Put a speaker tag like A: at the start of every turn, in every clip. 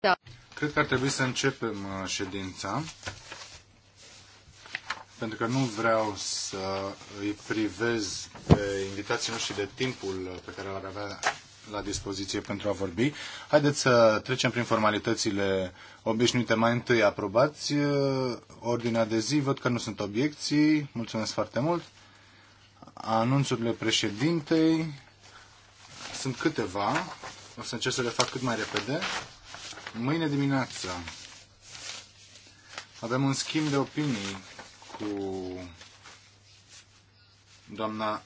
A: Da. Cred că ar trebui să începem uh, ședința, pentru că nu vreau să îi privez pe invitații noștri de timpul uh, pe care l-ar avea la dispoziție pentru a vorbi. Haideți să trecem prin formalitățile obișnuite. Mai întâi aprobați uh, ordinea de zi. Văd că nu sunt obiecții. Mulțumesc foarte mult. Anunțurile președintei sunt câteva. O să încerc să le fac cât mai repede. Mâine dimineață avem un schimb de opinii cu doamna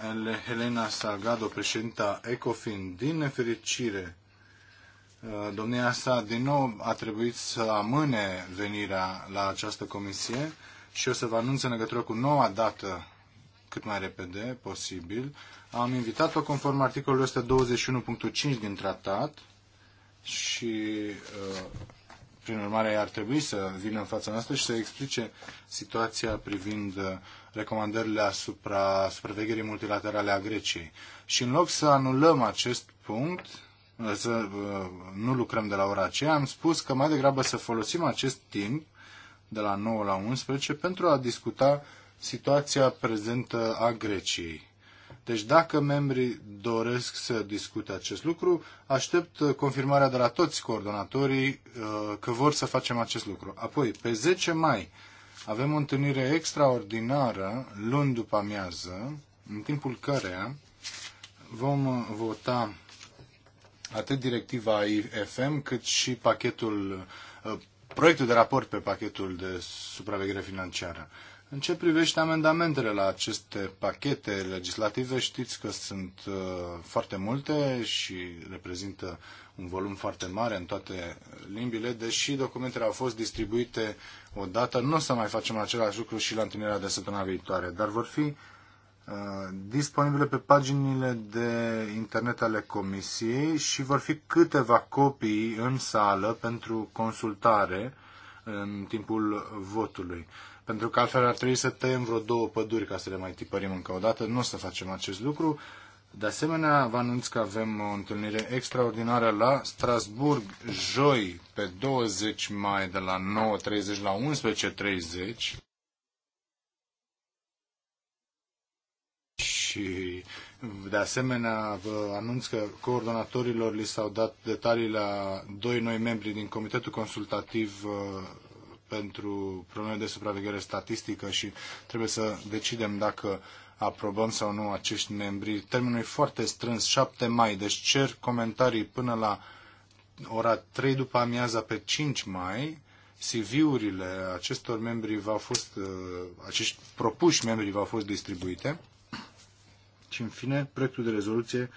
A: Helena Salgado, președinta ECOFIN. Din nefericire, uh, domnia sa din nou a trebuit să amâne venirea la această comisie și o să vă anunț în legătură cu noua dată cât mai repede posibil. Am invitat-o conform articolului 121.5 din tratat și uh, prin urmare ar trebui să vină în fața noastră și să explice situația privind uh, recomandările asupra supravegherii multilaterale a Greciei. Și în loc să anulăm acest punct, uh, să nu lucrăm de la ora aceea, am spus că mai degrabă să folosim acest timp de la 9 la 11 pentru a discuta situația prezentă a Greciei. Deci dacă membrii doresc să discute acest lucru, aștept uh, confirmarea de la toți coordonatorii uh, că vor să facem acest lucru. Apoi, pe 10 mai avem o întâlnire extraordinară, luni după amiază, în timpul căreia vom uh, vota atât directiva IFM cât și pachetul, proiectul de raport pe pachetul de supraveghere financiară. În ce privește amendamentele la aceste pachete legislative, știți că sunt uh, foarte multe și reprezintă un volum foarte mare în toate limbile, deși documentele au fost distribuite odată. Nu o să mai facem același lucru și la întâlnirea de săptămâna viitoare, dar vor fi uh, disponibile pe paginile de internet ale comisiei și vor fi câteva copii în sală pentru consultare în timpul votului pentru că altfel ar trebui să tăiem vreo două păduri ca să le mai tipărim încă o dată. Nu o să facem acest lucru. De asemenea, vă anunț că avem o întâlnire extraordinară la Strasburg, joi, pe 20 mai, de la 9.30 la 11.30. Și de asemenea vă anunț că coordonatorilor li s-au dat detalii la doi noi membri din Comitetul Consultativ uh, pentru probleme de supraveghere statistică și trebuie să decidem dacă aprobăm sau nu acești membri. Termenul e foarte strâns, 7 mai, deci cer comentarii până la ora 3 după amiaza pe 5 mai. CV-urile acestor membri v-au fost, uh, acești propuși membri v-au fost distribuite. Și în fine, proiectul de rezoluție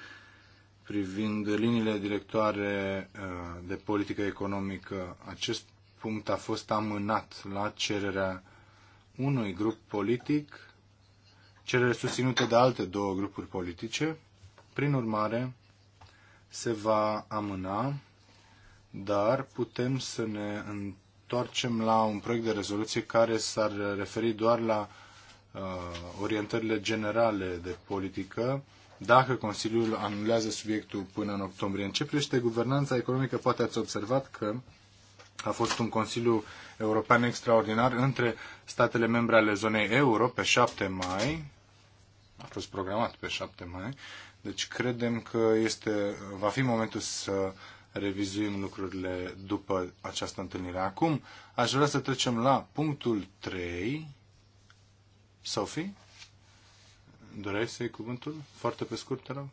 A: privind liniile directoare uh, de politică economică. Acest punct a fost amânat la cererea unui grup politic, cerere susținută de alte două grupuri politice. Prin urmare, se va amâna, dar putem să ne întoarcem la un proiect de rezoluție care s-ar referi doar la uh, orientările generale de politică dacă Consiliul anulează subiectul până în octombrie. În ce privește guvernanța economică, poate ați observat că a fost un Consiliu European extraordinar între statele membre ale zonei euro pe 7 mai. A fost programat pe 7 mai. Deci credem că este, va fi momentul să revizuim lucrurile după această întâlnire. Acum aș vrea să trecem la punctul 3. Sophie, dorești să cuvântul? Foarte pe scurt, te rog.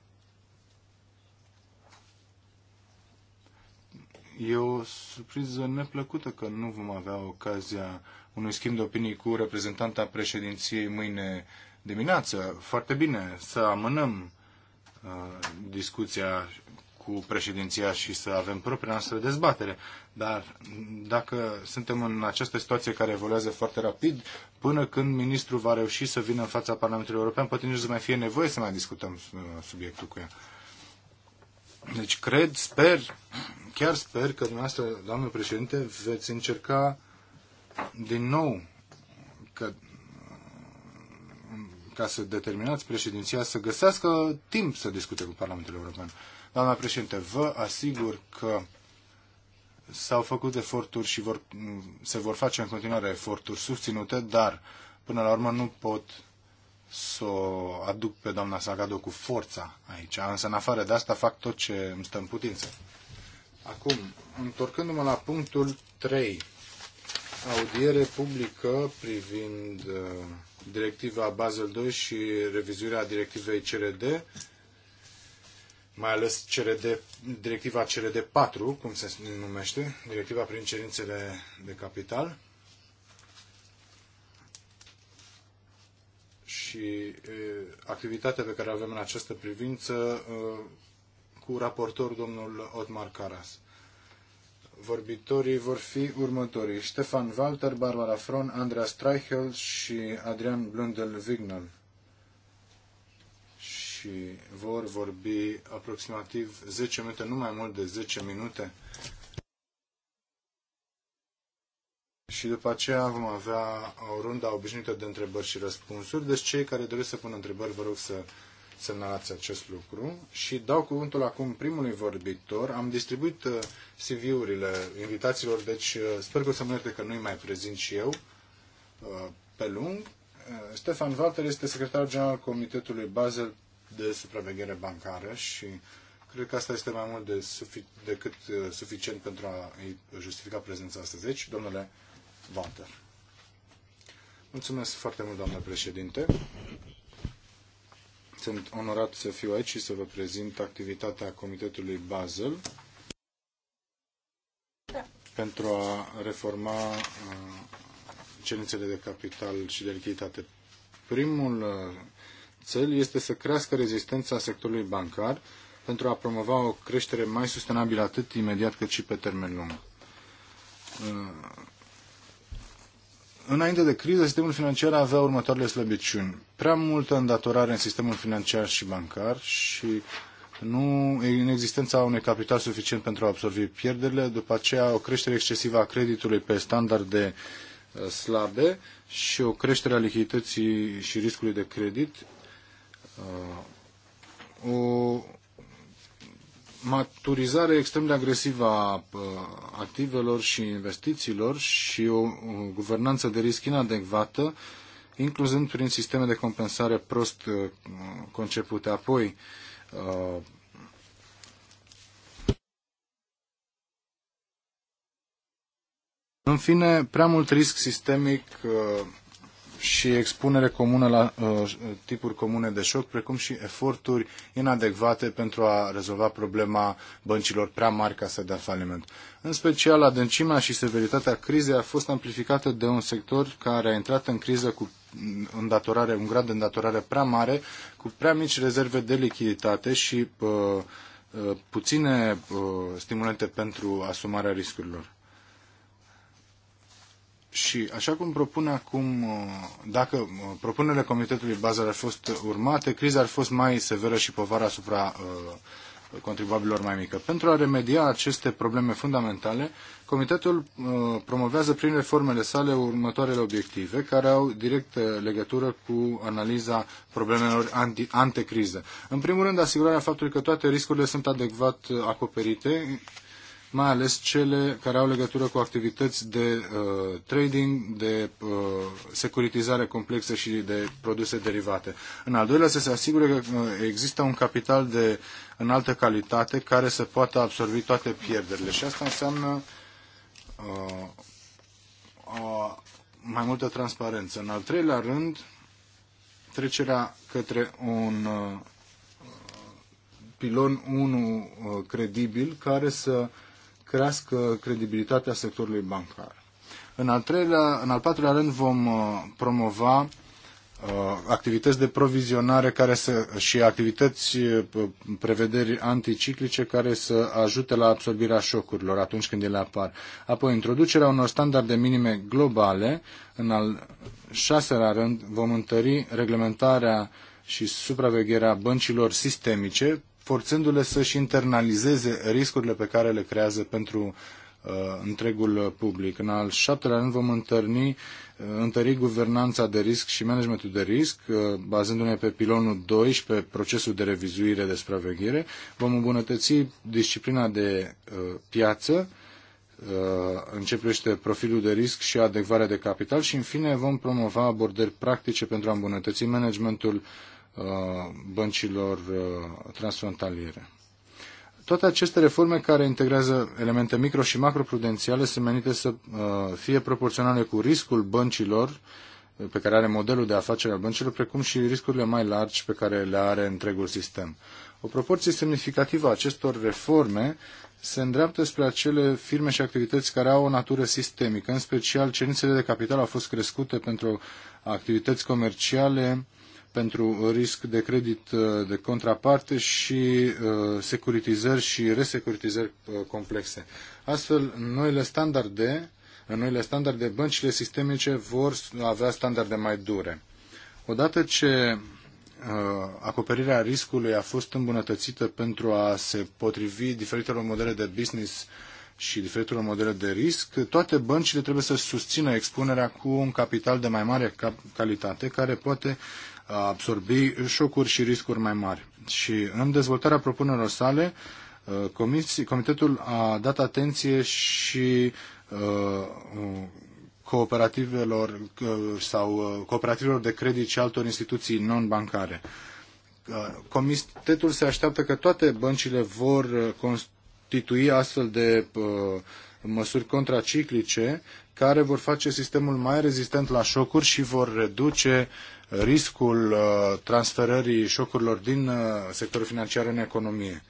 A: E o surpriză neplăcută că nu vom avea ocazia unui schimb de opinii cu reprezentanta președinției mâine dimineață. Foarte bine să amânăm uh, discuția cu președinția și să avem propria noastră dezbatere. Dar dacă suntem în această situație care evoluează foarte rapid, până când ministrul va reuși să vină în fața Parlamentului European, poate nici să mai fie nevoie să mai discutăm uh, subiectul cu ea. Deci cred, sper, chiar sper că dumneavoastră, doamnă președinte, veți încerca din nou că, ca să determinați președinția să găsească timp să discute cu Parlamentul European. Doamna președinte, vă asigur că s-au făcut eforturi și vor, se vor face în continuare eforturi susținute, dar până la urmă nu pot să o aduc pe doamna Sagado cu forța aici, însă în afară de asta fac tot ce îmi stă în putință. Acum, întorcându-mă la punctul 3, audiere publică privind uh, directiva Basel 2 și revizuirea directivei CRD, mai ales CRD, directiva CRD 4, cum se numește, directiva prin cerințele de capital, și activitatea pe care avem în această privință cu raportor domnul Otmar Caras. Vorbitorii vor fi următorii. Ștefan Walter, Barbara Fron, Andreas Streichel și Adrian Blundel Vignal. Și vor vorbi aproximativ 10 minute, nu mai mult de 10 minute. și după aceea vom avea o rundă obișnuită de întrebări și răspunsuri. Deci cei care doresc să pună întrebări, vă rog să semnalați acest lucru. Și dau cuvântul acum primului vorbitor. Am distribuit uh, CV-urile invitațiilor, deci uh, sper că o să mă că nu-i mai prezint și eu uh, pe lung. Stefan Walter este secretar general al Comitetului Basel de Supraveghere Bancară și cred că asta este mai mult de sufi- decât suficient pentru a justifica prezența astăzi. Deci, domnule Walter. Mulțumesc foarte mult, doamnă președinte. Sunt onorat să fiu aici și să vă prezint activitatea Comitetului Basel pentru a reforma uh, cerințele de capital și de lichiditate. Primul țel uh, este să crească rezistența sectorului bancar pentru a promova o creștere mai sustenabilă atât imediat cât și pe termen lung. Uh, Înainte de criză, sistemul financiar avea următoarele slăbiciuni. Prea multă îndatorare în sistemul financiar și bancar și nu în existența unui capital suficient pentru a absorbi pierderile, după aceea o creștere excesivă a creditului pe standarde uh, slabe și o creștere a lichidității și riscului de credit, uh, o maturizare extrem de agresivă a uh, activelor și investițiilor și o, guvernanță de risc inadecvată, incluzând prin sisteme de compensare prost uh, concepute. Apoi, uh, în fine, prea mult risc sistemic și expunere comună la uh, tipuri comune de șoc, precum și eforturi inadecvate pentru a rezolva problema băncilor prea mari ca să dea faliment. În special, adâncimea și severitatea crizei a fost amplificată de un sector care a intrat în criză cu îndatorare, un grad de îndatorare prea mare, cu prea mici rezerve de lichiditate și uh, uh puține uh, stimulente pentru asumarea riscurilor. Și așa cum propune acum, uh, dacă uh, propunerile Comitetului Bazar ar fost urmate, criza ar fost mai severă și povara asupra uh, contribuabilor mai mică. Pentru a remedia aceste probleme fundamentale, Comitetul promovează prin reformele sale următoarele obiective, care au direct legătură cu analiza problemelor anticriză. În primul rând, asigurarea faptului că toate riscurile sunt adecvat acoperite, mai ales cele care au legătură cu activități de uh, trading, de uh, securitizare complexă și de produse derivate. În al doilea, să se asigure că uh, există un capital de înaltă calitate care să poată absorbi toate pierderile. Și asta înseamnă uh, uh, mai multă transparență. În al treilea rând, trecerea către un uh, pilon 1 uh, credibil care să crească credibilitatea sectorului bancar. În al, treilea, în al patrulea rând vom uh, promova uh, activități de provizionare care să, și activități uh, prevederi anticiclice care să ajute la absorbirea șocurilor atunci când ele apar. Apoi, introducerea unor standarde minime globale. În al șaselea rând vom întări reglementarea și supravegherea băncilor sistemice forțându-le să-și internalizeze riscurile pe care le creează pentru uh, întregul public. În al șaptelea rând vom întărni, uh, întări guvernanța de risc și managementul de risc, uh, bazându-ne pe pilonul 2 și pe procesul de revizuire de supraveghere. Vom îmbunătăți disciplina de uh, piață, uh, începește profilul de risc și adecvarea de capital și, în fine, vom promova abordări practice pentru a îmbunătăți managementul Uh, băncilor uh, transfrontaliere. Toate aceste reforme care integrează elemente micro și macroprudențiale sunt menite să uh, fie proporționale cu riscul băncilor pe care are modelul de afacere al băncilor, precum și riscurile mai largi pe care le are întregul sistem. O proporție semnificativă a acestor reforme se îndreaptă spre acele firme și activități care au o natură sistemică, în special cerințele de capital au fost crescute pentru activități comerciale pentru risc de credit uh, de contraparte și uh, securitizări și resecuritizări uh, complexe. Astfel, noile standarde, în noile standarde, băncile sistemice vor avea standarde mai dure. Odată ce acoperirea riscului a fost îmbunătățită pentru a se potrivi diferitelor modele de business și diferitelor modele de risc, toate băncile trebuie să susțină expunerea cu un capital de mai mare calitate care poate a absorbi șocuri și riscuri mai mari. Și în dezvoltarea propunerilor sale, Comitetul a dat atenție și cooperativelor sau cooperativelor de credit și altor instituții non-bancare. Comitetul se așteaptă că toate băncile vor constitui astfel de măsuri contraciclice care vor face sistemul mai rezistent la șocuri și vor reduce riscul uh, transferării șocurilor din uh, sectorul financiar în economie.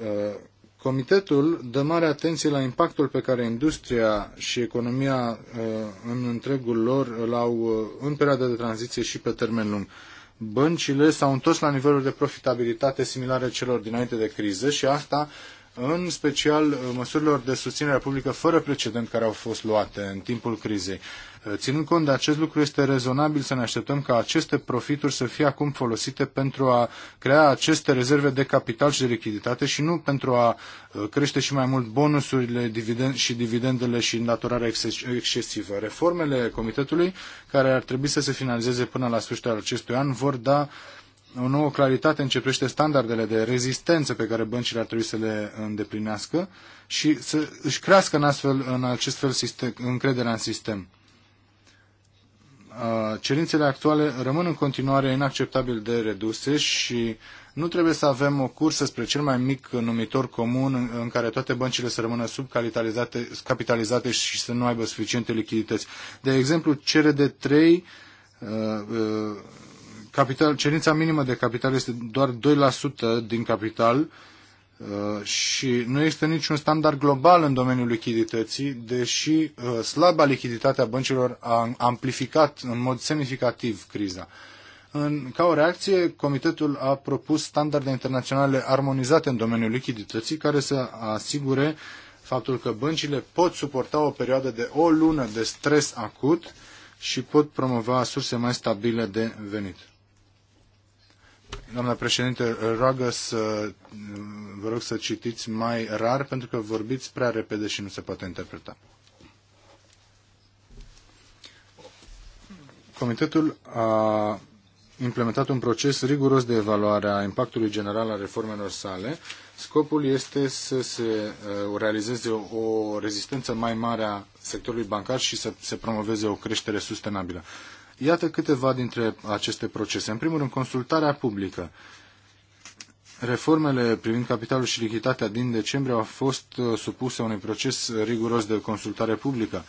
A: Uh, comitetul dă mare atenție la impactul pe care industria și economia în întregul lor îl au în perioada de tranziție și pe termen lung. Băncile s-au întors la niveluri de profitabilitate similare celor dinainte de criză și asta în special uh, măsurilor de susținere publică fără precedent care au fost luate în timpul crizei. Uh, ținând cont de acest lucru, este rezonabil să ne așteptăm ca aceste profituri să fie acum folosite pentru a crea aceste rezerve de capital și de lichiditate și nu pentru a uh, crește și mai mult bonusurile dividend și dividendele și îndatorarea ex excesivă. Reformele comitetului, care ar trebui să se finalizeze până la sfârșitul acestui an, vor da o nouă claritate în ce privește standardele de rezistență pe care băncile ar trebui să le îndeplinească și să își crească în, astfel, în acest fel sistem, încrederea în sistem. Cerințele actuale rămân în continuare inacceptabil de reduse și nu trebuie să avem o cursă spre cel mai mic numitor comun în care toate băncile să rămână subcapitalizate și să nu aibă suficiente lichidități. De exemplu, de 3 capital, cerința minimă de capital este doar 2% din capital uh, și nu există niciun standard global în domeniul lichidității, deși uh, slaba lichiditate a băncilor a amplificat în mod semnificativ criza. În, ca o reacție, Comitetul a propus standarde internaționale armonizate în domeniul lichidității care să asigure faptul că băncile pot suporta o perioadă de o lună de stres acut și pot promova surse mai stabile de venit. Doamna președinte, roagă să vă rog să citiți mai rar pentru că vorbiți prea repede și nu se poate interpreta. Comitetul a implementat un proces riguros de evaluare a impactului general al reformelor sale. Scopul este să se uh, realizeze o rezistență mai mare a sectorului bancar și să se promoveze o creștere sustenabilă. Iată câteva dintre aceste procese. În primul rând, consultarea publică. Reformele privind capitalul și lichiditatea din decembrie au fost uh, supuse unui proces riguros de consultare publică.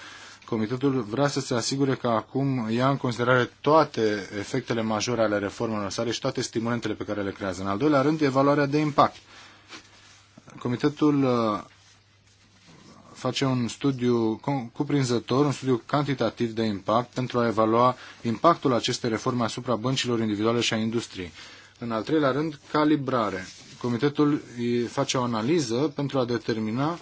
A: Comitetul vrea să se asigure că acum ia în considerare toate efectele majore ale reformelor sale și toate stimulentele pe care le creează. În al doilea rând, evaluarea de impact. Comitetul uh, face un studiu cuprinzător, un studiu cantitativ de impact pentru a evalua impactul acestei reforme asupra băncilor individuale și a industriei. În al treilea rând, calibrare. Comitetul face o analiză pentru a determina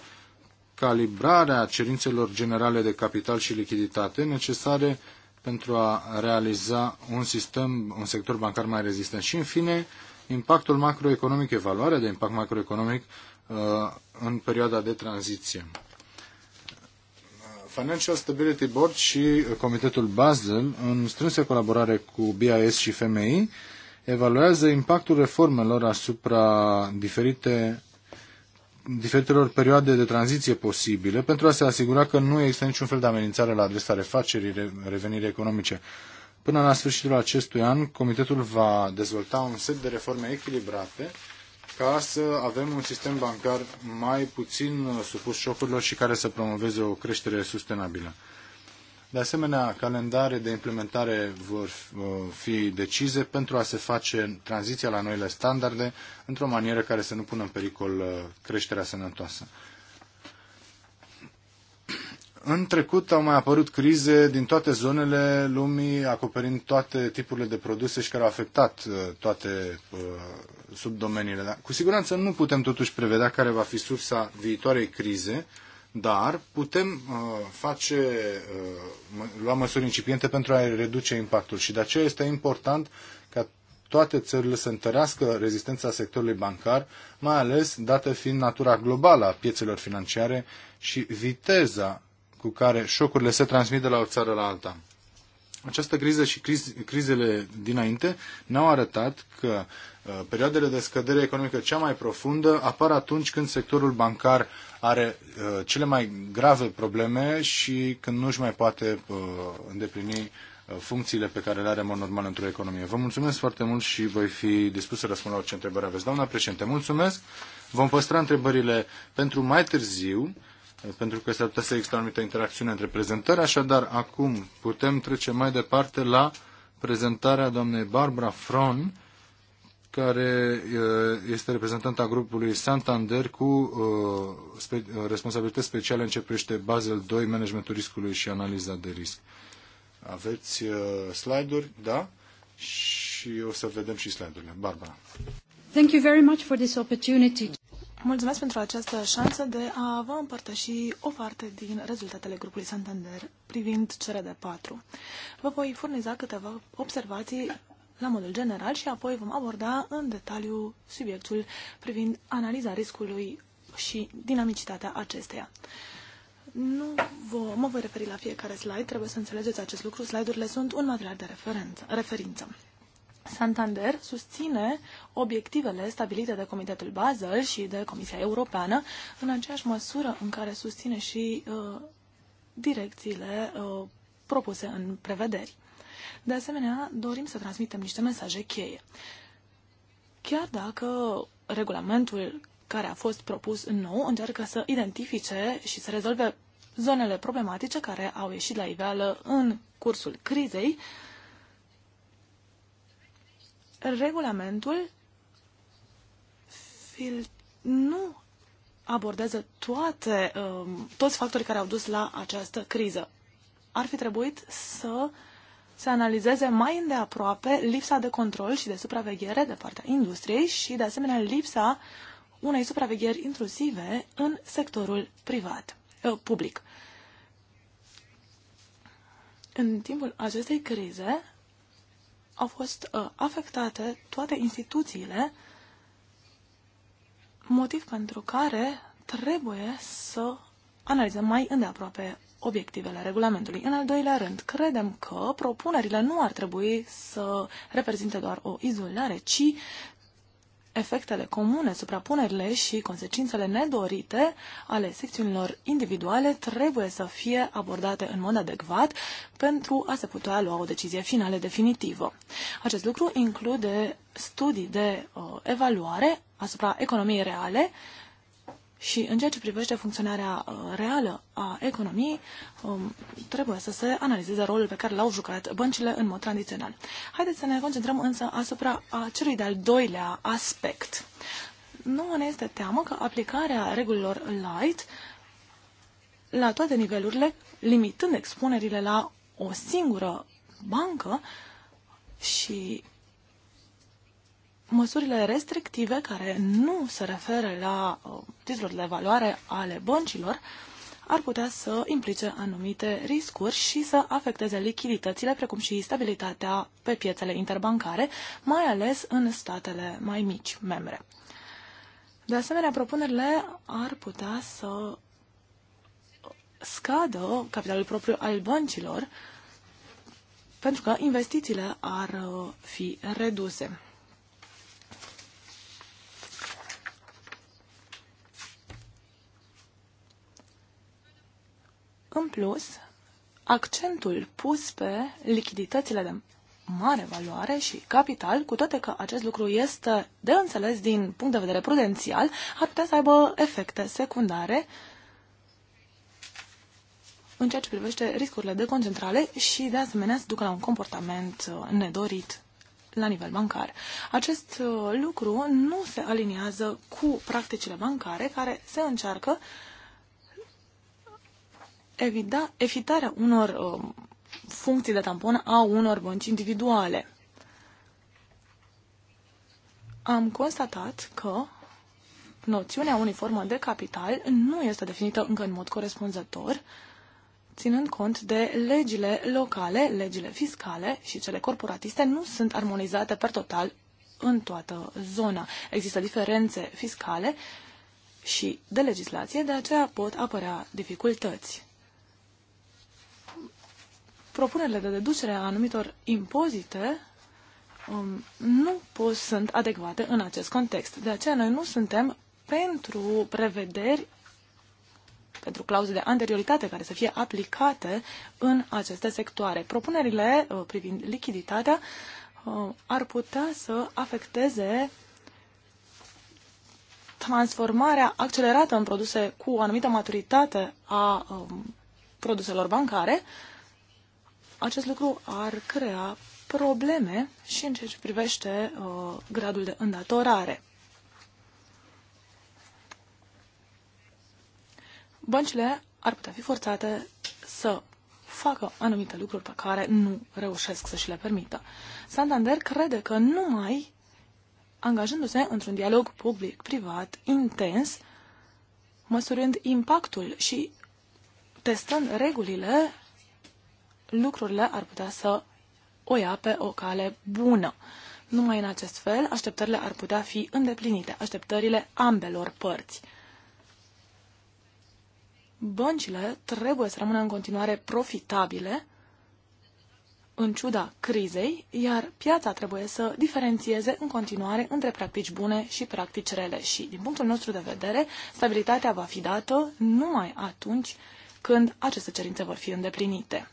A: calibrarea cerințelor generale de capital și lichiditate necesare pentru a realiza un sistem, un sector bancar mai rezistent. Și, în fine, impactul macroeconomic, evaluarea de impact macroeconomic uh, în perioada de tranziție. Financial Stability Board și Comitetul Basel, în strânsă colaborare cu BIS și FMI, evaluează impactul reformelor asupra diferite, diferitelor perioade de tranziție posibile pentru a se asigura că nu există niciun fel de amenințare la adresa refacerii revenirii economice. Până la sfârșitul acestui an, Comitetul va dezvolta un set de reforme echilibrate ca să avem un sistem bancar mai puțin uh, supus șocurilor și care să promoveze o creștere sustenabilă. De asemenea, calendare de implementare vor uh, fi decize pentru a se face tranziția la noile standarde într-o manieră care să nu pună în pericol uh, creșterea sănătoasă. În trecut au mai apărut crize din toate zonele lumii, acoperind toate tipurile de produse și care au afectat uh, toate uh, subdomeniile. Dar, cu siguranță nu putem totuși prevedea care va fi sursa viitoarei crize, dar putem uh, face, lua măsuri incipiente pentru a reduce impactul și de aceea este important ca toate țările să întărească rezistența sectorului bancar, mai ales dată fiind natura globală a piețelor financiare și viteza cu care șocurile se transmit de la o țară la alta. Această criză și criz, crizele dinainte ne-au arătat că uh, perioadele de scădere economică cea mai profundă apar atunci când sectorul bancar are uh, cele mai grave probleme și când nu își mai poate uh, îndeplini uh, funcțiile pe care le are în mod normal într-o economie. Vă mulțumesc foarte mult și voi fi dispus să răspund la orice întrebări aveți. Doamna președinte, mulțumesc. Vom păstra întrebările pentru mai târziu Eh, pentru că s-ar putea să există o anumită interacțiune între prezentări. Așadar, acum putem trece mai departe la prezentarea doamnei Barbara Fron, care eh, este reprezentanta grupului Santander cu eh, responsabilități speciale în ce privește Basel 2, managementul riscului și analiza de risc. Aveți slide-uri? Da? Și o să vedem și slide-urile. Barbara.
B: Thank you very much for this opportunity.
C: Mulțumesc pentru această șansă de a vă împărtăși o parte din rezultatele grupului Santander privind CRD4. Vă voi furniza câteva observații la modul general și apoi vom aborda în detaliu subiectul privind analiza riscului și dinamicitatea acesteia. Nu vă, mă voi referi la fiecare slide, trebuie să înțelegeți acest lucru. Slide-urile sunt un material de referință. Santander susține obiectivele stabilite de Comitetul Basel și de Comisia Europeană în aceeași măsură în care susține și uh, direcțiile uh, propuse în prevederi. De asemenea, dorim să transmitem niște mesaje cheie. Chiar dacă regulamentul care a fost propus în nou încearcă să identifice și să rezolve zonele problematice care au ieșit la iveală în cursul crizei, uh, regulamentul nu abordează toate, um, toți factorii care au dus la această criză. Ar fi trebuit să se analizeze mai îndeaproape lipsa de control și de supraveghere de partea industriei și, de asemenea, lipsa unei supravegheri intrusive în sectorul privat, uh, public. În timpul acestei crize, au fost uh, afectate toate instituțiile, motiv pentru care trebuie să analizăm mai îndeaproape obiectivele regulamentului. În al doilea rând, credem că propunerile nu ar trebui să reprezinte doar o izolare, ci efectele comune, suprapunerile și consecințele nedorite ale secțiunilor individuale trebuie să fie abordate în mod adecvat pentru a se putea lua o decizie finală definitivă. Acest lucru include studii de uh, evaluare asupra economiei reale și în ceea ce privește funcționarea uh, reală a economiei, um, trebuie să se analizeze rolul pe care l-au jucat băncile în mod tradițional. Haideți să ne concentrăm însă asupra celui de-al doilea aspect. Nu ne este teamă că aplicarea regulilor light la toate nivelurile, limitând expunerile la o singură bancă și măsurile restrictive care nu se referă la uh, titlurile de valoare ale băncilor ar putea să implice anumite riscuri și să afecteze lichiditățile, precum și stabilitatea pe piețele interbancare, mai ales în statele mai mici membre. De asemenea, propunerile ar putea să scadă capitalul propriu al băncilor, pentru că investițiile ar uh, fi reduse. În plus, accentul pus pe lichiditățile de mare valoare și capital, cu toate că acest lucru este de înțeles din punct de vedere prudențial, ar putea să aibă efecte secundare în ceea ce privește riscurile de concentrare și, de asemenea, să ducă la un comportament uh, nedorit la nivel bancar. Acest uh, lucru nu se aliniază cu practicile bancare care se încearcă uh, evita, evitarea unor uh, funcții de tampon a unor bănci individuale. Am constatat că noțiunea uniformă de capital nu este definită încă în mod corespunzător, ținând cont de legile locale, legile fiscale și cele corporatiste nu sunt armonizate per total în toată zona. Există diferențe fiscale și de legislație, de aceea pot apărea dificultăți propunerile de deducere a anumitor impozite um, nu pot, sunt adecvate în acest context. De aceea noi nu suntem pentru prevederi, pentru clauze de anterioritate care să fie aplicate în aceste sectoare. Propunerile uh, privind lichiditatea uh, ar putea să afecteze transformarea accelerată în produse cu o anumită maturitate a um, produselor bancare, uh, acest lucru ar crea probleme și în ceea ce privește uh, gradul de îndatorare. Băncile ar putea fi forțate să facă anumite lucruri pe care nu reușesc să și le permită. Santander crede că numai angajându-se într-un dialog public-privat intens, măsurând impactul și testând regulile lucrurile ar putea să o ia pe o cale bună. Numai în acest fel, așteptările ar putea fi îndeplinite, așteptările ambelor părți. Băncile trebuie să rămână în continuare profitabile, în ciuda crizei, iar piața trebuie să diferențieze în continuare între practici bune și practici rele și, din punctul nostru de vedere, stabilitatea va fi dată numai atunci când aceste cerințe vor fi îndeplinite.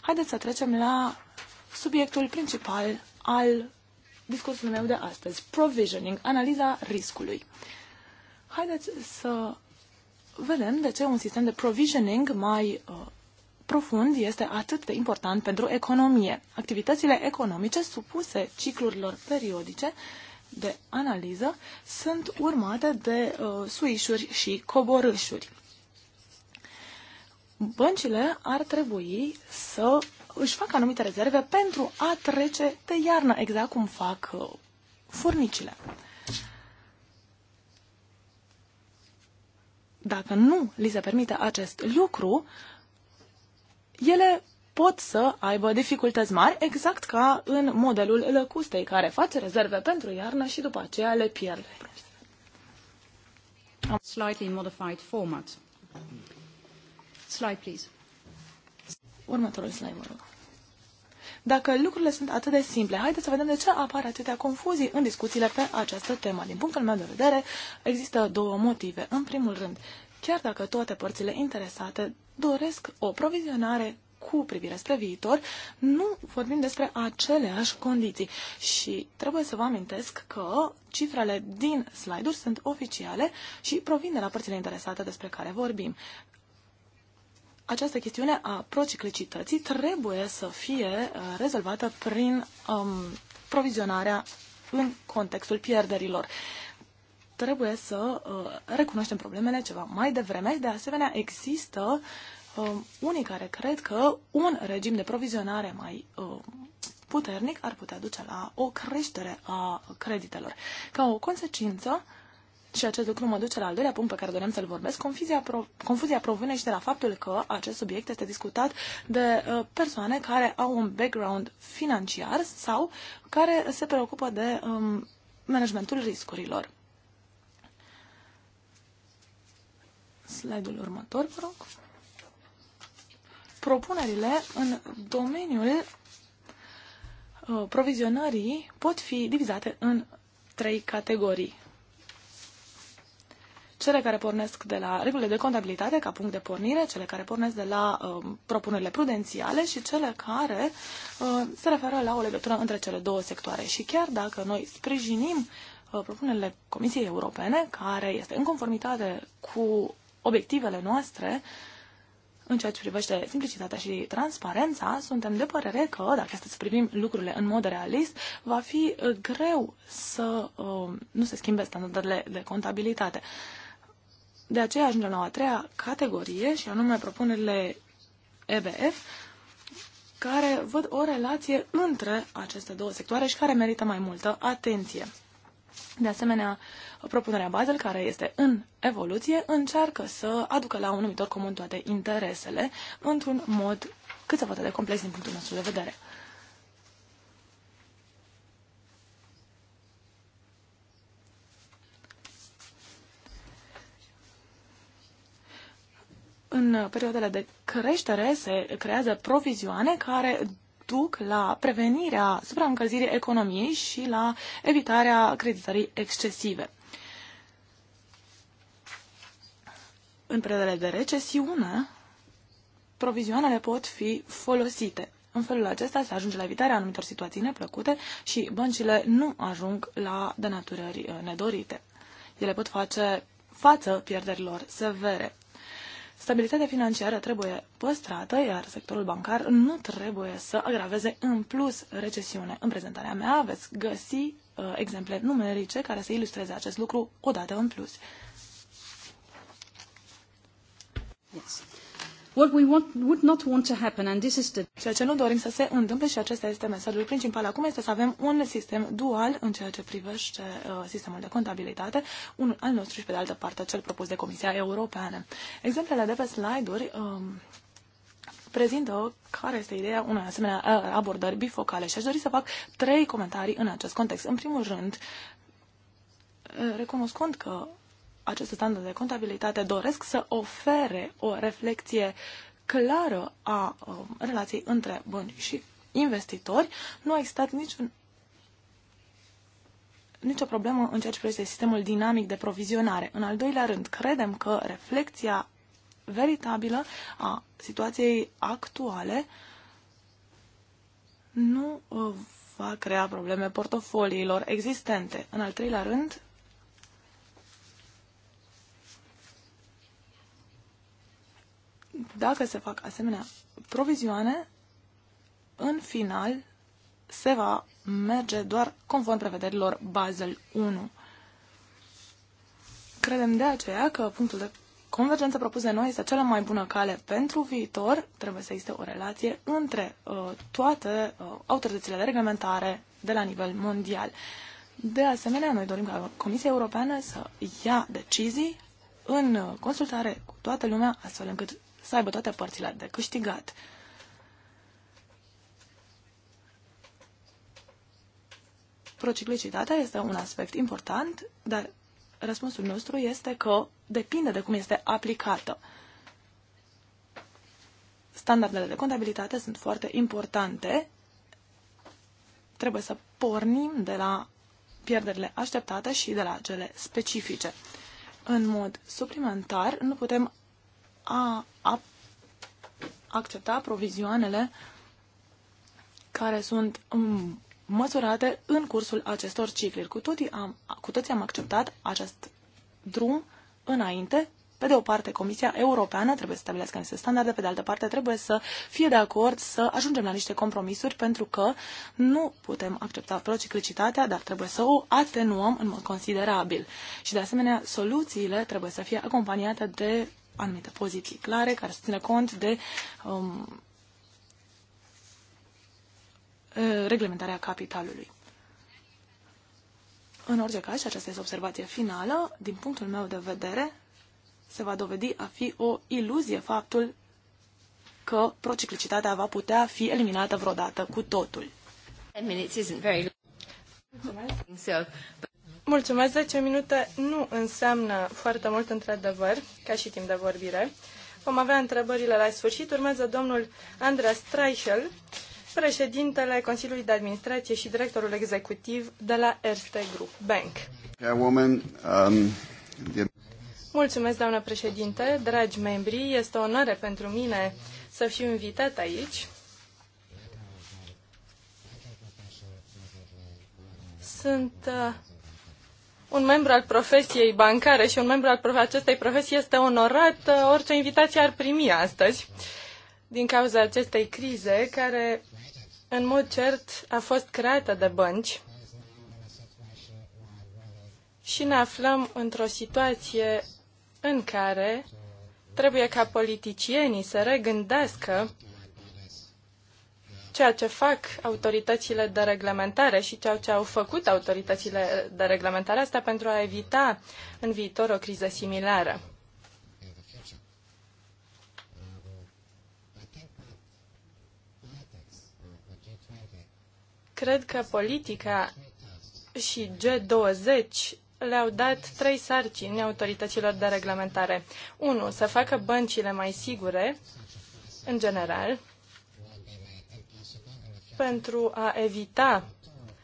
C: Haideți să trecem la subiectul principal al discursului meu de astăzi, provisioning, analiza riscului. Haideți să vedem de ce un sistem de provisioning mai uh, profund este atât de important pentru economie. Activitățile economice supuse ciclurilor periodice de analiză sunt urmate de uh, suișuri și coborâșuri băncile ar trebui să își facă anumite rezerve pentru a trece pe iarnă, exact cum fac uh, furnicile. Dacă nu li se permite acest lucru, ele pot să aibă dificultăți mari, exact ca în modelul lăcustei, care face rezerve pentru iarnă și după aceea le pierde. Slightly modified format slide, please. Următorul slide, mă rog. Dacă lucrurile sunt atât de simple, haideți să vedem de ce apar atâtea confuzii în discuțiile pe această temă. Din punctul meu de vedere, există două motive. În primul rând, chiar dacă toate părțile interesate doresc o provizionare cu privire spre viitor, nu vorbim despre aceleași condiții. Și trebuie să vă amintesc că cifrele din slide-uri sunt oficiale și provin de la părțile interesate despre care vorbim această chestiune a prociclicității trebuie să fie uh, rezolvată prin um, provizionarea în contextul pierderilor. Trebuie să uh, recunoaștem problemele ceva mai devreme. De asemenea, există uh, unii care cred că un regim de provizionare mai uh, puternic ar putea duce la o creștere a creditelor. Ca o consecință, uh, și acest lucru mă duce la al doilea punct pe care doream să-l vorbesc. Confuzia, pro- confuzia provine și de la faptul că acest subiect este discutat de uh, persoane care au un background financiar sau care se preocupă de um, managementul riscurilor. Slide-ul următor, vă rog. Propunerile în domeniul uh, provizionării pot fi divizate în trei categorii cele care pornesc de la regulile de contabilitate ca punct de pornire, cele care pornesc de la uh, propunerile prudențiale și cele care uh, se referă la o legătură între cele două sectoare. Și chiar dacă noi sprijinim uh, propunerile Comisiei Europene, care este în conformitate cu obiectivele noastre, în ceea ce privește simplicitatea și transparența, suntem de părere că, dacă este să privim lucrurile în mod realist, va fi uh, greu să uh, nu se schimbe standardele de contabilitate. De aceea ajungem la o a treia categorie și anume propunerile EBF care văd o relație între aceste două sectoare și care merită mai multă atenție. De asemenea, propunerea Basel, care este în evoluție, încearcă să aducă la un numitor comun toate interesele într-un mod cât se poate de complex din punctul nostru de vedere. în perioadele de creștere se creează provizioane care duc la prevenirea supraîncălzirii economiei și la evitarea creditării excesive. În perioadele de recesiune, provizioanele pot fi folosite. În felul acesta se ajunge la evitarea anumitor situații neplăcute și băncile nu ajung la denaturări uh, nedorite. Ele pot face față pierderilor severe. Stabilitatea financiară trebuie păstrată, iar sectorul bancar nu trebuie să agraveze în plus recesiune. În prezentarea mea veți găsi uh, exemple numerice care să ilustreze acest lucru odată în plus. Yes. What we want, would not want to happen, and this is the... Ceea ce nu dorim să se întâmple și acesta este mesajul principal acum este să avem un sistem dual în ceea ce privește uh, sistemul de contabilitate, unul al nostru și pe de altă parte cel propus de Comisia Europeană. Exemplele de pe slide-uri um, prezintă care este ideea unei asemenea uh, abordări bifocale și aș dori să fac trei comentarii în acest context. În primul rând, uh, recunoscând că aceste standarde de contabilitate doresc să ofere o reflecție clară a um, relației între bani și investitori. Nu a existat niciun nicio problemă în ceea ce privește sistemul dinamic de provizionare. În al doilea rând, credem că reflecția veritabilă a situației actuale nu uh, va crea probleme portofoliilor existente. În al treilea rând, dacă se fac asemenea provizioane, în final se va merge doar conform prevederilor Basel 1. Credem de aceea că punctul de convergență propus de noi este cea mai bună cale pentru viitor. Trebuie să existe o relație între uh, toate uh, autoritățile de reglementare de la nivel mondial. De asemenea, noi dorim ca Comisia Europeană să ia decizii în uh, consultare cu toată lumea, astfel încât să aibă toate părțile de câștigat. Prociclicitatea este un aspect important, dar răspunsul nostru este că depinde de cum este aplicată. Standardele de contabilitate sunt foarte importante. Trebuie să pornim de la pierderile așteptate și de la cele specifice. În mod suplimentar, nu putem a, a accepta provizioanele care sunt măsurate în cursul acestor cicluri. Cu toții am, cu toții am acceptat acest drum înainte. Pe de o parte, Comisia Europeană trebuie să stabilească niște standarde, pe de altă parte, trebuie să fie de acord să ajungem la niște compromisuri, pentru că nu putem accepta prociclicitatea, dar trebuie să o atenuăm în mod considerabil. Și, de asemenea, soluțiile trebuie să fie acompaniate de anumite poziții clare care să țină cont de um, uh, reglementarea capitalului. În orice caz, și aceasta este observație finală, din punctul meu de vedere, se va dovedi a fi o iluzie faptul că
B: prociclicitatea va putea fi eliminată vreodată cu totul. Mulțumesc. Mulțumesc, 10 minute nu înseamnă foarte mult într-adevăr, ca și timp de vorbire. Vom avea întrebările la sfârșit. Urmează domnul Andreas Streichel, președintele Consiliului de Administrație și directorul executiv de la Erste Group Bank.
C: Woman, um, the...
B: Mulțumesc, doamnă președinte, dragi membri, este o onoare pentru mine să fiu invitat aici. Sunt uh, un membru al profesiei bancare și un membru al acestei profesii este onorat uh, orice invitație ar primi astăzi din cauza acestei crize care în mod cert a fost creată de bănci și ne aflăm într-o situație în care trebuie ca politicienii să regândească ceea ce fac autoritățile de reglementare și ceea ce au făcut autoritățile de reglementare, asta pentru a evita în viitor o criză similară. Cred că politica și G20 le-au dat trei sarcini autorităților de reglementare. Unu, Să facă băncile mai sigure, în general, pentru a evita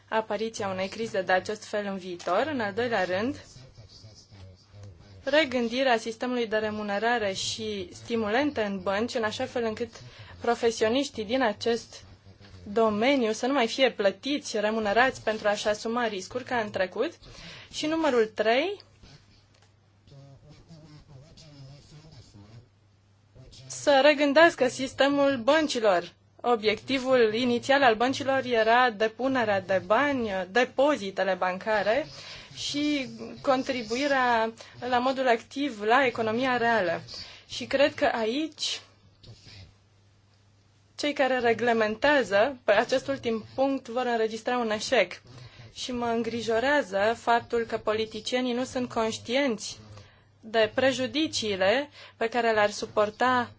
B: apariția unei crize de acest fel în viitor. În al doilea rând, regândirea sistemului de remunerare și stimulente în bănci, în așa fel încât profesioniștii din acest domeniu să nu mai fie plătiți și remunerați pentru a-și asuma riscuri ca în trecut. Și numărul 3, să regândească sistemul băncilor obiectivul inițial al băncilor era depunerea de bani, depozitele bancare și contribuirea la modul activ la economia reală. Și cred că aici cei care reglementează pe acest ultim punct vor înregistra un eșec. Și mă îngrijorează faptul că politicienii nu sunt conștienți de prejudiciile pe care le-ar suporta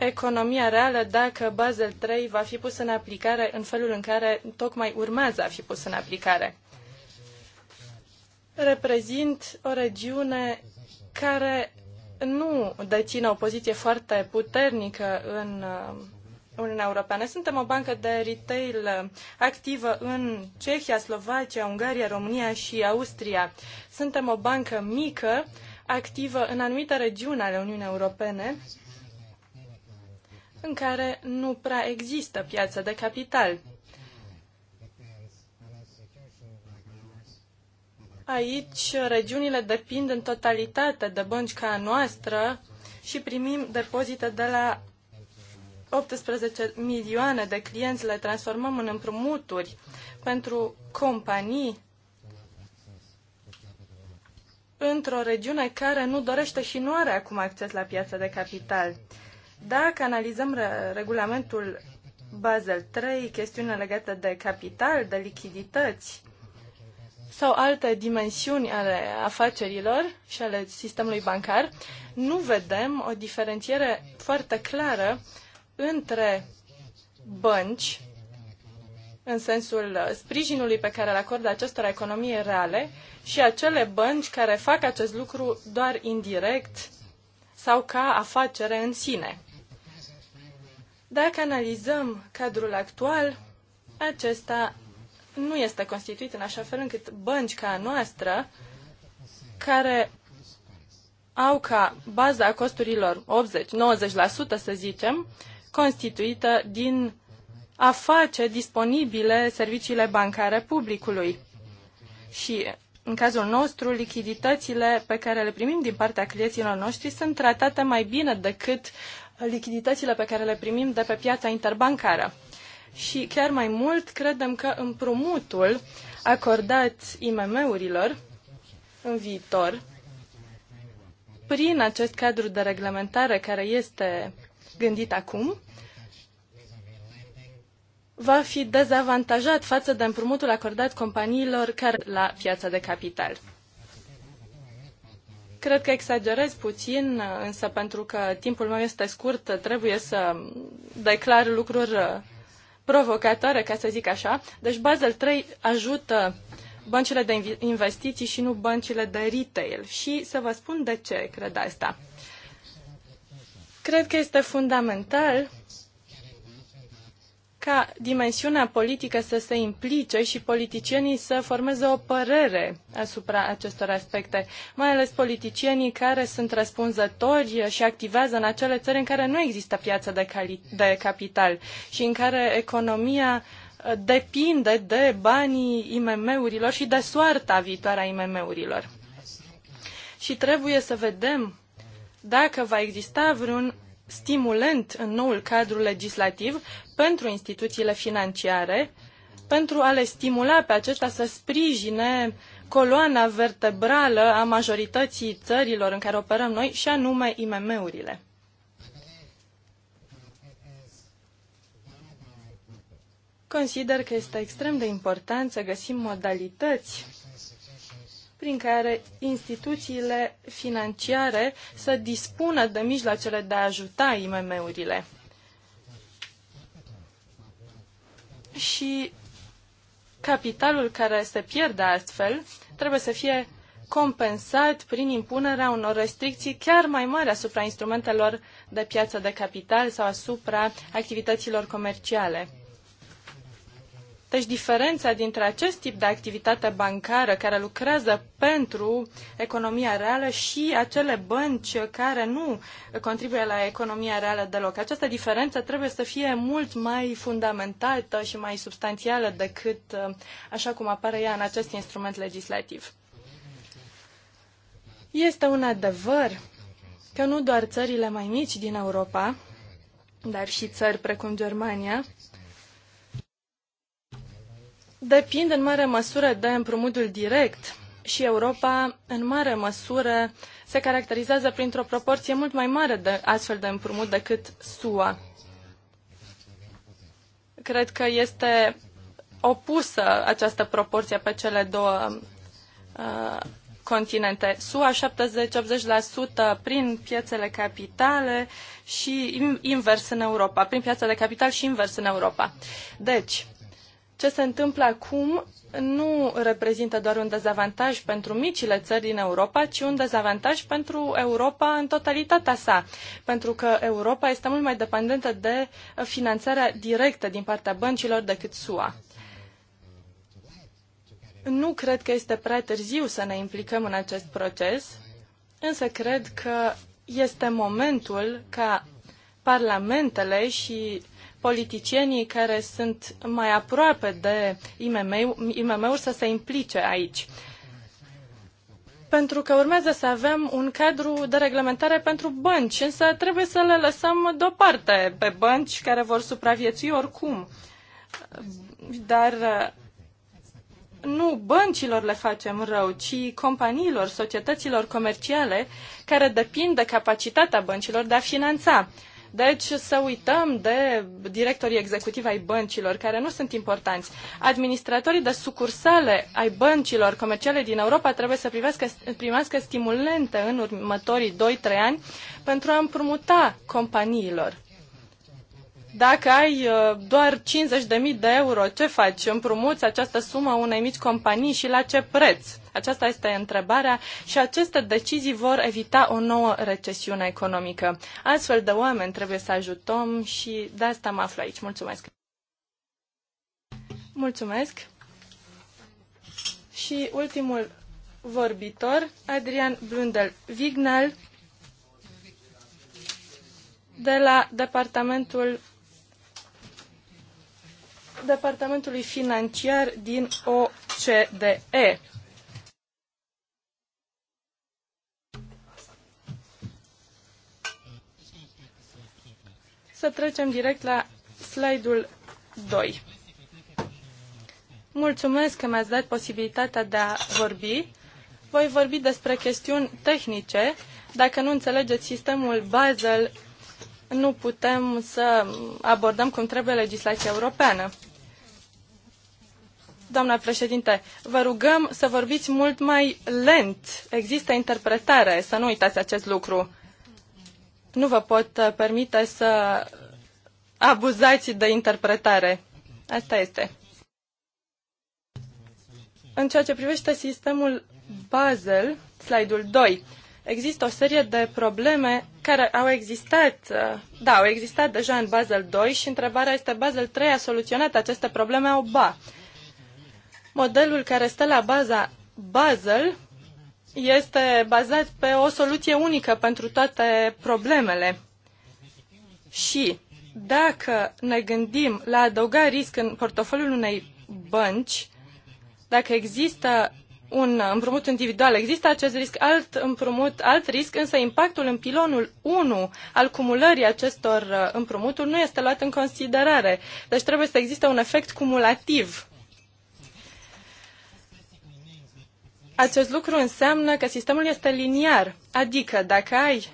B: economia reală dacă Basel III va fi pus în aplicare în felul în care tocmai urmează a fi pus în aplicare. Reprezint o regiune care nu deține o poziție foarte puternică în uh, Uniunea Europeană. Suntem o bancă de retail activă în Cehia, Slovacia, Ungaria, România și Austria. Suntem o bancă mică, activă în anumite regiuni ale Uniunii Europene în care nu prea există piață de capital. Aici regiunile depind în totalitate de bănci ca a noastră și primim depozite de la 18 milioane de clienți, le transformăm în împrumuturi pentru companii într-o regiune care nu dorește și nu are acum acces la piața de capital. Dacă analizăm regulamentul Basel 3, chestiunea legată de capital, de lichidități sau alte dimensiuni ale afacerilor și ale sistemului bancar, nu vedem o diferențiere foarte clară între bănci, în sensul sprijinului pe care îl acordă acestora economie reale, și acele bănci care fac acest lucru doar indirect sau ca afacere în sine. Dacă analizăm cadrul actual, acesta nu este constituit în așa fel încât bănci ca a noastră, care au ca baza a costurilor 80-90%, să zicem, constituită din a face disponibile serviciile bancare publicului. Și în cazul nostru, lichiditățile pe care le primim din partea clienților noștri sunt tratate mai bine decât lichiditățile pe care le primim de pe piața interbancară. Și chiar mai mult, credem că împrumutul acordat IMM-urilor în viitor, prin acest cadru de reglementare care este gândit acum, va fi dezavantajat față de împrumutul acordat companiilor care la piața de capital. Cred că exagerez puțin, însă pentru că timpul meu este scurt, trebuie să declar lucruri uh, provocatoare, ca să zic așa. Deci Basel 3 ajută băncile de investiții și nu băncile de retail. Și să vă spun de ce cred asta. Cred că este fundamental ca dimensiunea politică să se implice și politicienii să formeze o părere asupra acestor aspecte, mai ales politicienii care sunt răspunzători și activează în acele țări în care nu există piață de, de capital și în care economia uh, depinde de banii IMM-urilor și de soarta viitoare a IMM-urilor. Și trebuie să vedem dacă va exista vreun stimulent în noul cadru legislativ pentru instituțiile financiare, pentru a le stimula pe acestea să sprijine coloana vertebrală a majorității țărilor în care operăm noi, și anume IMM-urile. Consider că este extrem de important să găsim modalități prin care instituțiile financiare să dispună de mijloacele de a ajuta IMM-urile. Și capitalul care se pierde astfel trebuie să fie compensat prin impunerea unor restricții chiar mai mari asupra instrumentelor de piață de capital sau asupra activităților comerciale. Deci diferența dintre acest tip de activitate bancară care lucrează pentru economia reală și acele bănci care nu contribuie la economia reală deloc. Această diferență trebuie să fie mult mai fundamentată și mai substanțială decât uh, așa cum apare ea în acest instrument legislativ. Este un adevăr că nu doar țările mai mici din Europa, dar și țări precum Germania, depind în mare măsură de împrumutul direct și Europa, în mare măsură, se caracterizează printr-o proporție mult mai mare de astfel de împrumut decât SUA. Cred că este opusă această proporție pe cele două uh, continente. SUA 70-80% prin piețele capitale și invers în Europa, prin piața de capital și invers în Europa. Deci, ce se întâmplă acum nu reprezintă doar un dezavantaj pentru micile țări din Europa, ci un dezavantaj pentru Europa în totalitatea sa, pentru că Europa este mult mai dependentă de finanțarea directă din partea băncilor decât SUA. Nu cred că este prea târziu să ne implicăm în acest proces, însă cred că este momentul ca parlamentele și politicienii care sunt mai aproape de IMM-uri să se implice aici. Pentru că urmează să avem un cadru de reglementare pentru bănci, însă trebuie să le lăsăm deoparte pe bănci care vor supraviețui oricum. Dar uh, nu băncilor le facem rău, ci companiilor, societăților comerciale care depind de capacitatea băncilor de a finanța. Deci să uităm de directorii executivi ai băncilor, care nu sunt importanți. Administratorii de sucursale ai băncilor comerciale din Europa trebuie să privească, primească stimulente în următorii 2-3 ani pentru a împrumuta companiilor. Dacă ai uh, doar 50.000 de euro, ce faci? Împrumuți această sumă unei mici companii și la ce preț? Aceasta este întrebarea și aceste decizii vor evita o nouă recesiune economică. Astfel de oameni trebuie să ajutăm și de asta mă aflu aici. Mulțumesc! Mulțumesc! Și ultimul vorbitor, Adrian Blundel Vignal, de la Departamentul Departamentului Financiar din OCDE. Să trecem direct la slide-ul 2. Mulțumesc că mi-ați dat posibilitatea de a vorbi. Voi vorbi despre chestiuni tehnice. Dacă nu înțelegeți sistemul Basel, nu putem să abordăm cum trebuie legislația europeană. Doamna președinte, vă rugăm să vorbiți mult mai lent. Există interpretare, să nu uitați acest lucru. Nu vă pot uh, permite să abuzați de interpretare. Asta este. În ceea ce privește sistemul Basel, slide-ul 2, există o serie de probleme care au existat, uh, da, au existat deja în Basel 2 și întrebarea este Basel 3 a soluționat aceste probleme au ba. Modelul care stă la baza Basel este bazat pe o soluție unică pentru toate problemele. Și dacă ne gândim la adăuga risc în portofoliul unei bănci, dacă există un împrumut individual, există acest risc, alt împrumut, alt risc, însă impactul în pilonul 1 al cumulării acestor uh, împrumuturi nu este luat în considerare. Deci trebuie să existe un efect cumulativ Acest lucru înseamnă că sistemul este liniar, adică dacă ai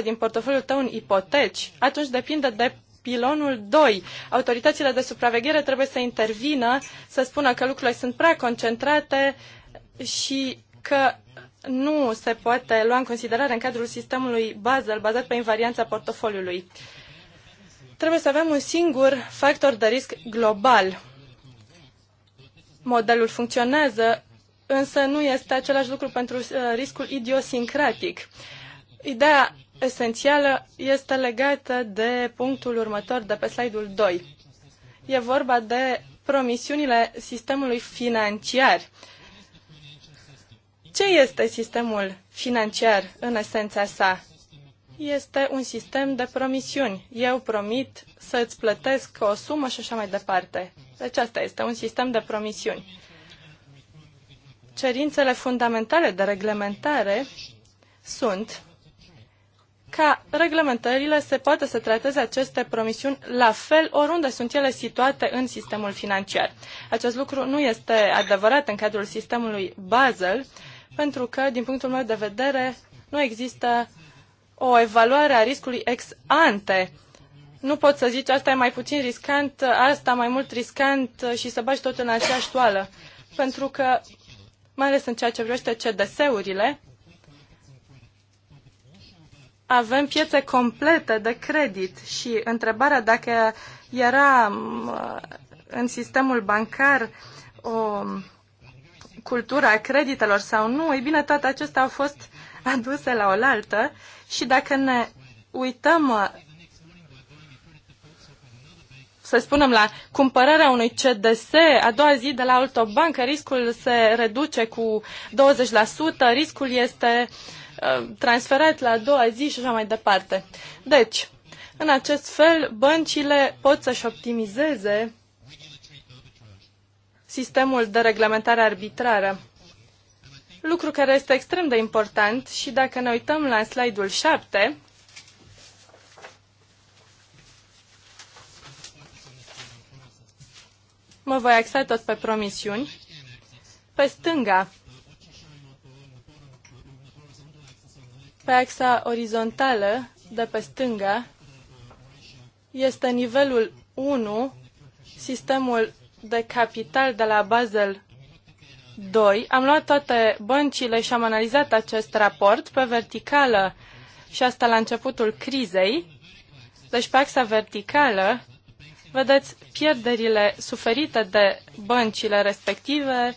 B: 100% din portofoliul tău în ipoteci, atunci depinde de pilonul 2. Autoritățile de supraveghere trebuie să intervină, să spună că lucrurile sunt prea concentrate și că nu se poate lua în considerare în cadrul sistemului Basel, bazat pe invarianța portofoliului. Trebuie să avem un singur factor de risc global. Modelul funcționează însă nu este același lucru pentru uh, riscul idiosincratic. Ideea esențială este legată de punctul următor de pe slide-ul 2. E vorba de promisiunile sistemului financiar. Ce este sistemul financiar în esența sa? Este un sistem de promisiuni. Eu promit să îți plătesc o sumă și așa mai departe. Deci asta este un sistem de promisiuni. Cerințele fundamentale de reglementare sunt ca reglementările se poate să trateze aceste promisiuni la fel oriunde sunt ele situate în sistemul financiar. Acest lucru nu este adevărat în cadrul sistemului Basel, pentru că, din punctul meu de vedere, nu există o evaluare a riscului ex ante. Nu pot să zici asta e mai puțin riscant, asta mai mult riscant și să bagi tot în aceeași toală. Pentru că mai ales în ceea ce vrește CDS-urile, avem piețe complete de credit și întrebarea dacă era în sistemul bancar o cultură a creditelor sau nu, ei bine, toate acestea au fost aduse la oaltă și dacă ne uităm să spunem, la cumpărarea unui CDS, a doua zi de la altă bancă, riscul se reduce cu 20%, riscul este uh, transferat la a doua zi și așa mai departe. Deci, în acest fel, băncile pot să-și optimizeze sistemul de reglementare arbitrară. Lucru care este extrem de important și dacă ne uităm la slide-ul 7, mă voi axa tot pe promisiuni. Pe stânga, pe axa orizontală de pe stânga, este nivelul 1, sistemul de capital de la Basel 2. Am luat toate băncile și am analizat acest raport pe verticală și asta la începutul crizei. Deci pe axa verticală Vedeți pierderile suferite de băncile respective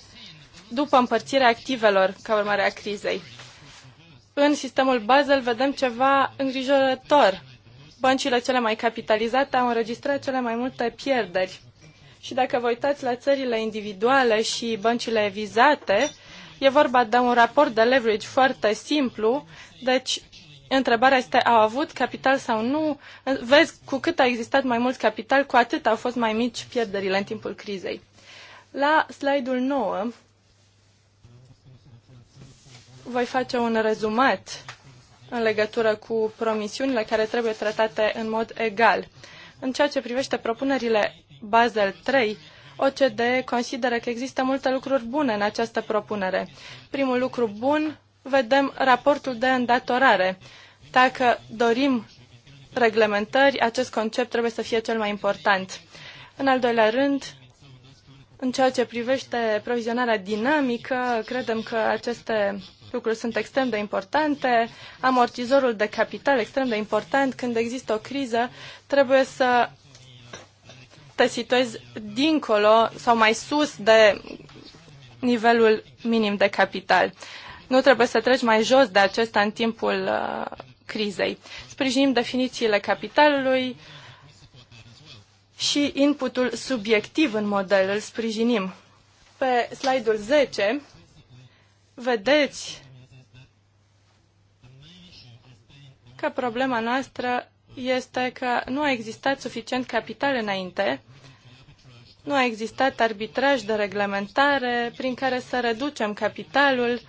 B: după împărțirea activelor ca urmare a crizei. În sistemul Basel vedem ceva îngrijorător. Băncile cele mai capitalizate au înregistrat cele mai multe pierderi. Și dacă vă uitați la țările individuale și băncile vizate, e vorba de un raport de leverage foarte simplu, deci întrebarea este au avut capital sau nu. Vezi, cu cât a existat mai mult capital, cu atât au fost mai mici pierderile în timpul crizei. La slide-ul 9 voi face un rezumat în legătură cu promisiunile care trebuie tratate în mod egal. În ceea ce privește propunerile Basel 3, OCDE consideră că există multe lucruri bune în această propunere. Primul lucru bun, vedem raportul de îndatorare. Dacă dorim reglementări, acest concept trebuie să fie cel mai important. În al doilea rând, în ceea ce privește provizionarea dinamică, credem că aceste lucruri sunt extrem de importante. Amortizorul de capital extrem de important. Când există o criză, trebuie să te situezi dincolo sau mai sus de nivelul minim de capital. Nu trebuie să treci mai jos de acesta în timpul uh, crizei. Sprijinim definițiile capitalului și inputul subiectiv în model îl sprijinim. Pe slide-ul 10 vedeți că problema noastră este că nu a existat suficient capital înainte, nu a existat arbitraj de reglementare prin care să reducem capitalul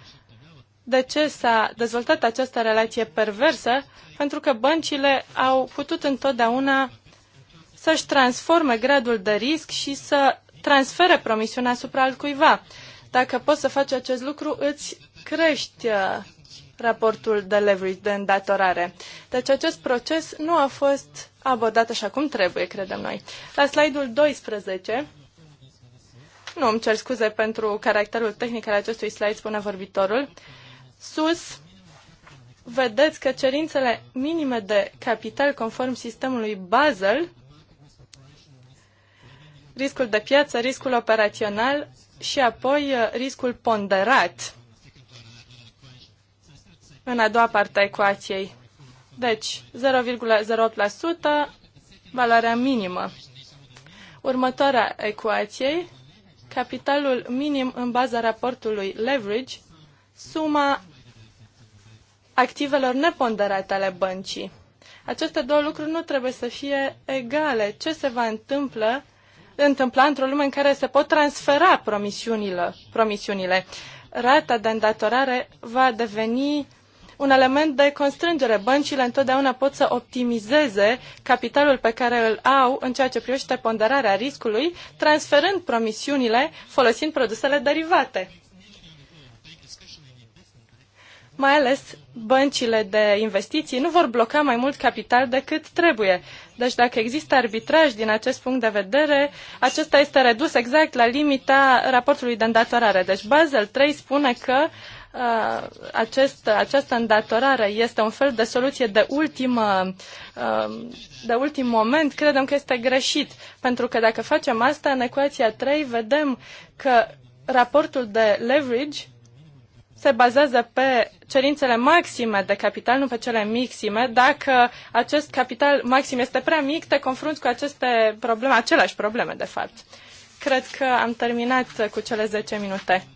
B: de ce s-a dezvoltat această relație perversă, pentru că băncile au putut întotdeauna să-și transforme gradul de risc și să transfere promisiunea asupra altcuiva. Dacă poți să faci acest lucru, îți crești uh, raportul de leverage, de îndatorare. Deci acest proces nu a fost abordat așa cum trebuie, credem noi. La slide-ul 12, nu îmi cer scuze pentru caracterul tehnic al acestui slide, spune vorbitorul, uh, sus vedeți că cerințele minime de capital conform sistemului Basel, riscul de piață, riscul operațional și apoi uh, riscul ponderat în a doua parte a ecuației. Deci, 0,08% valoarea minimă. Următoarea ecuației, capitalul minim în baza raportului leverage, suma activelor neponderate ale băncii. Aceste două lucruri nu trebuie să fie egale. Ce se va întâmpla, întâmpla într-o lume în care se pot transfera promisiunile? promisiunile. Rata de îndatorare va deveni un element de constrângere. Băncile întotdeauna pot să optimizeze capitalul pe care îl au în ceea ce privește ponderarea riscului, transferând promisiunile folosind produsele derivate mai ales băncile de investiții nu vor bloca mai mult capital decât trebuie. Deci dacă există arbitraj din acest punct de vedere, acesta este redus exact la limita raportului de îndatorare. Deci Basel 3 spune că uh, acest, această îndatorare este un fel de soluție de, ultimă, uh, de ultim moment, credem că este greșit. Pentru că dacă facem asta, în ecuația 3 vedem că raportul de leverage se bazează pe cerințele maxime de capital, nu pe cele mixime. Dacă acest capital maxim este prea mic, te confrunți cu aceste probleme, aceleași probleme, de fapt. Cred că am terminat cu cele 10 minute.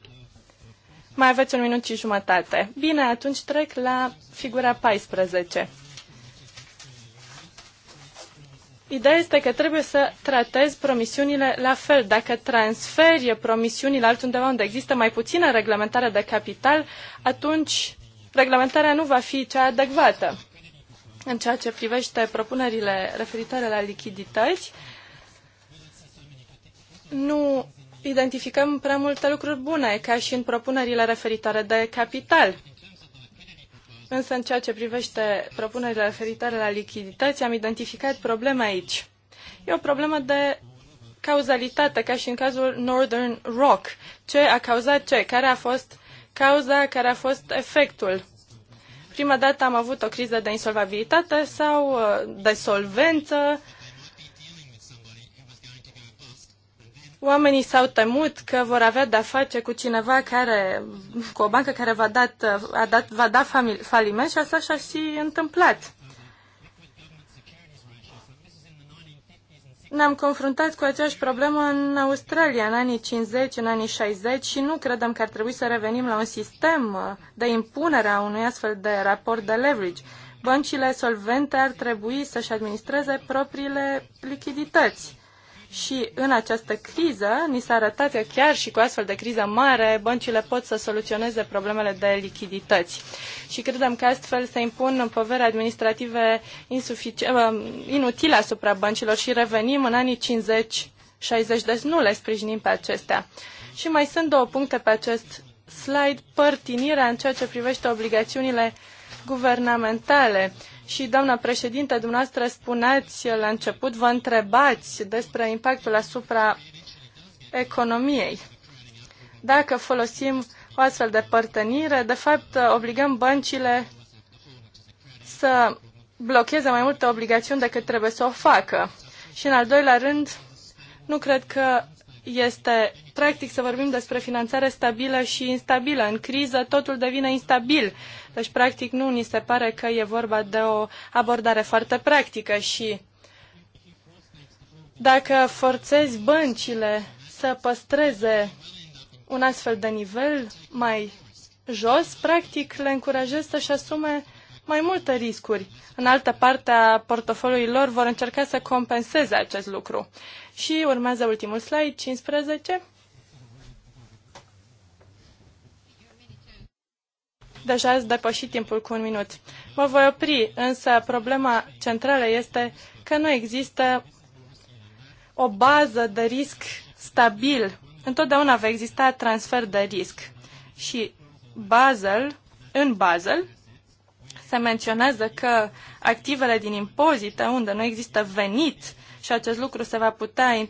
B: Mai aveți un minut și jumătate. Bine, atunci trec la figura 14. Ideea este că trebuie să tratezi promisiunile la fel. Dacă transferi promisiunile altundeva unde există mai puțină reglementare de capital, atunci reglementarea nu va fi cea adecvată. În ceea ce privește propunerile referitoare la lichidități, nu identificăm prea multe lucruri bune, ca și în propunerile referitoare de capital. Însă, în ceea ce privește propunerile referitoare la lichidități, am identificat problema aici. E o problemă de cauzalitate, ca și în cazul Northern Rock. Ce a cauzat ce? Care a fost cauza? Care a fost efectul? Prima dată am avut o criză de insolvabilitate sau uh, de solvență, Oamenii s-au temut că vor avea de-a face cu cineva care, cu o bancă care va, dat, a dat, va da faliment și asta și-a și întâmplat. Ne-am confruntat cu aceeași problemă în Australia în anii 50, în anii 60 și nu credem că ar trebui să revenim la un sistem de impunere a unui astfel de raport de leverage. Băncile solvente ar trebui să-și administreze propriile lichidități. Și în această criză ni s-a arătat că chiar și cu astfel de criză mare, băncile pot să soluționeze problemele de lichidități. Și credem că astfel se impun povere administrative ă, inutile asupra băncilor și revenim în anii 50 60, deci nu le sprijinim pe acestea. Și mai sunt două puncte pe acest slide, părtinirea în ceea ce privește obligațiunile guvernamentale și, doamnă președinte, dumneavoastră spuneați la început, vă întrebați despre impactul asupra economiei. Dacă folosim o astfel de părtănire, de fapt obligăm băncile să blocheze mai multe obligațiuni decât trebuie să o facă. Și în al doilea rând, nu cred că este practic să vorbim despre finanțare stabilă și instabilă. În criză totul devine instabil. Deci, practic, nu ni se pare că e vorba de o abordare foarte practică și dacă forțezi băncile să păstreze un astfel de nivel mai jos, practic le încurajezi să-și asume mai multe riscuri. În altă parte a portofoliului lor vor încerca să compenseze acest lucru. Și urmează ultimul slide, 15. deja ați depășit timpul cu un minut. Mă voi opri, însă problema centrală este că nu există o bază de risc stabil. Întotdeauna va exista transfer de risc. Și Basel, în Basel, se menționează că activele din impozite, unde nu există venit și acest lucru se va putea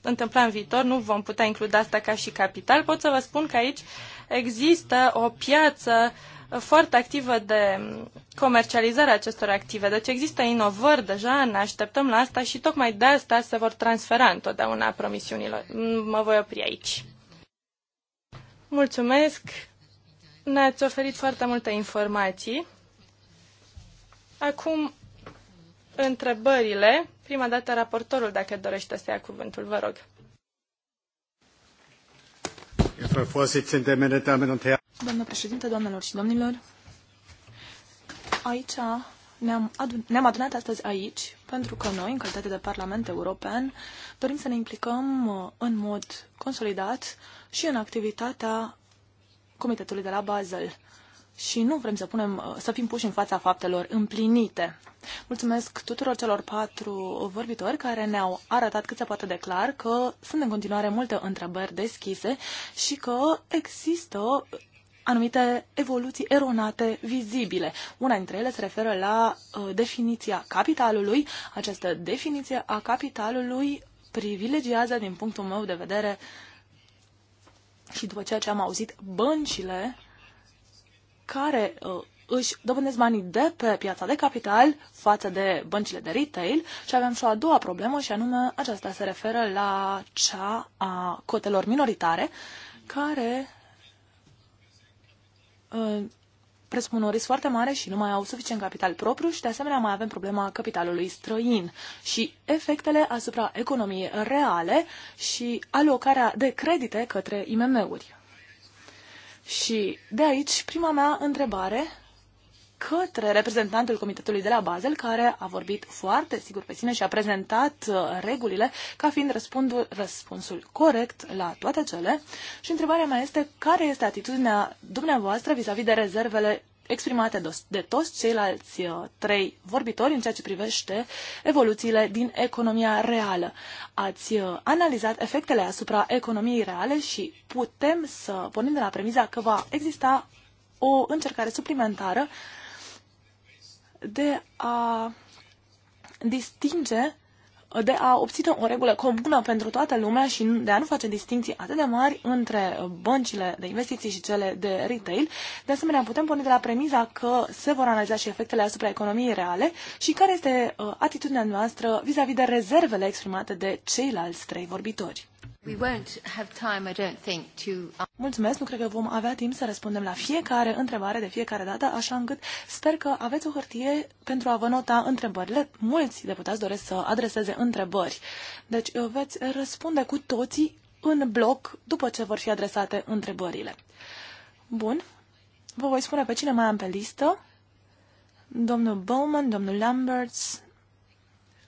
B: întâmpla în viitor, nu vom putea include asta ca și capital, pot să vă spun că aici există o piață foarte activă de comercializare a acestor active. Deci există inovări deja, ne așteptăm la asta și tocmai de asta se vor transfera întotdeauna promisiunilor. Mă voi opri aici. Mulțumesc! Ne-ați oferit foarte multe informații. Acum, întrebările. Prima dată, raportorul, dacă dorește să ia cuvântul, vă rog. Domnule președinte, doamnelor și domnilor,
C: aici ne-am, adun- ne adunat astăzi aici pentru că noi, în calitate de Parlament European, dorim să ne implicăm uh, în mod consolidat și în activitatea Comitetului de la Basel și nu vrem să, punem, uh, să fim puși în fața faptelor împlinite. Mulțumesc tuturor celor patru vorbitori care ne-au arătat cât se poate de clar că sunt în continuare multe întrebări deschise și că există anumite evoluții eronate vizibile. Una dintre ele se referă la uh, definiția capitalului. Această definiție a capitalului privilegiază, din punctul meu de vedere, și după ceea ce am auzit, băncile care uh, își dobândesc banii de pe piața de capital față de băncile de retail și avem și o a doua problemă și anume aceasta se referă la cea a cotelor minoritare care uh, presupun un risc foarte mare și nu mai au suficient capital propriu și de asemenea mai avem problema capitalului străin și efectele asupra economiei reale și alocarea de credite către IMM-uri. Și de aici prima mea întrebare către reprezentantul Comitetului de la Basel, care a vorbit foarte sigur pe sine și a prezentat uh, regulile ca fiind răspunsul corect la toate cele. Și întrebarea mea este care este atitudinea dumneavoastră vis-a-vis -vis de rezervele exprimate de toți ceilalți uh, trei vorbitori în ceea ce privește evoluțiile din economia reală. Ați uh, analizat efectele asupra economiei reale și putem să pornim de la premiza că va exista o încercare suplimentară de a distinge de a obține o regulă comună pentru toată lumea și de a nu face distinții atât de mari între băncile de investiții și cele de retail. De asemenea, putem porni de la premiza că se vor analiza și efectele asupra economiei reale și care este uh, atitudinea noastră vis-a-vis -vis de rezervele exprimate de ceilalți trei vorbitori. Mulțumesc, nu cred că vom avea timp să răspundem la fiecare întrebare de fiecare dată, așa încât sper că aveți o hârtie pentru a vă nota întrebările. Mulți deputați doresc să adreseze întrebări. Deci veți răspunde cu toții în bloc după ce vor fi adresate întrebările. Bun, vă voi spune pe cine mai am pe listă. Domnul Bowman, domnul Lamberts,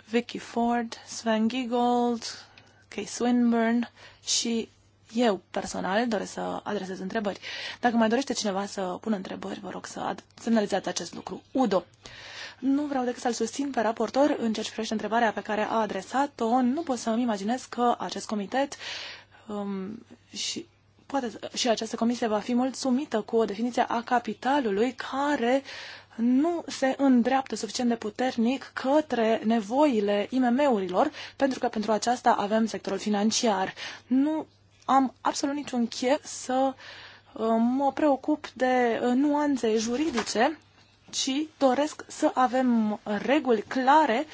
C: Vicky Ford, Sven Giegold, Kay Swinburne și eu personal doresc să adresez întrebări. Dacă mai dorește cineva să pună întrebări, vă rog să semnalizați acest lucru. Udo, nu vreau decât să-l susțin pe raportor în ce privește întrebarea pe care a adresat-o. Nu pot să-mi imaginez că acest comitet um, și poate și această comisie va fi mulțumită cu o definiție a capitalului care nu se îndreaptă suficient de puternic către nevoile IMM-urilor, pentru că pentru aceasta avem sectorul financiar. Nu am absolut niciun chef să uh, mă preocup de uh, nuanțe juridice, ci doresc să avem reguli clare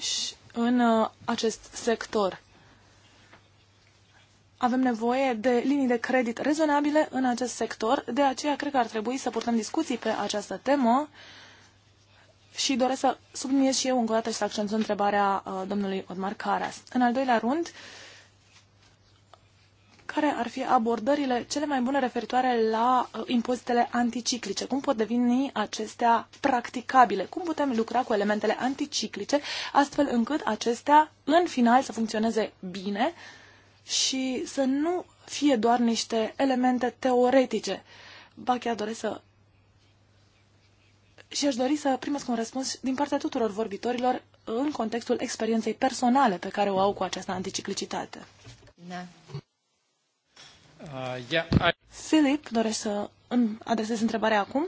C: și în uh, acest sector avem nevoie de linii de credit rezonabile în acest sector, de aceea cred că ar trebui să purtăm discuții pe această temă și doresc să subliniez și eu încă o dată și să accentuez întrebarea uh, domnului Odmar Caras. În al doilea rând, care ar fi abordările cele mai bune referitoare la uh, impozitele anticiclice? Cum pot deveni acestea practicabile? Cum putem lucra cu elementele anticiclice astfel încât acestea în final să funcționeze bine și să nu fie doar niște elemente teoretice. Ba chiar doresc să și aș dori să primesc un răspuns din partea tuturor vorbitorilor în contextul experienței personale pe care o au cu această anticiclicitate. Da.
A: Uh, yeah, I...
C: Filip, dorești să adresez întrebarea acum?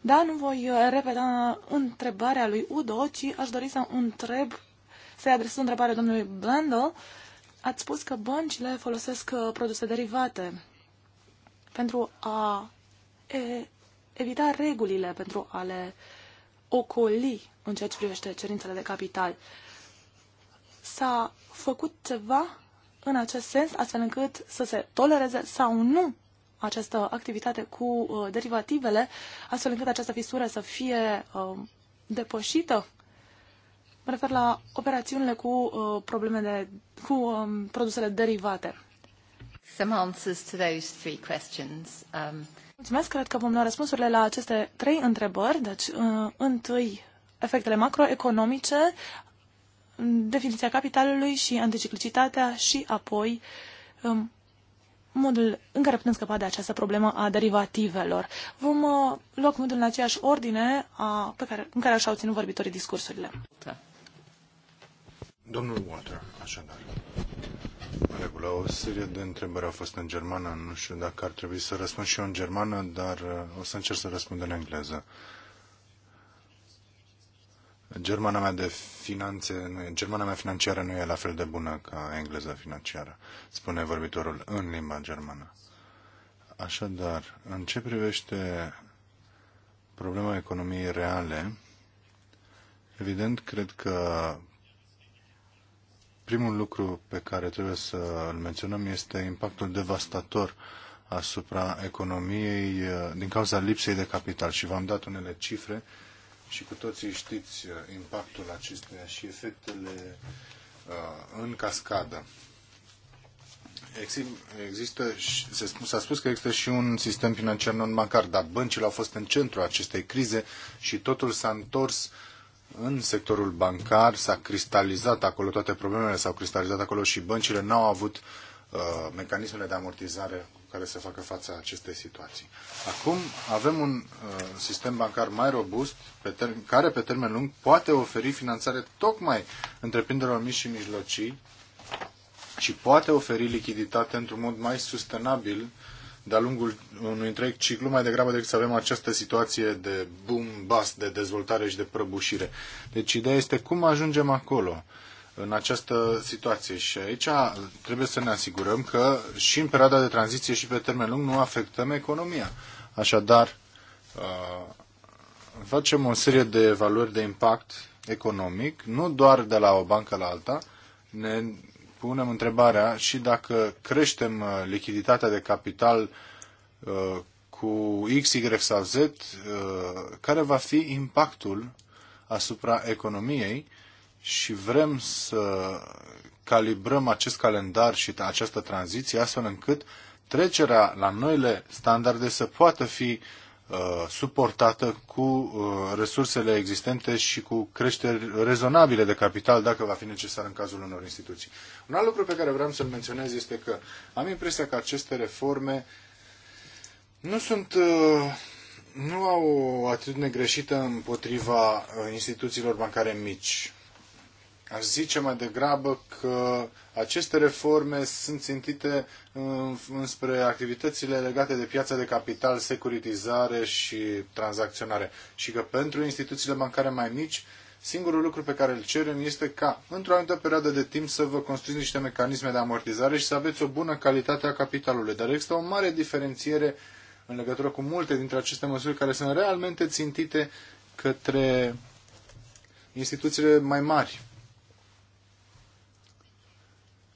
C: Da, nu voi repeta întrebarea lui Udo, ci aș dori să întreb, să-i adresez întrebarea domnului uh, Ați spus că băncile folosesc uh, produse derivate pentru a e, evita regulile, pentru a le ocoli în ceea ce privește cerințele de capital. S-a făcut ceva în acest sens, astfel încât să se tolereze sau nu această activitate cu uh, derivativele, astfel încât această fisură să fie uh, depășită? Mă refer la operațiunile cu uh, probleme de, cu um, produsele derivate. Some answers to those three questions. Um... Mulțumesc, cred că vom lua da răspunsurile la aceste trei întrebări. Deci, uh, întâi, efectele macroeconomice, definiția capitalului și anticiclicitatea și apoi um, modul în care putem scăpa de această problemă a derivativelor. Vom uh, lua cuvântul în aceeași ordine a, pe care, în care așa au ținut vorbitorii discursurile. Da.
A: Domnul Water, așadar. În regulă, o serie de întrebări au fost în germană. Nu știu dacă ar trebui să răspund și eu în germană, dar uh, o să încerc să răspund în engleză. Germana mea de finanțe, nu e, germana mea financiară nu e la fel de bună ca engleza financiară, spune vorbitorul în limba germană. Așadar, în ce privește problema economiei reale, evident, cred că Primul lucru pe care trebuie să îl menționăm este impactul devastator asupra economiei uh, din cauza lipsei de capital. Și v-am dat unele cifre și cu toții știți uh, impactul acestuia și efectele uh, în cascadă. Există, s-a spus că există și un sistem financiar non-bancar, dar băncile au fost în centrul acestei crize și totul s-a întors uh, în sectorul bancar s-a cristalizat acolo, toate problemele s-au cristalizat acolo și băncile n-au avut uh, mecanismele de amortizare cu care să facă fața acestei situații. Acum avem un uh, sistem bancar mai robust, pe care pe termen lung poate oferi finanțare tocmai întreprinderilor mici și mijlocii și poate oferi lichiditate într-un mod mai sustenabil uh, de-a lungul unui întreg ciclu, mai degrabă decât să avem această situație de boom-bust, de dezvoltare și de prăbușire. Deci ideea este cum ajungem acolo, în această situație. Și aici trebuie să ne asigurăm că și în perioada de tranziție și pe termen lung nu afectăm economia. Așadar, uh, facem o serie de valori de impact economic, nu doar de la o bancă la alta, ne punem întrebarea și dacă creștem uh, lichiditatea de capital uh, cu X, Y sau Z, uh, care va fi impactul asupra economiei și vrem să calibrăm acest calendar și această tranziție astfel încât trecerea la noile standarde să poată fi Uh, suportată cu uh, resursele existente și cu creșteri rezonabile de capital, dacă va fi necesar în cazul unor instituții. Un alt lucru pe care vreau să-l menționez este că am impresia că aceste reforme nu sunt uh, nu au o atitudine greșită împotriva instituțiilor bancare mici. Aș zice mai degrabă că aceste reforme sunt țintite înspre activitățile legate de piața de capital, securitizare și tranzacționare și că pentru instituțiile bancare mai mici, singurul lucru pe care îl cerem este ca, într-o anumită perioadă de timp, să vă construiți niște mecanisme de amortizare și să aveți o bună calitate a capitalului. Dar există o mare diferențiere în legătură cu multe dintre aceste măsuri care sunt realmente țintite către instituțiile mai mari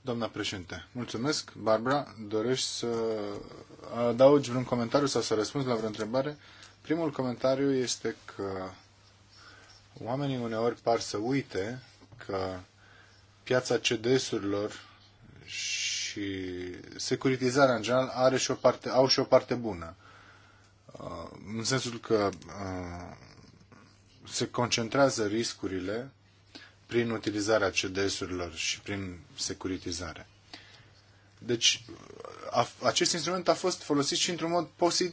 A: Doamna președinte, mulțumesc. Barbara, dorești să adaugi vreun comentariu sau să răspunzi la vreo întrebare? Primul comentariu este că oamenii uneori par să uite că piața CDS-urilor și securitizarea în general are și o parte, au și o parte bună. Uh, în sensul că uh, se concentrează riscurile prin utilizarea CDS-urilor și prin securitizare. Deci, a, acest instrument a fost folosit și într-un mod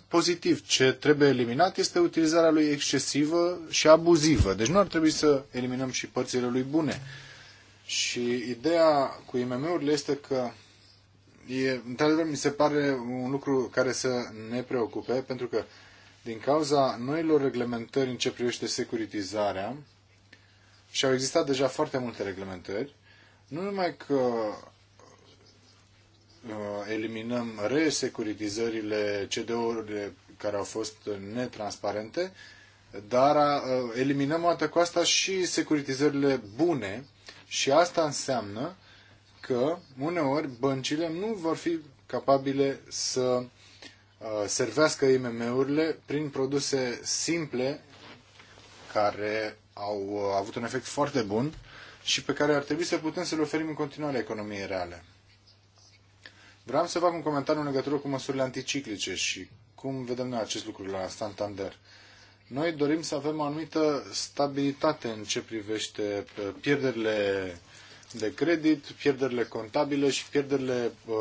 A: pozitiv. Ce trebuie eliminat este utilizarea lui excesivă și abuzivă. Deci nu ar trebui să eliminăm și părțile lui bune. Și ideea cu IMM-urile este că într-adevăr, mi se pare un lucru care să ne preocupe, pentru că din cauza noilor reglementări în ce privește securitizarea, și au existat deja foarte multe reglementări, nu numai că uh, eliminăm resecuritizările CDO-urile care au fost netransparente, dar uh, eliminăm odată cu asta și securitizările bune și asta înseamnă că uneori băncile nu vor fi capabile să uh, servească IMM-urile prin produse simple care au uh, avut un efect foarte bun și pe care ar trebui să putem să le oferim în continuare economiei reale. Vreau să fac un comentariu în legătură cu măsurile anticiclice și cum vedem noi acest lucru la Santander. Noi dorim să avem o anumită stabilitate în ce privește uh, pierderile de credit, pierderile contabile și pierderile uh,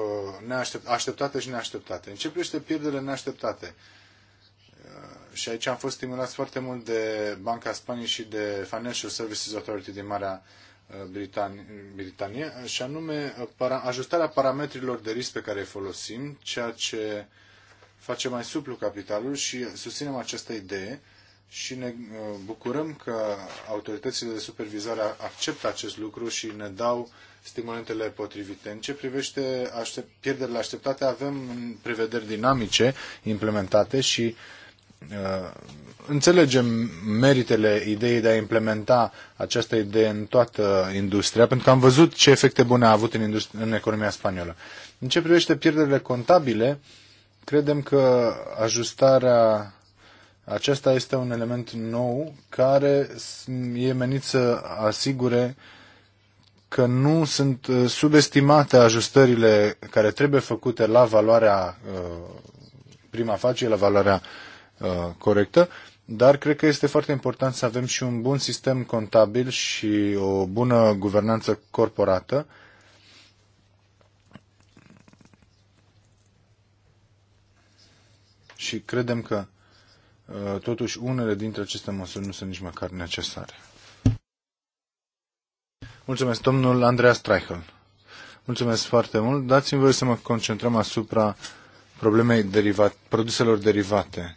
A: neaștept, așteptate și neașteptate. În ce privește pierderile neașteptate? și aici am fost stimulați foarte mult de Banca Spaniei și de Financial Services Authority din Marea uh, Britanie, și anume uh, para, ajustarea parametrilor de risc pe care îi folosim, ceea ce face mai suplu capitalul și susținem această idee și ne uh, bucurăm că autoritățile de supervizare acceptă acest lucru și ne dau stimulentele potrivite. În ce privește aștept, pierderile așteptate, avem prevederi dinamice implementate și uh, Uh, înțelegem meritele ideii de a implementa această idee în toată industria, pentru că am văzut ce efecte bune a avut în, în economia spaniolă. În ce privește pierderile contabile, credem că ajustarea acesta este un element nou care e menit să asigure că nu sunt uh, subestimate ajustările care trebuie făcute la valoarea uh, prima afacere, la valoarea uh, Uh, corectă, dar cred că este foarte important să avem și un bun sistem contabil și o bună guvernanță corporată. Și credem că uh, totuși unele dintre aceste măsuri nu sunt nici măcar necesare. Mulțumesc, domnul Andreas Streichel. Mulțumesc foarte mult. Dați-mi voie să mă concentrăm asupra problemei derivat, produselor derivate.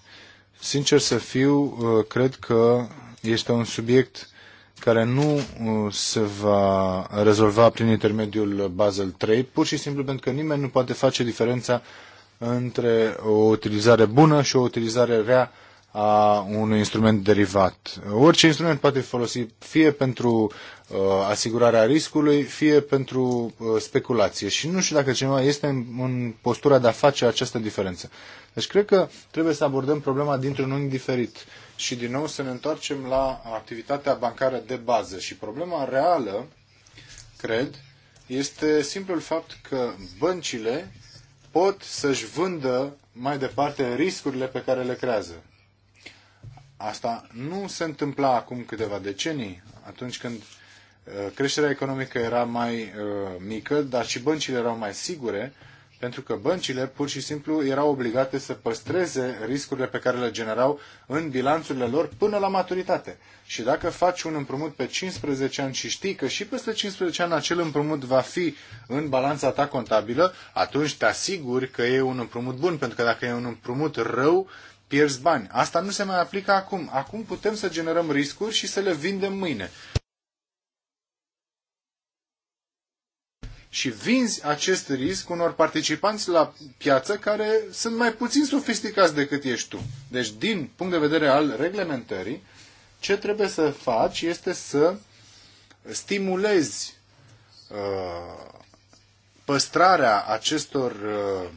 A: Sincer să fiu, uh, cred că este un subiect care nu uh, se va rezolva prin intermediul Basel III, pur și simplu pentru că nimeni nu poate face diferența între o utilizare bună și o utilizare rea a unui instrument derivat. Orice instrument poate fi folosit fie pentru uh, asigurarea riscului, fie pentru uh, speculație. Și nu știu dacă cineva este în, în postura de a face această diferență. Deci cred că trebuie să abordăm problema dintr-un unghi diferit și din nou să ne întoarcem la activitatea bancară de bază. Și problema reală, cred, este simplul fapt că băncile pot să-și vândă mai departe riscurile pe care le creează. Asta nu se întâmpla acum câteva decenii, atunci când uh, creșterea economică era mai uh, mică, dar și băncile erau mai sigure, pentru că băncile pur și simplu erau obligate să păstreze riscurile pe care le generau în bilanțurile lor până la maturitate. Și dacă faci un împrumut pe 15 ani și știi că și peste 15 ani acel împrumut va fi în balanța ta contabilă, atunci te asiguri că e un împrumut bun, pentru că dacă e un împrumut rău, pierzi bani. Asta nu se mai aplică acum. Acum putem să generăm riscuri și să le vindem mâine. Și vinzi acest risc unor participanți la piață care sunt mai puțin sofisticați decât ești tu. Deci, din punct de vedere al reglementării, ce trebuie să faci este să stimulezi uh, păstrarea acestor uh,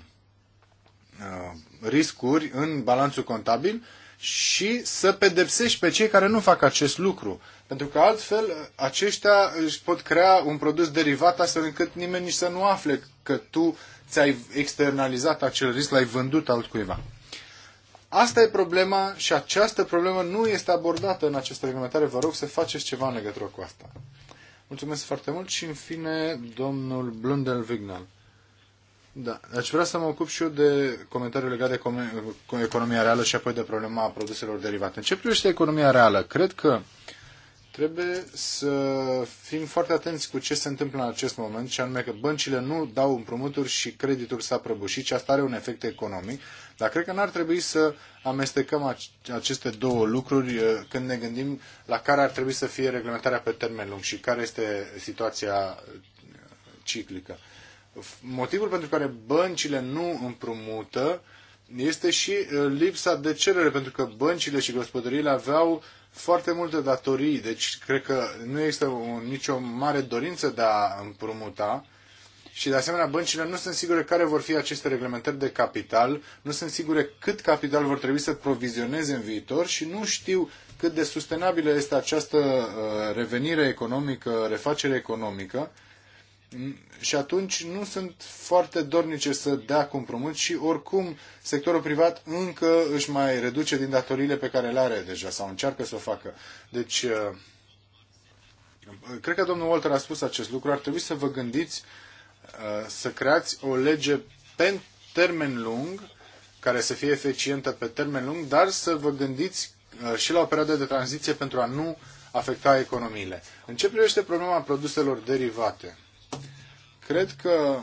A: uh, riscuri în balanțul contabil și să pedepsești pe cei care nu fac acest lucru. Pentru că altfel aceștia își pot crea un produs derivat astfel încât nimeni nici să nu afle că tu ți-ai externalizat acel risc, l-ai vândut altcuiva. Asta e problema și această problemă nu este abordată în această reglementare. Vă rog să faceți ceva în legătură cu asta. Mulțumesc foarte mult și în fine domnul Blundel Vignal. Da, aș vrea să mă ocup și eu de comentariul legat de economia reală și apoi de problema produselor derivate. În ce privește economia reală, cred că trebuie să fim foarte atenți cu ce se întâmplă în acest moment, și anume că băncile nu dau împrumuturi și creditul s-a prăbușit și asta are un efect economic, dar cred că n-ar trebui să amestecăm aceste două lucruri uh, când ne gândim la care ar trebui să fie reglementarea pe termen lung și care este situația uh, ciclică. Motivul pentru care băncile nu împrumută este și uh, lipsa de cerere, pentru că băncile și gospodăriile aveau foarte multe datorii, deci cred că nu există o, nicio mare dorință de a împrumuta și de asemenea băncile nu sunt sigure care vor fi aceste reglementări de capital, nu sunt sigure cât capital vor trebui să provizioneze în viitor și nu știu cât de sustenabilă este această uh, revenire economică, refacere economică și atunci nu sunt foarte dornice să dea compromis și oricum sectorul privat încă își mai reduce din datoriile pe care le are deja sau încearcă să o facă. Deci, uh, cred că domnul Walter a spus acest lucru, ar trebui să vă gândiți uh, să creați o lege pe termen lung, care să fie eficientă pe termen lung, dar să vă gândiți uh, și la o perioadă de tranziție pentru a nu afecta economiile. În ce privește problema produselor derivate, Cred că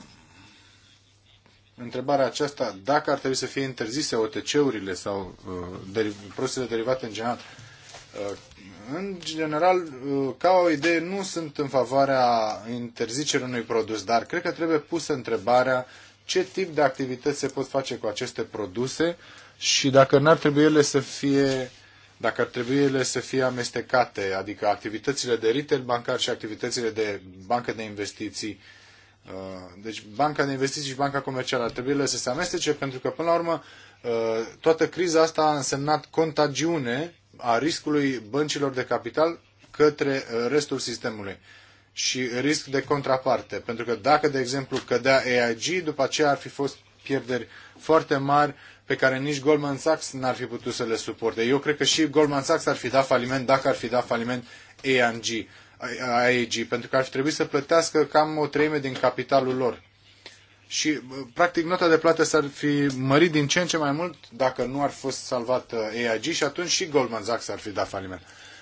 A: întrebarea aceasta, dacă ar trebui să fie interzise OTC-urile sau uh, deri, produsele derivate în general, uh, în general, uh, ca o idee, nu sunt în favoarea interzicerii unui produs, dar cred că trebuie pusă întrebarea ce tip de activități se pot face cu aceste produse și dacă n-ar trebui ele să fie dacă ar trebui ele să fie amestecate, adică activitățile de retail bancar și activitățile de bancă de investiții uh, Uh, deci banca de investiții și banca comercială ar trebui să se amestece pentru că, până la urmă, uh, toată criza asta a însemnat contagiune a riscului băncilor de capital către uh, restul sistemului și risc de contraparte. Pentru că dacă, de exemplu, cădea AIG, după aceea ar fi fost pierderi foarte mari pe care nici Goldman Sachs n-ar fi putut să le suporte. Eu cred că și Goldman Sachs ar fi dat faliment dacă ar fi dat faliment AIG. AEG, pentru că ar fi trebuit să plătească cam o treime din capitalul lor. Și, practic, nota de plată s-ar fi mărit din ce în ce mai mult dacă nu ar fi fost salvat uh, AIG și atunci și Goldman Sachs ar fi dat faliment.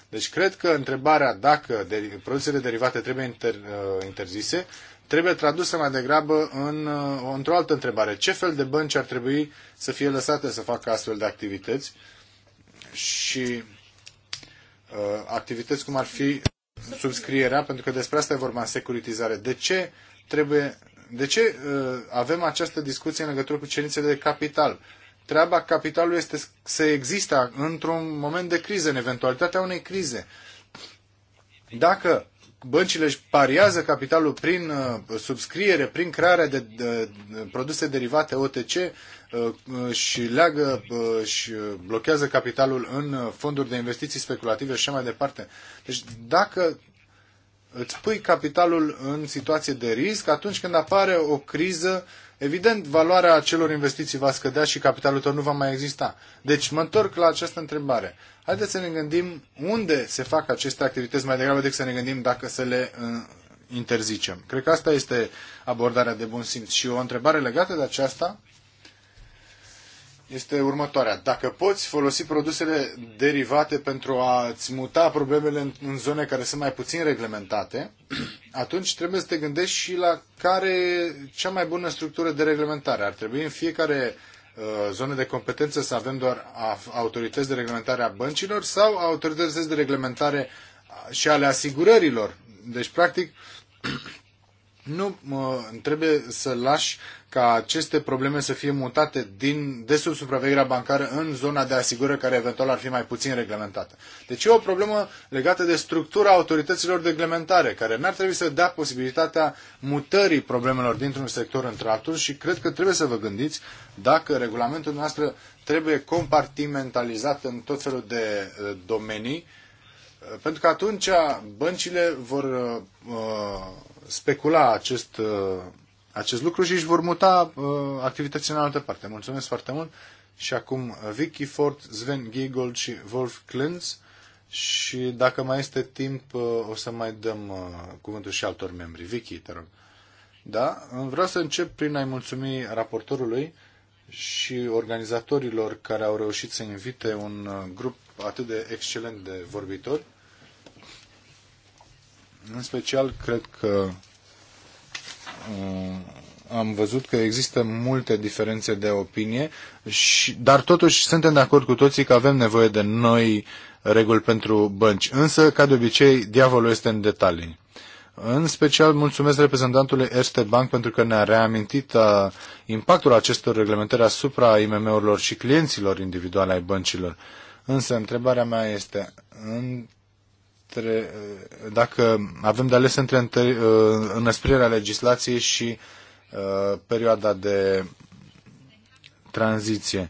A: Deci, cred că întrebarea dacă produsele derivate trebuie inter, uh, interzise trebuie tradusă mai degrabă în, uh, într-o altă întrebare. Ce fel de bănci ar trebui să fie lăsate să facă astfel de activități? Și uh, activități cum ar fi subscrierea, pentru că despre asta e vorba în securitizare. De ce trebuie, de ce uh, avem această discuție în legătură cu cerințele de capital? Treaba capitalului este să existe într-un moment de criză, în eventualitatea unei crize. Dacă băncile își pariază capitalul prin uh, subscriere, prin crearea de, de, de produse derivate OTC uh, și leagă uh, și blochează capitalul în fonduri de investiții speculative și așa mai departe. Deci dacă îți pui capitalul în situație de risc, atunci când apare o criză, evident valoarea acelor investiții va scădea și capitalul tău nu va mai exista. Deci mă întorc la această întrebare. Haideți să ne gândim unde se fac aceste activități mai degrabă decât să ne gândim dacă să le uh, interzicem. Cred că asta este abordarea de bun simț. Și o întrebare legată de aceasta este următoarea. Dacă poți folosi produsele derivate pentru a-ți muta problemele în zone care sunt mai puțin reglementate, atunci trebuie să te gândești și la care cea mai bună structură de reglementare. Ar trebui în fiecare uh, zone de competență să avem doar autorități de reglementare a băncilor sau autorități de reglementare și ale asigurărilor. Deci, practic, Nu trebuie să lași ca aceste probleme să fie mutate din, de sub supravegherea bancară în zona de asigură care eventual ar fi mai puțin reglementată. Deci e o problemă legată de structura autorităților de reglementare, care n-ar trebui să dea posibilitatea mutării problemelor dintr-un sector într-altul și cred că trebuie să vă gândiți dacă regulamentul noastră trebuie compartimentalizat în tot felul de eh, domenii pentru că atunci băncile vor uh, specula acest, uh, acest lucru și își vor muta uh, activitățile în altă parte. Mulțumesc foarte mult! Și acum Vicky Ford, Sven Giegold și Wolf Klintz. Și dacă mai este timp, uh, o să mai dăm uh, cuvântul și altor membri. Vicky, te rog. Da, vreau să încep prin a-i mulțumi raportorului și organizatorilor care au reușit să invite un uh, grup atât de excelent de vorbitor. În special, cred că uh, am văzut că există multe diferențe de opinie, și, dar totuși suntem de acord cu toții că avem nevoie de noi reguli pentru bănci. Însă, ca de obicei, diavolul este în detalii. În special mulțumesc reprezentantului Erste Bank pentru că ne-a reamintit a, uh, impactul acestor reglementări asupra IMM-urilor și clienților individuale ai băncilor. Însă, întrebarea mea este, între, dacă avem de ales între uh, înăsprirea legislației și uh, perioada de tranziție,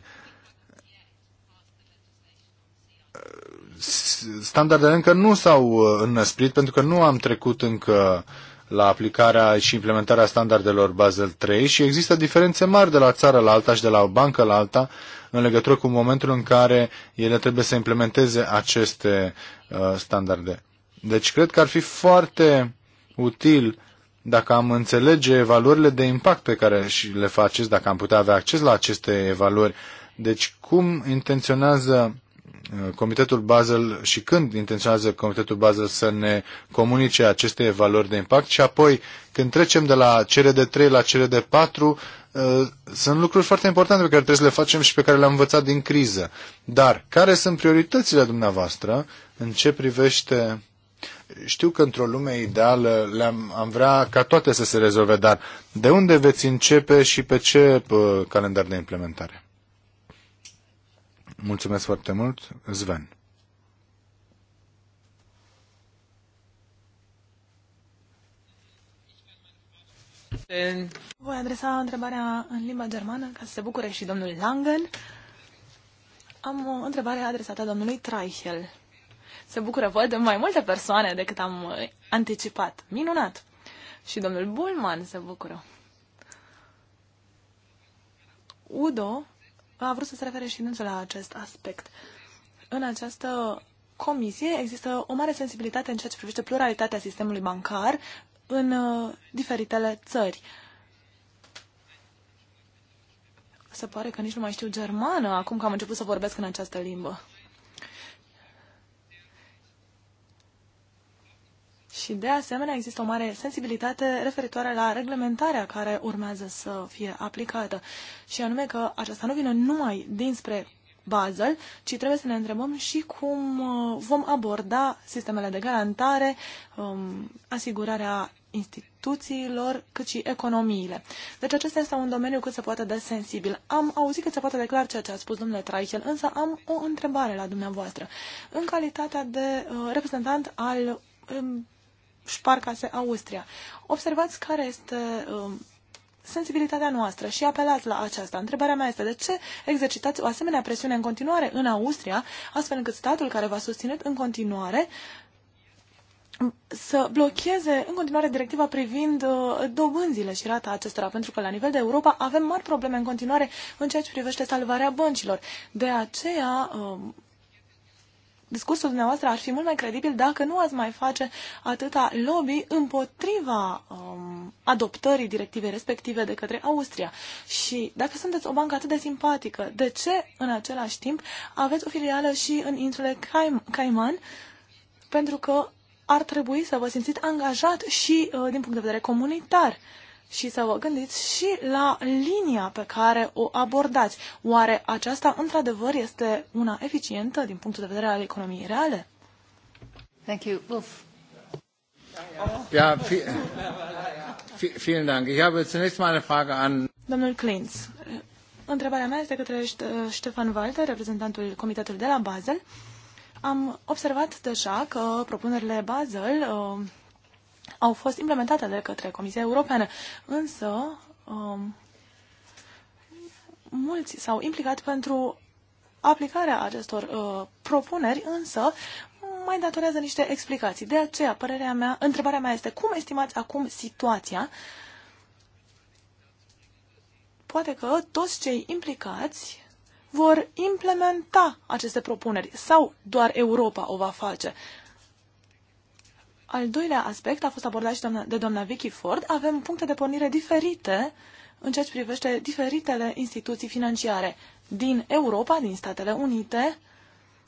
A: standardele încă nu s-au uh, înăsprit pentru că nu am trecut încă la aplicarea și implementarea standardelor Basel 3 și există diferențe mari de la țară la alta și de la o bancă la alta în legătură cu momentul în care ele trebuie să implementeze aceste uh, standarde. Deci cred că ar fi foarte util dacă am înțelege evaluările de impact pe care și le faceți, dacă am putea avea acces la aceste evaluări. Deci cum intenționează Uh, Comitetul Basel și când intenționează Comitetul Basel să ne comunice aceste valori de impact și apoi când trecem de la cele de 3 la cele de 4 uh, sunt lucruri foarte importante pe care trebuie să le facem și pe care le-am învățat din criză. Dar care sunt prioritățile dumneavoastră în ce privește știu că într-o lume ideală le-am, am vrea ca toate să se rezolve, dar de unde veți începe și pe ce uh, calendar de implementare? Mulțumesc foarte mult, Sven.
C: Voi adresa întrebarea în limba germană, ca să se bucure și domnul Langen. Am o întrebare adresată domnului Traichel. Se bucură, văd, mai multe persoane decât am uh, anticipat. Minunat! Și domnul Bulman se bucură. Udo a vrut să se refere și dânsul la acest aspect. În această comisie există o mare sensibilitate în ceea ce privește pluralitatea sistemului bancar în uh, diferitele țări. Se pare că nici nu mai știu germană acum că am început să vorbesc în această limbă. Și de asemenea există o mare sensibilitate referitoare la reglementarea care urmează să fie aplicată. Și anume că aceasta nu vine numai dinspre Basel, ci trebuie să ne întrebăm și cum uh, vom aborda sistemele de garantare, um, asigurarea instituțiilor, cât și economiile. Deci acesta este un domeniu cât se poate de sensibil. Am auzit cât se poate de clar ceea ce a spus domnule Traichel, însă am o întrebare la dumneavoastră. În calitatea de uh, reprezentant al um, Sparkasse Austria. Observați care este um, sensibilitatea noastră și apelați la aceasta. Întrebarea mea este de ce exercitați o asemenea presiune în continuare în Austria, astfel încât statul care v-a susținut în continuare să blocheze în continuare directiva privind uh, dobânzile și rata acestora, pentru că la nivel de Europa avem mari probleme în continuare în ceea ce privește salvarea băncilor. De aceea, uh, discursul dumneavoastră ar fi mult mai credibil dacă nu ați mai face atâta lobby împotriva um, adoptării directivei respective de către Austria. Și dacă sunteți o bancă atât de simpatică, de ce în același timp aveți o filială și în insulele Caim Caiman? Pentru că ar trebui să vă simțiți angajat și uh, din punct de vedere comunitar și să vă gândiți și la linia pe care o abordați. Oare aceasta într-adevăr este una eficientă din punctul de vedere al economiei reale? Thank you. Uf.
A: Ja, vielen Dank. Ich habe zunächst mal eine Frage an
C: Domnul Klintz. Întrebarea mea este către Ștefan Walter, reprezentantul Comitetului de la Basel. Am observat deja că propunerile Basel uh, au fost implementate de către Comisia Europeană, însă um, mulți s-au implicat pentru aplicarea acestor uh, propuneri, însă mai datorează niște explicații. De aceea, părerea mea, întrebarea mea este cum estimați acum situația? Poate că toți cei implicați vor implementa aceste propuneri sau doar Europa o va face. Al doilea aspect a fost abordat și de doamna Vicky Ford. Avem puncte de pornire diferite în ceea ce privește diferitele instituții financiare din Europa, din Statele Unite.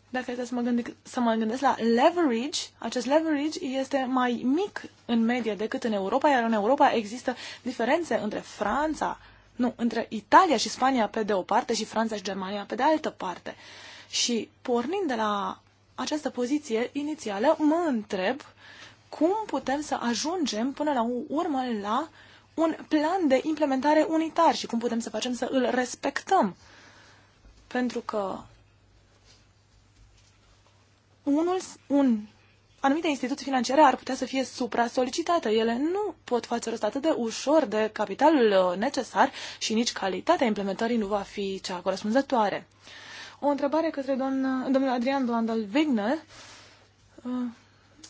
C: Dacă este să mă, gândesc, să mă gândesc la leverage, acest leverage este mai mic în medie decât în Europa, iar în Europa există diferențe între Franța, nu, între Italia și Spania pe de o parte și Franța și Germania pe de altă parte. Și pornind de la această poziție inițială, mă întreb uh, cum putem să ajungem până la urmă la un plan de implementare unitar și cum putem să facem să îl respectăm. Pentru că unul, un, anumite instituții financiare ar putea să fie supra-solicitate. Ele nu pot face rost atât de ușor de capitalul uh, necesar și nici calitatea implementării nu va fi cea corespunzătoare. O întrebare către doamna, domnul Adrian Doandal Vignel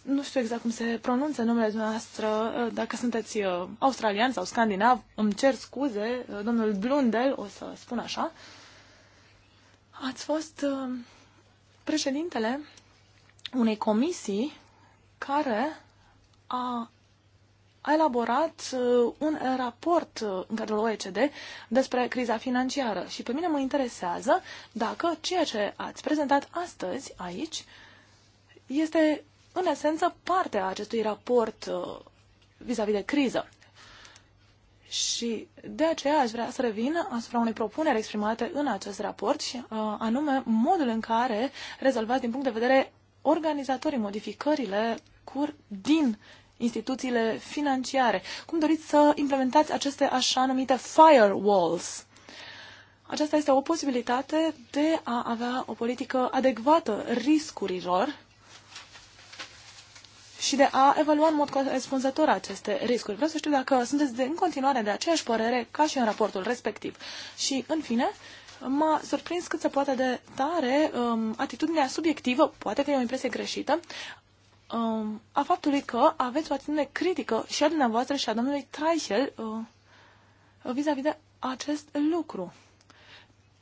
C: nu știu exact cum se pronunță numele dumneavoastră, uh, dacă sunteți uh, australian sau scandinav, îmi cer scuze, uh, domnul Blundel, o să spun așa, ați fost președintele unei comisii care a a elaborat un raport în cadrul OECD despre criza financiară și pe mine mă interesează dacă ceea ce ați prezentat astăzi aici este în esență, parte a acestui raport uh, vis-a-vis -vis de criză. Și de aceea aș vrea să revin asupra unei propuneri exprimate în acest raport, și uh, anume modul în care rezolvați din punct de vedere organizatorii modificările cur din instituțiile financiare. Cum doriți să implementați aceste așa numite firewalls? Aceasta este o posibilitate de a avea o politică adecvată riscurilor și de a evalua în mod corespunzător aceste riscuri. Vreau să știu dacă sunteți de, în continuare de aceeași părere ca și în raportul respectiv. Și, în fine, m-a surprins cât se poate de tare um, atitudinea subiectivă, poate că e o impresie greșită, um, a faptului că aveți o atitudine critică și a dumneavoastră și a domnului Traichel uh, vis-a-vis de acest lucru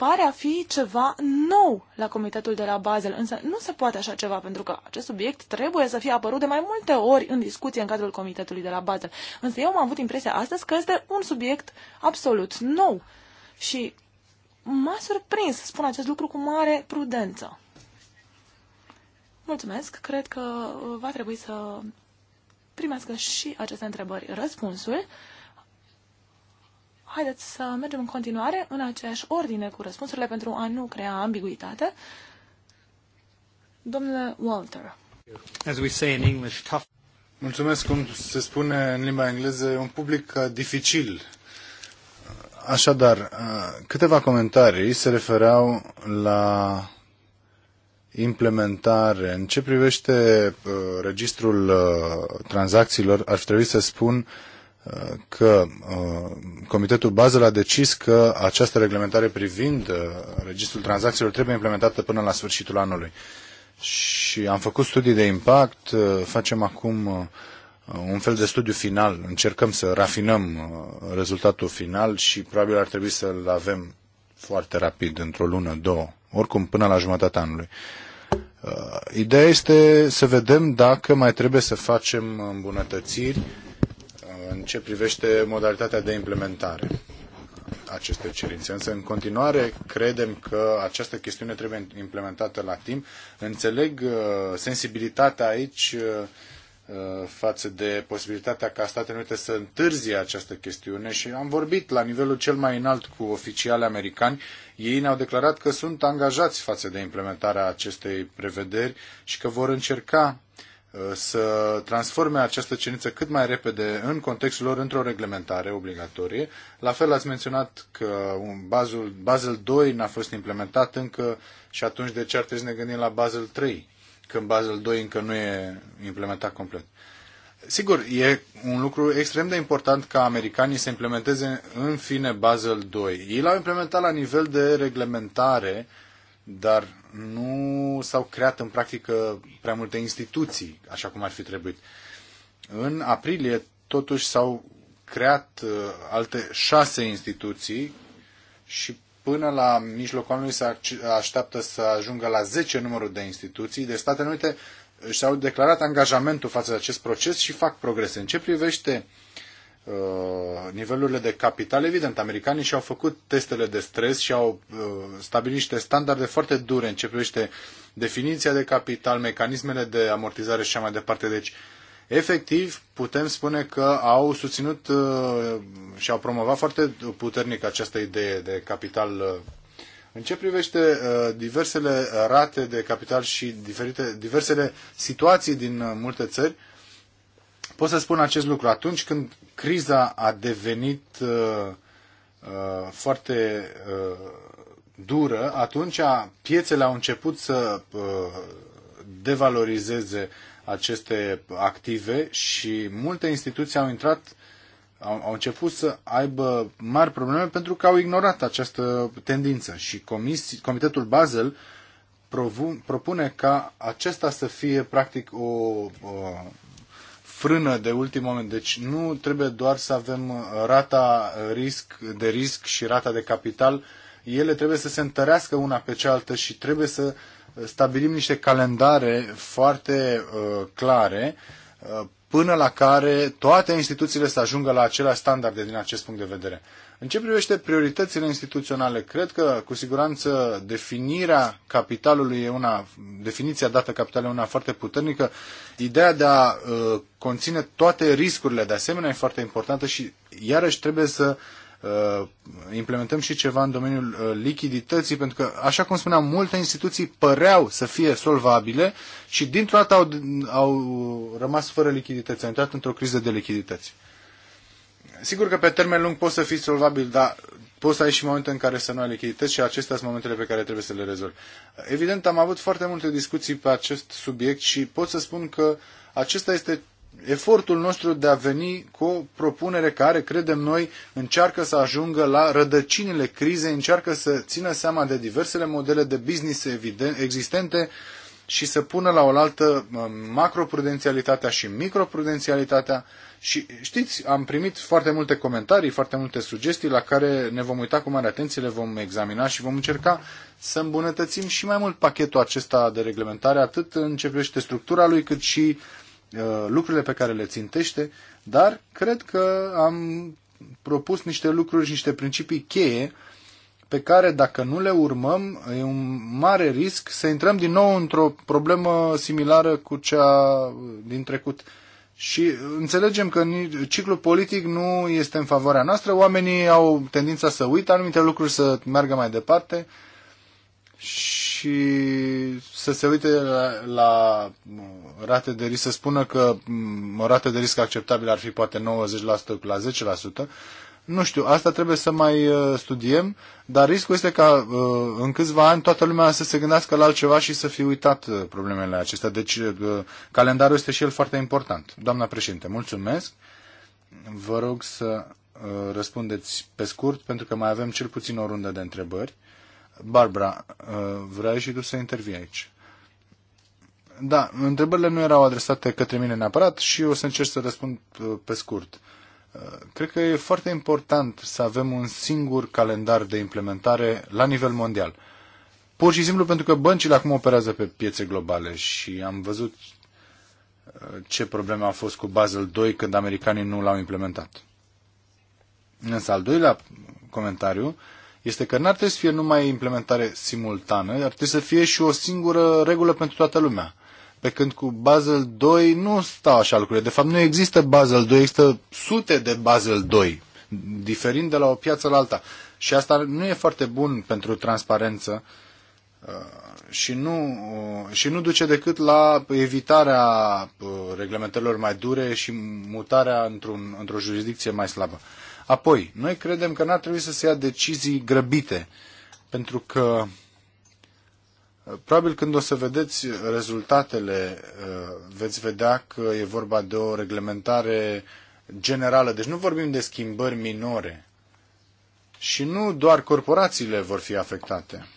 C: pare a fi ceva nou la Comitetul de la Basel, însă nu se poate așa ceva, pentru că acest subiect trebuie să fie apărut de mai multe ori în discuție în cadrul Comitetului de la Basel. Însă eu am avut impresia astăzi că este un subiect absolut nou și m-a surprins, spun acest lucru cu mare prudență. Mulțumesc, cred că va trebui să primească și aceste întrebări răspunsul. Haideți să mergem în continuare în aceeași ordine cu răspunsurile pentru a nu crea ambiguitate. Domnule Walter.
A: As we say in English, tough... Mulțumesc, cum se spune în limba engleză, un public uh, dificil. Uh, așadar, uh, câteva comentarii se refereau la implementare. În ce privește registrul tranzacțiilor, ar trebui să spun uh, că uh, Comitetul Basel a decis că această reglementare privind uh, registrul tranzacțiilor trebuie implementată până la sfârșitul anului. Și am făcut studii de impact, uh, facem acum un fel de studiu final, încercăm să rafinăm rezultatul final și probabil ar trebui să-l avem foarte rapid, într-o lună, două, oricum până la jumătatea anului. Ideea este să vedem dacă mai trebuie să facem îmbunătățiri în ce privește modalitatea de implementare aceste cerințe. Însă, în continuare, credem că această chestiune trebuie implementată la timp. Înțeleg uh, sensibilitatea aici uh, uh, față de posibilitatea ca Statele Unite să întârzie această chestiune și am vorbit la nivelul cel mai înalt cu oficiali americani. Ei ne-au declarat că sunt angajați față de implementarea acestei prevederi și că vor încerca uh, Uh, să transforme această cerință cât mai repede în contextul lor într-o reglementare obligatorie. La fel ați menționat că un Basel, Basel 2 n-a fost implementat încă și atunci de ce ar trebui să ne gândim la Basel 3 când Basel 2 încă nu e implementat complet. Sigur, e un lucru extrem de important ca americanii să implementeze în fine Basel 2. Ei l-au implementat la nivel de reglementare uh, dar nu s-au creat în practică prea multe instituții, așa cum ar fi trebuit. În aprilie, totuși, s-au creat uh, alte șase instituții și până la mijlocul anului se așteaptă să ajungă la 10 numărul de instituții. De deci, Statele Unite și-au declarat angajamentul față de acest proces și fac progrese. În ce privește Uh, nivelurile de capital, evident, americanii și-au făcut testele de stres și au uh, stabilit niște standarde foarte dure în ce privește definiția de capital, mecanismele de amortizare și așa mai departe. Deci, efectiv, putem spune că au susținut uh, și au promovat foarte puternic această idee de capital. În ce privește diversele rate de capital și diferite, diversele situații din multe țări, Pot să spun acest lucru. Atunci când criza a devenit uh, uh, foarte uh, dură, atunci piețele au început să uh, devalorizeze aceste active și multe instituții au intrat au, au început să aibă mari probleme pentru că au ignorat această tendință și comis, Comitetul Basel provu, propune ca acesta să fie practic o, o frână de ultim moment. Deci nu trebuie doar să avem rata risc, de risc și rata de capital. Ele trebuie să se întărească una pe cealaltă și trebuie să stabilim niște calendare foarte uh, clare uh, până la care toate instituțiile să ajungă la aceleași standarde din acest punct de vedere. În ce privește prioritățile instituționale, cred că, cu siguranță, definirea capitalului e una, definiția dată capitalului e una foarte puternică. Ideea de a uh, conține toate riscurile, de asemenea, e foarte importantă și, iarăși, trebuie să uh, Uh, implementăm și ceva în domeniul uh, lichidității, pentru că, așa cum spuneam, multe instituții păreau să fie solvabile și dintr-o dată au, au rămas fără lichidități, au intrat într-o criză de lichidități. Sigur că pe termen lung poți să fii solvabil, dar poți să ai și momente în care să nu ai lichidități și acestea sunt momentele pe care trebuie să le rezolvi. Evident, am avut foarte multe discuții pe acest subiect și pot să spun că acesta este efortul nostru de a veni cu o propunere care, credem noi, încearcă să ajungă la rădăcinile crizei, încearcă să țină seama de diversele modele de business existente și să pună la oaltă macroprudențialitatea și microprudențialitatea. Și știți, am primit foarte multe comentarii, foarte multe sugestii la care ne vom uita cu mare atenție, le vom examina și vom încerca să îmbunătățim și mai mult pachetul acesta de reglementare, atât în ce privește structura lui, cât și uh, Uh, lucrurile pe care le țintește, dar cred că am propus niște lucruri, niște principii cheie pe care dacă nu le urmăm, e un mare risc să intrăm din nou într-o problemă similară cu cea din trecut. Și înțelegem că ciclul politic nu este în favoarea noastră, oamenii au tendința să uită anumite lucruri, să meargă mai departe și să se uite la, la rate de risc, să spună că mm, o rată de risc acceptabilă ar fi poate 90% la 10%. Nu știu, asta trebuie să mai uh, studiem, dar riscul este ca uh, în câțiva ani toată lumea să se gândească la altceva și să fie uitat uh, problemele acestea. Deci calendarul este și el foarte important. Doamna președinte, mulțumesc. Vă rog să răspundeți pe scurt, pentru că mai avem cel puțin o rundă de întrebări. Barbara, uh, vrei și tu să intervii aici. Da, întrebările nu erau adresate către mine neapărat și o să încerc să răspund uh, pe scurt. Uh, cred că e foarte important să avem un singur calendar de implementare la nivel mondial. Pur și simplu pentru că băncile acum operează pe piețe globale și am văzut ce probleme a fost cu Basel II când americanii nu l-au implementat. Însă al doilea comentariu este că n-ar trebui să fie numai implementare simultană, ar trebui să fie și o singură regulă pentru toată lumea. Pe când cu Basel 2 nu stau așa lucrurile. De fapt, nu există Basel 2, există sute de Basel 2, diferind de la o piață la alta. Și asta nu e foarte bun pentru transparență uh, și nu, uh, și nu duce decât la evitarea uh, reglementărilor mai dure și mutarea într-un, într-o jurisdicție mai slabă. Apoi, noi credem că n-ar trebui să se ia decizii grăbite, pentru că uh, probabil când o să vedeți rezultatele, uh, veți vedea că e vorba de o reglementare generală. Deci nu vorbim de schimbări minore. Și nu doar corporațiile vor fi afectate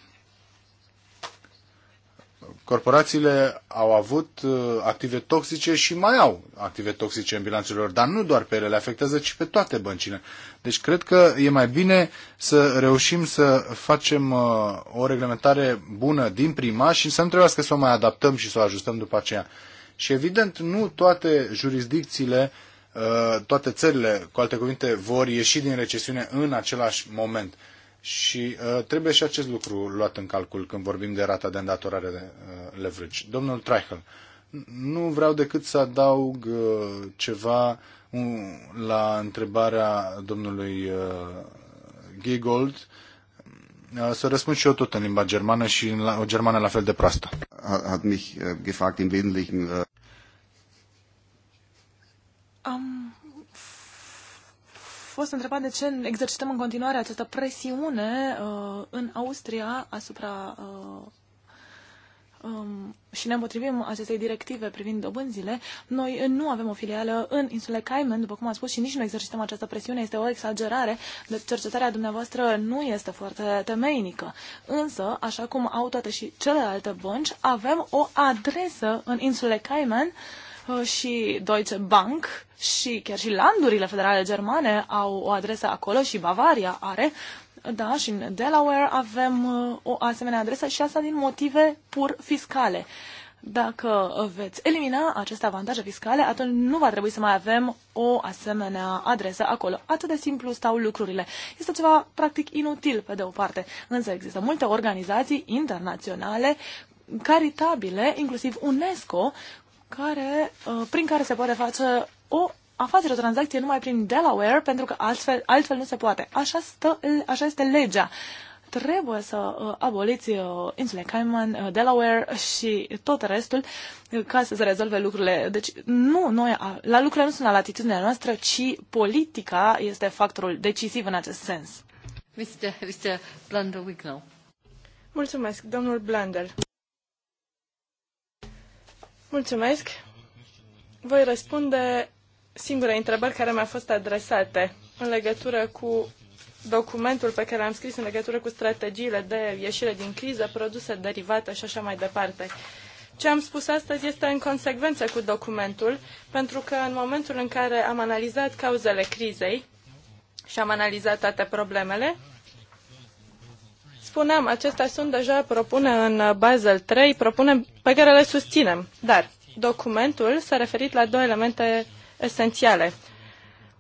A: corporațiile au avut uh, active toxice și mai au active toxice în bilanțul lor, dar nu doar pe ele, le afectează, ci pe toate băncile. Deci cred că e mai bine să reușim să facem uh, o reglementare bună din prima și să nu trebuiască să o mai adaptăm și să o ajustăm după aceea. Și evident, nu toate jurisdicțiile, uh, toate țările, cu alte cuvinte, vor ieși din recesiune în același moment și uh, trebuie și acest lucru luat în calcul când vorbim de rata de îndatorare de uh, leverage. Domnul Treichel, nu vreau decât să adaug uh, ceva un, la întrebarea domnului uh, Giegold. Uh, să răspund și eu tot în limba germană și în la, o germană la fel de proastă. Hat mich uh, gefragt im Wesentlichen. Uh,
C: Am fost întrebat de ce exercităm în continuare această presiune uh, în Austria asupra uh, um, și ne împotrivim acestei directive privind dobânzile. Noi nu avem o filială în insulele Cayman, după cum am spus, și nici nu exercităm această presiune, este o exagerare, De cercetarea dumneavoastră nu este foarte temeinică. Însă, așa cum au toate și celelalte bănci, avem o adresă în insulele Cayman uh, Uh, și Deutsche Bank și chiar și landurile federale germane au o adresă acolo și Bavaria are. Da, și în Delaware avem uh, o asemenea adresă și asta din motive pur fiscale. Dacă veți elimina aceste avantaje fiscale, atunci nu va trebui să mai avem o asemenea adresă acolo. Atât de simplu stau lucrurile. Este ceva practic inutil pe de o parte, însă există multe organizații internaționale caritabile, inclusiv UNESCO, care, uh, prin care se poate face o afacere, o tranzacție numai prin Delaware, pentru că altfel, altfel nu se poate. Așa, stă, așa este legea. Trebuie să uh, aboliți uh, insule Cayman, Delaware și tot restul ca să se rezolve lucrurile. Deci nu noi, la lucrurile nu sunt la latitudinea noastră, ci politica este factorul decisiv în acest sens. Mr. Mr.
B: Blunder Wignall. Mulțumesc, domnul Blunder. Mulțumesc. Voi răspunde singurei întrebări care mi-a fost adresate în legătură cu documentul pe care l-am scris în legătură cu strategiile de ieșire din criză, produse derivate și așa mai departe. Ce am spus astăzi este în consecvență cu documentul, pentru că în momentul în care am analizat cauzele crizei și am analizat toate problemele, spuneam, acestea sunt deja propune în uh, Basel 3, propune pe care le susținem, dar documentul s-a referit la două elemente esențiale.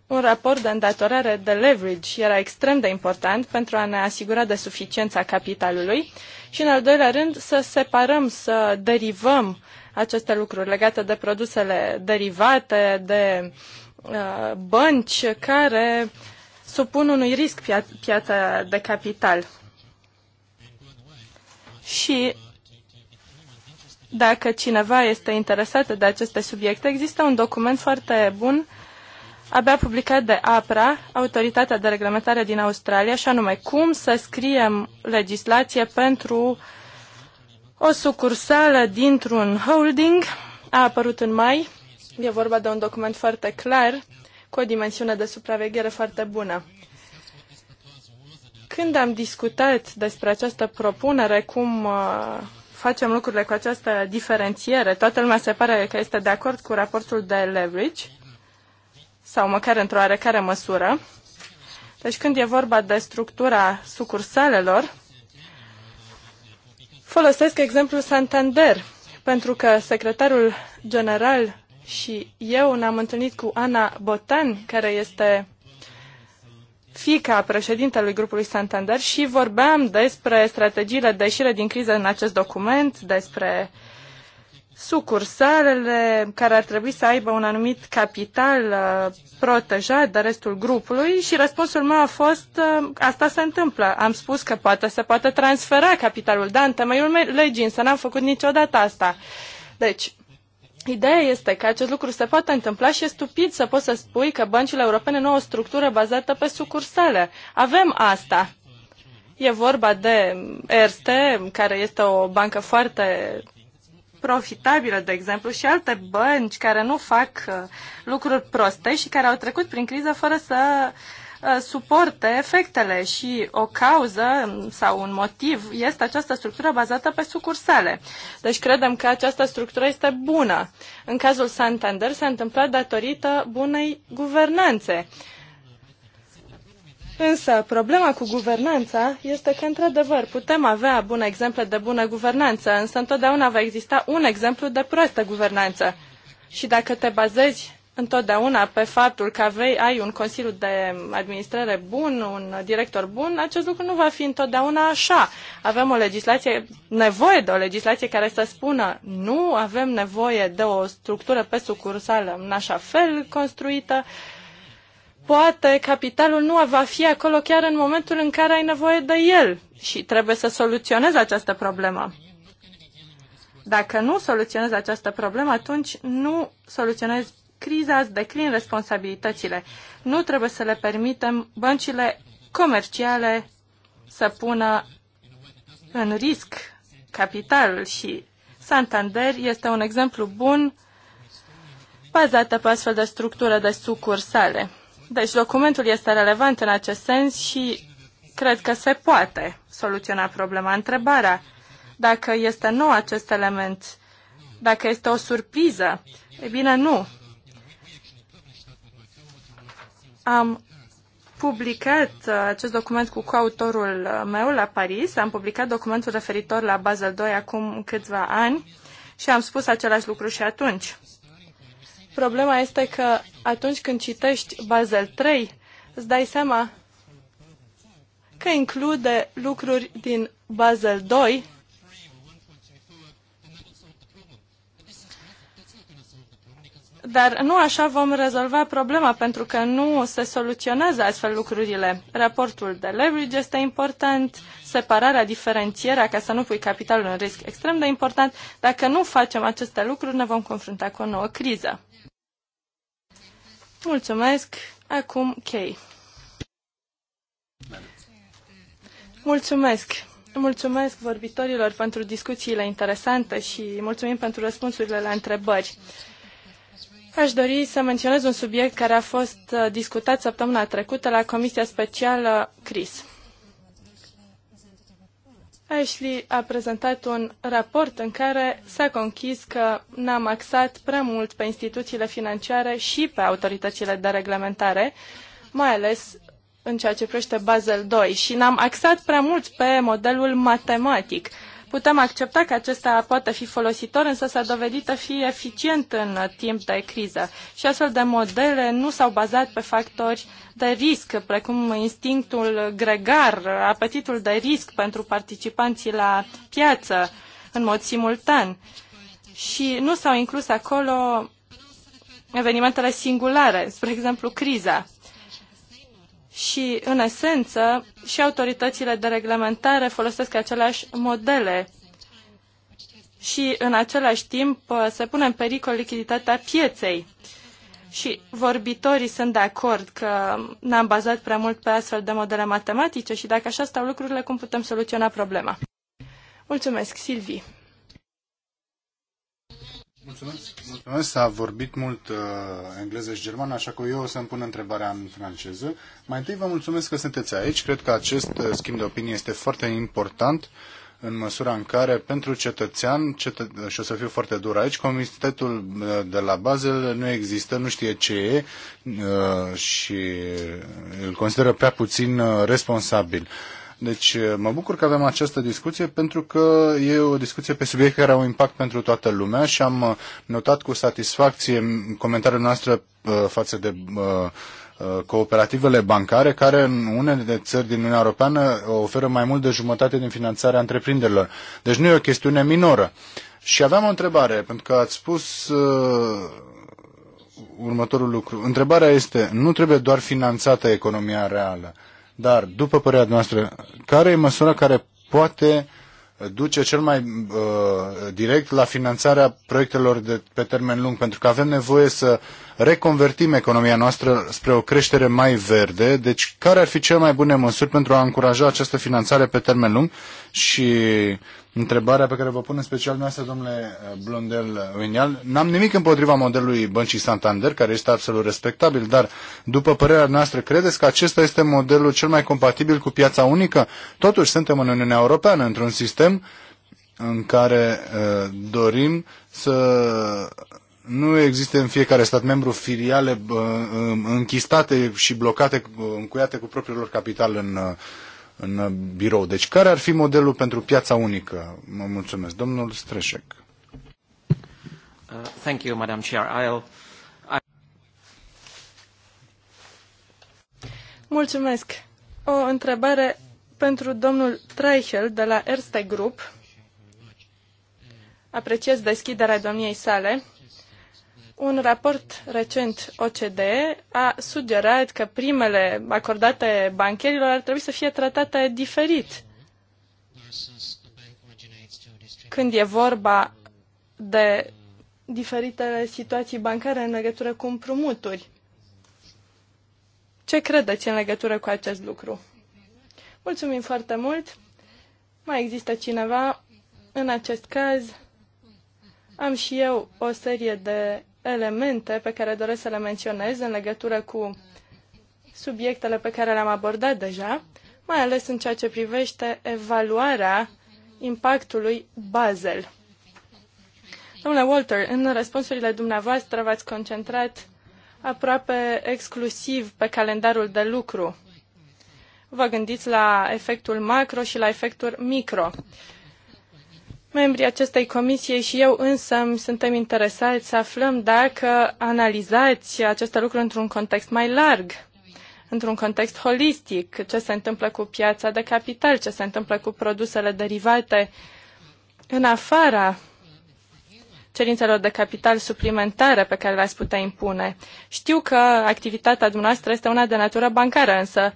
B: Un raport de îndatorare de leverage era extrem de important pentru a ne asigura de suficiența capitalului și, în al doilea rând, să separăm, să derivăm aceste lucruri legate de produsele derivate, de uh, bănci care supun unui risc pia- piața de capital și dacă cineva este interesat de aceste subiecte, există un document foarte bun abia publicat de APRA, Autoritatea de Reglementare din Australia, și anume cum să scriem legislație pentru o sucursală dintr-un holding. A apărut în mai. E vorba de un document foarte clar, cu o dimensiune de supraveghere foarte bună. Când am discutat despre această propunere, cum uh, facem lucrurile cu această diferențiere, toată lumea se pare că este de acord cu raportul de leverage, sau măcar într-o oarecare măsură. Deci când e vorba de structura sucursalelor, folosesc exemplul Santander, pentru că secretarul general și eu ne-am întâlnit cu Ana Botan, care este fica președintelui grupului Santander și vorbeam despre strategiile de ieșire din criză în acest document, despre sucursalele care ar trebui să aibă un anumit capital uh, protejat de restul grupului și răspunsul meu a fost uh, asta se întâmplă. Am spus că poate se poate transfera capitalul, dar în temeiul legii, însă n-am făcut niciodată asta. Deci, Ideea este că acest lucru se poate întâmpla și e stupid să poți să spui că băncile europene nu au o structură bazată pe sucursale. Avem asta. E vorba de Erste, care este o bancă foarte profitabilă, de exemplu, și alte bănci care nu fac uh, lucruri proste și care au trecut prin criză fără să uh, Uh, suporte efectele și o cauză sau un motiv este această structură bazată pe sucursale. Deci credem că această structură este bună. În cazul Santander s-a întâmplat datorită bunei guvernanțe. Însă, problema cu guvernanța este că, într-adevăr, putem avea bune exemple de bună guvernanță, însă întotdeauna va exista un exemplu de proastă guvernanță. Și dacă te bazezi întotdeauna pe faptul că vei, ai un consiliu de administrare bun, un director bun, acest lucru nu va fi întotdeauna așa. Avem o legislație, nevoie de o legislație care să spună nu avem nevoie de o structură pe sucursală în așa fel construită. Poate capitalul nu va fi acolo chiar în momentul în care ai nevoie de el și trebuie să soluționezi această problemă. Dacă nu soluționezi această problemă, atunci nu soluționezi criza îți declin responsabilitățile. Nu trebuie să le permitem băncile comerciale să pună în risc capitalul și Santander este un exemplu bun bazată pe astfel de structură de sucursale. Deci documentul este relevant în acest sens și cred că se poate soluționa problema. Întrebarea dacă este nou acest element, dacă este o surpriză, e bine, nu. Am publicat uh, acest document cu coautorul uh, meu la Paris, am publicat documentul referitor la Basel II acum câțiva ani și am spus același lucru și atunci. Problema este că atunci când citești Basel 3, îți dai seama că include lucruri din Basel 2 Dar nu așa vom rezolva problema, pentru că nu se soluționează astfel lucrurile. Raportul de leverage este important, separarea, diferențierea, ca să nu pui capitalul în risc, extrem de important. Dacă nu facem aceste lucruri, ne vom confrunta cu o nouă criză. Mulțumesc. Acum, Kay. Mulțumesc. Mulțumesc vorbitorilor pentru discuțiile interesante și mulțumim pentru răspunsurile la întrebări. Aș dori să menționez un subiect care a fost uh, discutat săptămâna trecută la Comisia Specială CRIS. Ashley a prezentat un raport în care s-a conchis că n-am axat prea mult pe instituțiile financiare și pe autoritățile de reglementare, mai ales în ceea ce privește Basel II și n-am axat prea mult pe modelul matematic Putem accepta că acesta poate fi folositor, însă s-a dovedit a fi eficient în timp de criză. Și astfel de modele nu s-au bazat pe factori de risc, precum instinctul gregar, apetitul de risc pentru participanții la piață în mod simultan. Și nu s-au inclus acolo evenimentele singulare, spre exemplu criza și, în esență, și autoritățile de reglementare folosesc aceleași modele și, în același timp, se pune în pericol lichiditatea pieței. Și vorbitorii sunt de acord că ne-am bazat prea mult pe astfel de modele matematice și dacă așa stau lucrurile, cum putem soluționa problema? Mulțumesc, Silvi.
A: Mulțumesc. Mulțumesc. S-a vorbit mult uh, engleză și germană, așa că eu o să-mi pun întrebarea în franceză. Mai întâi vă mulțumesc că sunteți aici. Cred că acest uh, schimb de opinie este foarte important în măsura în care pentru cetățean, cetă... și o să fiu foarte dur aici, comitetul uh, de la Basel nu există, nu știe ce e uh, și îl consideră prea puțin uh, responsabil. Deci eh, mă bucur că avem această discuție pentru că e o discuție pe subiect care are un impact pentru toată lumea și am eh, notat cu satisfacție comentariul noastră eh, față de cooperativele bancare, care în unele țări din Uniunea Europeană oferă mai mult de jumătate din finanțarea întreprinderilor. Deci nu e o chestiune minoră. Și aveam o întrebare, pentru că ați spus uh, următorul lucru. Întrebarea este, nu trebuie doar finanțată economia reală. Uh, dar, după părerea noastră, care e măsura care poate duce cel mai uh, direct la finanțarea proiectelor de, pe termen lung, pentru că avem nevoie să reconvertim economia noastră spre o creștere mai verde. Deci, care ar fi cel mai bune măsuri pentru a încuraja această finanțare pe termen lung și întrebarea pe care vă pun în special noastră, domnule eh, Blondel Uinial. N-am nimic împotriva modelului Băncii Santander, care este absolut respectabil, dar după părerea noastră, credeți că acesta este modelul cel mai compatibil cu piața unică? Totuși, suntem în Uniunea Europeană, într-un sistem în care uh, dorim să nu există în fiecare stat membru filiale uh, închistate și blocate, încuiate cu propriul lor capital în uh, în birou. Deci care ar fi modelul pentru piața unică? Mă mulțumesc. Domnul Streșec.
C: Uh, thank you, Madam Chair. I'll,
B: Mulțumesc. O întrebare pentru domnul Treichel de la Erste Group. Apreciez deschiderea domniei sale. Un raport recent OCDE a sugerat că primele acordate bancherilor ar trebui să fie tratate diferit când e vorba de diferitele situații bancare în legătură cu împrumuturi. Ce credeți în legătură cu acest lucru? Mulțumim foarte mult. Mai există cineva? În acest caz, am și eu o serie de elemente pe care doresc să le menționez în legătură cu subiectele pe care le-am abordat deja, mai ales în ceea ce privește evaluarea impactului Basel. Domnule Walter, în răspunsurile dumneavoastră v-ați concentrat aproape exclusiv pe calendarul de lucru. Vă gândiți la efectul macro și la efectul micro membrii acestei comisii și eu însă suntem interesați să aflăm dacă analizați aceste lucruri într-un context mai larg, într-un context holistic, ce se întâmplă cu piața de capital, ce se întâmplă cu produsele derivate în afara cerințelor de capital suplimentare pe care le-ați putea impune. Știu că activitatea dumneavoastră este una de natură bancară, însă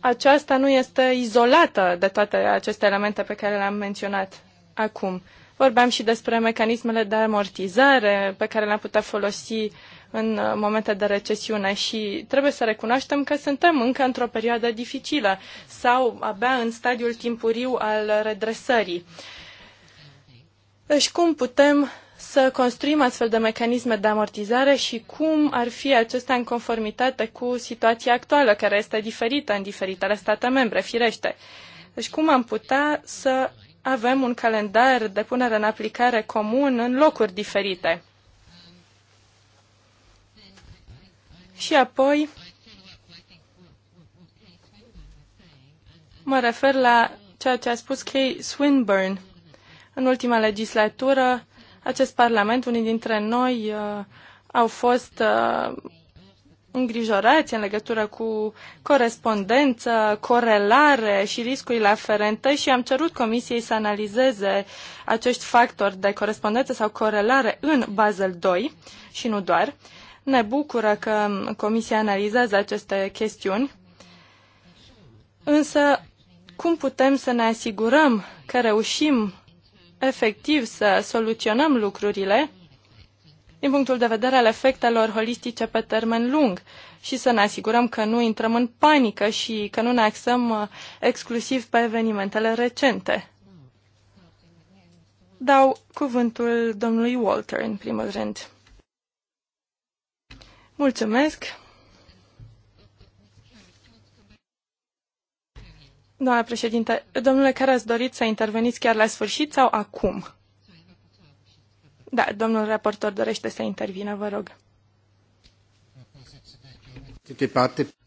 B: aceasta nu este izolată de toate aceste elemente pe care le-am menționat acum. Vorbeam și despre mecanismele de amortizare pe care le-am putea folosi în momente de recesiune și trebuie să recunoaștem că suntem încă într-o perioadă dificilă sau abia în stadiul timpuriu al redresării. Deci cum putem să construim astfel de mecanisme de amortizare și cum ar fi acestea în conformitate cu situația actuală, care este diferită în diferitele state membre, firește. Deci cum am putea să avem un calendar de punere în aplicare comun în locuri diferite. Și apoi mă refer la ceea ce a spus Kay Swinburne. În ultima legislatură acest Parlament, unii dintre noi uh, au fost uh, îngrijorați în legătură cu corespondență, corelare și riscurile aferente și am cerut Comisiei să analizeze acești factori de corespondență sau corelare în Basel II și nu doar. Ne bucură că Comisia analizează aceste chestiuni, însă cum putem să ne asigurăm că reușim efectiv să soluționăm lucrurile din punctul de vedere al efectelor holistice pe termen lung și să ne asigurăm că nu intrăm în panică și că nu ne axăm uh, exclusiv pe evenimentele recente. Dau cuvântul domnului Walter în primul rând. Mulțumesc! Doamna președinte, domnule care ați dorit să interveniți chiar la sfârșit sau acum? Da, domnul raportor dorește să intervină, vă rog.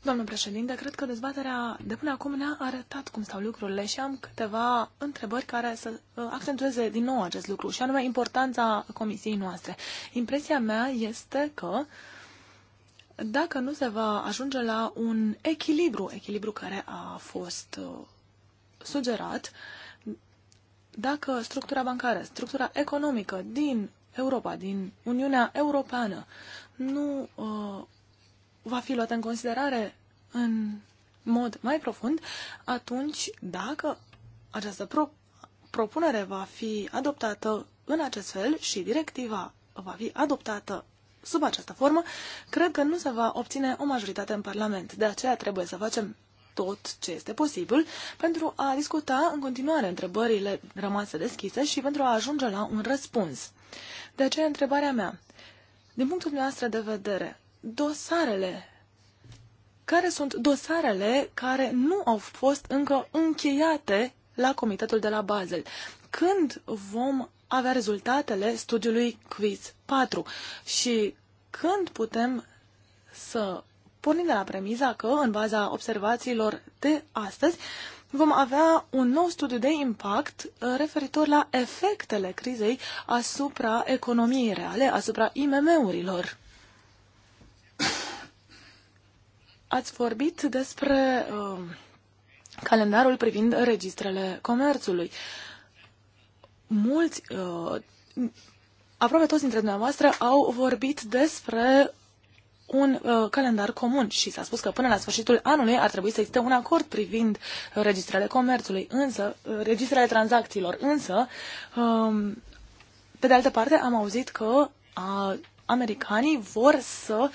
B: Domnul președinte,
C: cred că dezbaterea de până acum ne-a arătat cum stau lucrurile și am câteva întrebări care să uh, accentueze din nou acest lucru, și anume importanța comisiei noastre. Impresia mea este că uh, dacă nu se va ajunge la un echilibru, echilibru care a fost uh, sugerat, dacă structura bancară, structura economică din Europa, din Uniunea Europeană, nu uh, va fi luată în considerare în mod mai profund, atunci dacă această pro- propunere va fi adoptată în acest fel și directiva va fi adoptată sub această formă, cred că nu se va obține o majoritate în Parlament. De aceea trebuie să facem tot ce este posibil pentru a discuta în continuare întrebările rămase deschise și pentru a ajunge la un răspuns. De aceea întrebarea mea, din punctul dumneavoastră de vedere, dosarele care sunt dosarele care nu au fost încă încheiate la comitetul de la Basel. Când vom avea rezultatele studiului Quiz 4 și când putem să pornim de la premiza că, în baza observațiilor de astăzi, vom avea un nou studiu de impact uh, referitor la efectele crizei asupra economiei reale, asupra IMM-urilor. Ați vorbit despre uh, calendarul privind registrele comerțului. Uh, mulți, uh, aproape toți dintre dumneavoastră au vorbit despre un uh, calendar comun și s-a spus că până la sfârșitul anului ar trebui să existe un acord privind uh, registrele comerțului, însă, uh, registrele tranzacțiilor, însă, uh, pe de altă parte am auzit că a uh, americanii vor să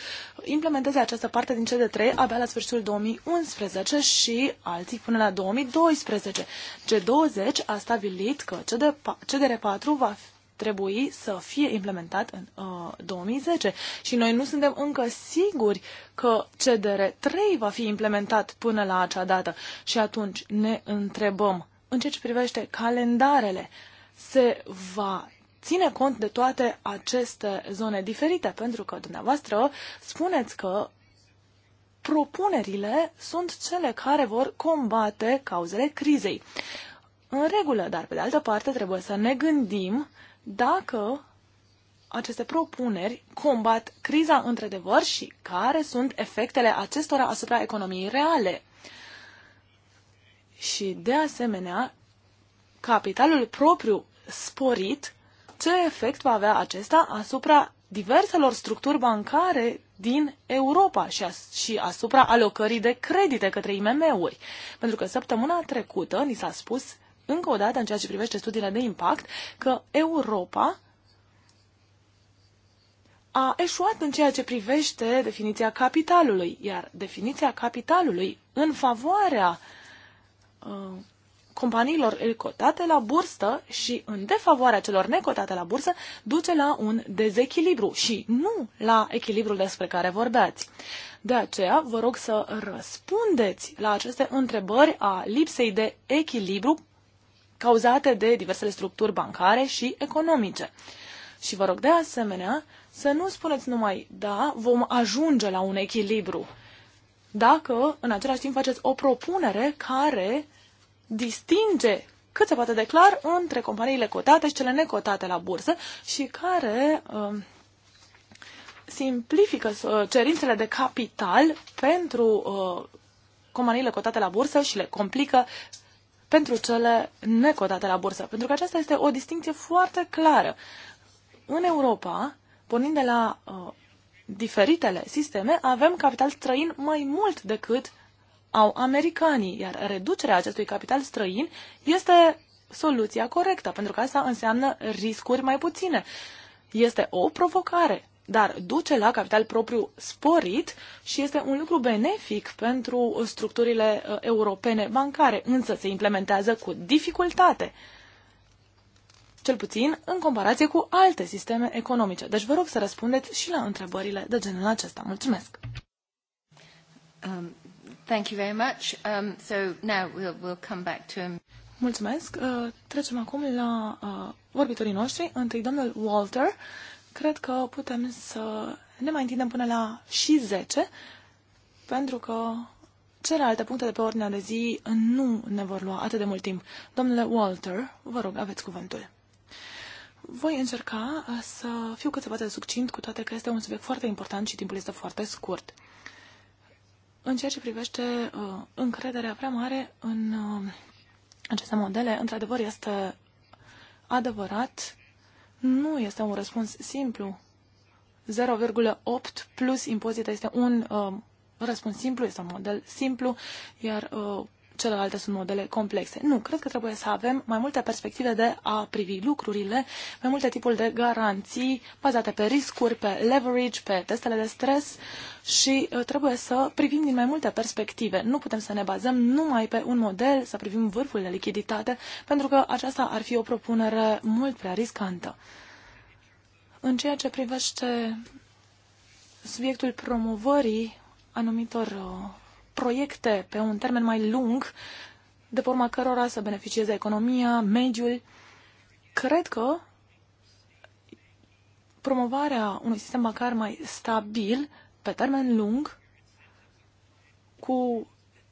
C: implementeze această parte din cd 3 abia la sfârșitul 2011 și alții până la 2012. G20 a stabilit că CDR4 va trebui să fie implementat în uh, 2010 și noi nu suntem încă siguri că CDR3 va fi implementat până la acea dată și atunci ne întrebăm în ceea ce privește calendarele se va ține cont de toate aceste zone diferite, pentru că dumneavoastră spuneți că propunerile sunt cele care vor combate cauzele crizei. În regulă, dar pe de altă parte trebuie să ne gândim dacă aceste propuneri combat criza într-adevăr și care sunt efectele acestora asupra economiei reale. Și de asemenea, capitalul propriu sporit ce efect va avea acesta asupra diverselor structuri bancare din Europa și, as- și asupra alocării de credite către IMM-uri. Pentru că săptămâna trecută ni s-a spus încă o dată în ceea ce privește studiile de impact că Europa a eșuat în ceea ce privește definiția capitalului, iar definiția capitalului în favoarea uh, companiilor cotate la bursă și în defavoarea celor necotate la bursă duce la un dezechilibru și nu la echilibrul despre care vorbeați. De aceea vă rog să răspundeți la aceste întrebări a lipsei de echilibru cauzate de diversele structuri bancare și economice. Și vă rog de asemenea să nu spuneți numai da, vom ajunge la un echilibru, dacă în același timp faceți o propunere care distinge cât se poate declar între companiile cotate și cele necotate la bursă și care um, simplifică uh, cerințele de capital pentru uh, companiile cotate la bursă și le complică pentru cele necotate la bursă. Pentru că aceasta este o distinție foarte clară. În Europa, pornind de la uh, diferitele sisteme, avem capital străin mai mult decât au americanii, iar reducerea acestui capital străin este soluția corectă, pentru că asta înseamnă riscuri mai puține. Este o provocare, dar duce la capital propriu sporit și este un lucru benefic pentru structurile uh, europene bancare, însă se implementează cu dificultate cel puțin în comparație cu alte sisteme economice. Deci vă rog să răspundeți și la întrebările de genul acesta. Mulțumesc! Um, Thank you very much. Um, so now we'll, we'll come back to him. Mulțumesc. Uh, trecem acum la uh, vorbitorii noștri. Întâi, domnul Walter. Cred că putem să ne mai întindem până la și 10, pentru că celelalte puncte de pe ordinea de zi nu ne vor lua atât de mult timp. Domnule Walter, vă rog, aveți cuvântul. Voi încerca să fiu cât se poate succint, cu toate că este un subiect foarte important și timpul este foarte scurt în ceea ce privește uh, încrederea prea mare în uh, aceste modele, într-adevăr este adevărat, nu este un răspuns simplu. 0,8 plus impozita este un uh, răspuns simplu, este un model simplu, iar uh, celelalte sunt modele complexe. Nu, cred că trebuie să avem mai multe perspective de a privi lucrurile, mai multe tipuri de garanții bazate pe riscuri, pe leverage, pe testele de stres și uh, trebuie să privim din mai multe perspective. Nu putem să ne bazăm numai pe un model, să privim vârful de lichiditate, pentru că aceasta ar fi o propunere mult prea riscantă. În ceea ce privește subiectul promovării anumitor uh, proiecte pe un termen mai lung, de forma cărora să beneficieze economia, mediul. Cred că promovarea unui sistem bancar mai stabil, pe termen lung, cu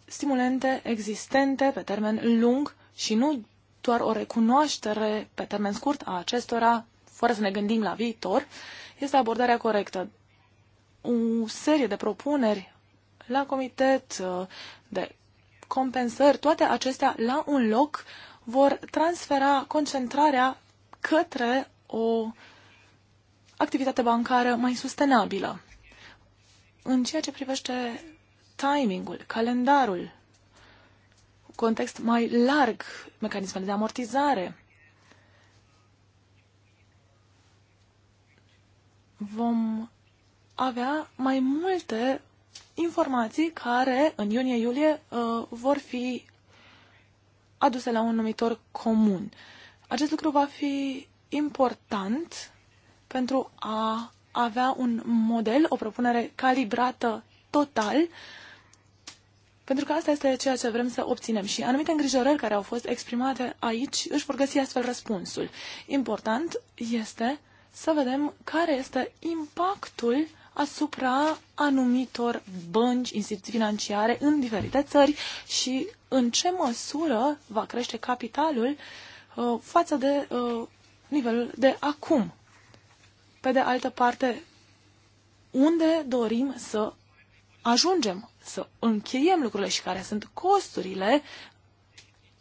C: stimulente existente pe termen lung și nu doar o recunoaștere pe termen scurt a acestora, fără să ne gândim la viitor, este abordarea corectă. O serie de propuneri la comitet uh, de compensări, toate acestea la un loc vor transfera concentrarea către o activitate bancară mai sustenabilă. În ceea ce privește timingul, calendarul, context mai larg, mecanismele de amortizare, vom avea mai multe informații care în iunie-iulie uh, vor fi aduse la un numitor comun. Acest lucru va fi important pentru a avea un model, o propunere calibrată total, pentru că asta este ceea ce vrem să obținem și anumite îngrijorări care au fost exprimate aici își vor găsi astfel răspunsul. Important este să vedem care este impactul asupra anumitor bănci, instituții financiare în diferite țări și în ce măsură va crește capitalul uh, față de uh, nivelul de acum. Pe de altă parte, unde dorim să ajungem să încheiem lucrurile și care sunt costurile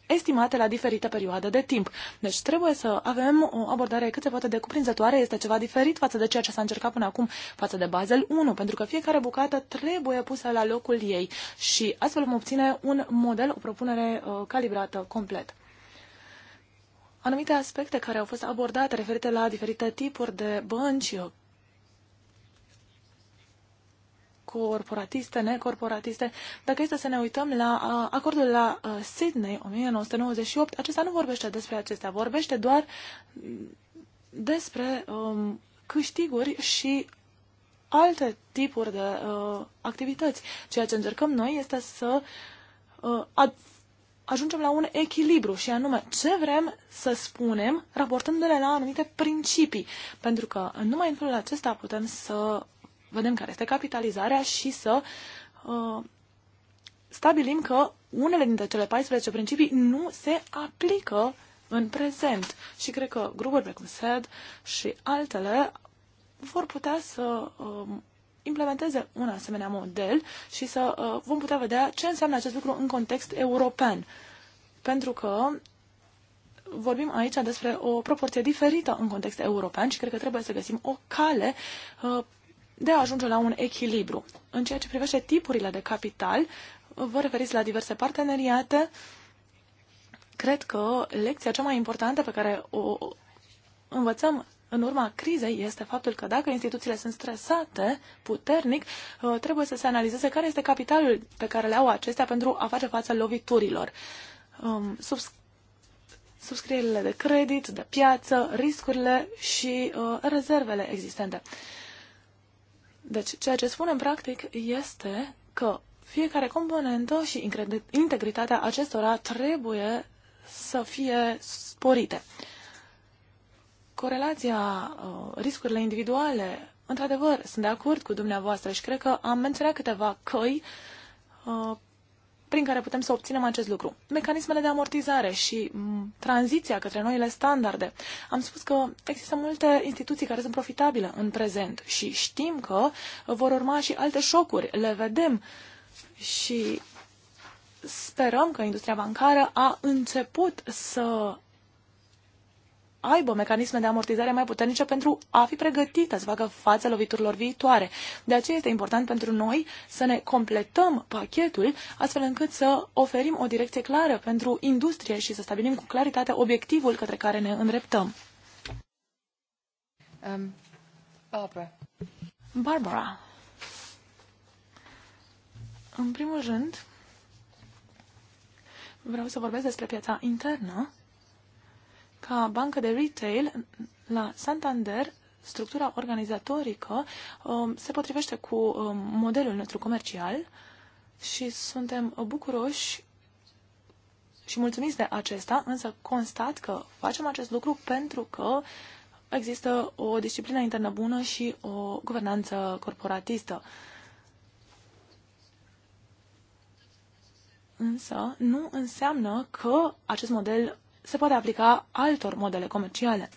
C: estimate la diferite perioade de timp. Deci trebuie să avem o abordare cât se poate de cuprinzătoare, este ceva diferit față de ceea ce s-a încercat până acum față de Basel 1, pentru că fiecare bucată trebuie pusă la locul ei și astfel vom obține un model, o propunere uh, calibrată complet. Anumite aspecte care au fost abordate referite la diferite tipuri de bănci, corporatiste, necorporatiste. Dacă este să ne uităm la uh, acordul la la uh, Sydney 1998, acesta nu vorbește despre acestea, vorbește doar mm, despre um, câștiguri și alte tipuri de uh, activități. Ceea ce încercăm noi este să uh, ajungem la un echilibru și anume ce vrem să spunem raportându le la anumite principii, pentru că numai în felul acesta putem să vedem care este capitalizarea și să uh, stabilim că unele dintre cele 14 principii nu se aplică în prezent. Și cred că grupuri precum SED și altele vor putea să uh, implementeze un asemenea model și să uh, vom putea vedea ce înseamnă acest lucru în context european. Pentru că vorbim aici despre o proporție diferită în context european și cred că trebuie să găsim o cale uh, de a ajunge la un echilibru. În ceea ce privește tipurile de capital, vă referiți la diverse parteneriate. Cred că lecția cea mai importantă pe care o învățăm în urma crizei este faptul că dacă instituțiile sunt stresate puternic, uh, trebuie să se analizeze care este capitalul pe care le au acestea pentru a face față loviturilor. Um, subs- subscrierile de credit, de piață, riscurile și uh, rezervele existente. Deci, ceea ce spunem practic este că fiecare componentă și integritatea acestora trebuie să fie sporite. Corelația uh, riscurile individuale, într-adevăr, sunt de acord cu dumneavoastră și cred că am menționat câteva căi uh, prin care putem să obținem acest lucru. Mecanismele de amortizare și tranziția către noile standarde. Am spus că există multe instituții care sunt profitabile în prezent și știm că vor urma și alte șocuri. Le vedem și sperăm că industria bancară a început să aibă mecanisme de amortizare mai puternice pentru a fi pregătită să facă față loviturilor viitoare. De aceea este important pentru noi să ne completăm pachetul astfel încât să oferim o direcție clară pentru industrie și să stabilim cu claritate obiectivul către care ne îndreptăm. Um, Barbara. Barbara. În primul rând, vreau să vorbesc despre piața internă ca bancă de retail la Santander, structura organizatorică um, se potrivește cu um, modelul nostru comercial și suntem bucuroși și mulțumiți de acesta, însă constat că facem acest lucru pentru că există o disciplină internă bună și o guvernanță corporatistă. Însă nu înseamnă că acest model se poate aplica altor modele comerciale.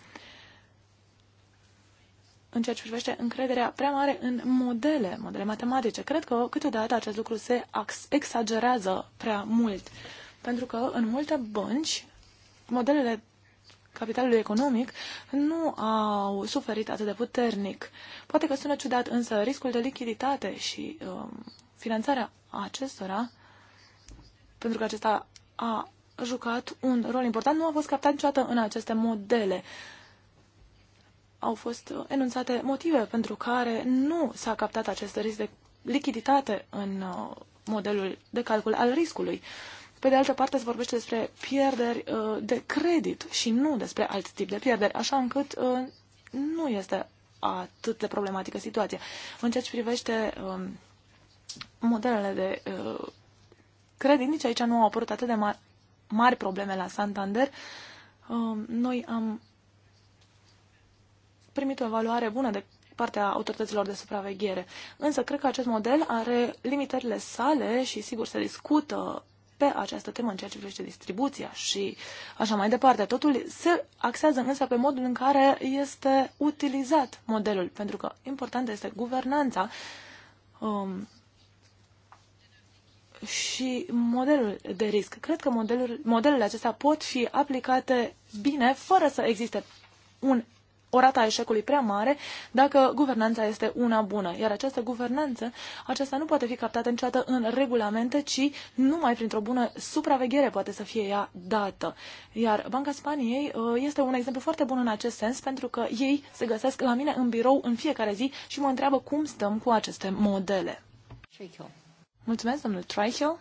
C: În ceea ce privește încrederea prea mare în modele, modele matematice, cred că câteodată acest lucru se exagerează prea mult. Pentru că în multe bănci, modelele capitalului economic nu au suferit atât de puternic. Poate că sună ciudat, însă riscul de lichiditate și um, finanțarea acestora, pentru că acesta a jucat un rol important, nu a fost captat niciodată în aceste modele. Au fost uh, enunțate motive pentru care nu s-a captat acest risc de lichiditate în uh, modelul de calcul al riscului. Pe de altă parte, se vorbește despre pierderi uh, de credit și nu despre alt tip de pierderi, așa încât nu este atât de problematică situația. În ceea ce privește um, modelele de credit, nici aici nu au apărut atât de mari mari probleme la Santander. Um, noi am primit o evaluare bună de partea autorităților de supraveghere. Însă, cred că acest model are limitările sale și, sigur, se discută pe această temă în ceea ce privește distribuția și așa mai departe. Totul se axează însă pe modul în care este utilizat modelul, pentru că important este guvernanța, um, și modelul de risc. Cred că modelul, modelele acestea pot fi aplicate bine, fără să existe un, o rata eșecului prea mare, dacă guvernanța este una bună. Iar această guvernanță, aceasta nu poate fi captată niciodată în regulamente, ci numai printr-o bună supraveghere poate să fie ea dată. Iar Banca Spaniei uh, este un exemplu foarte bun în acest sens, pentru că ei se găsesc la mine în birou în fiecare zi și mă întreabă cum stăm cu aceste modele. Thank you. Mulțumesc, domnul Treichel.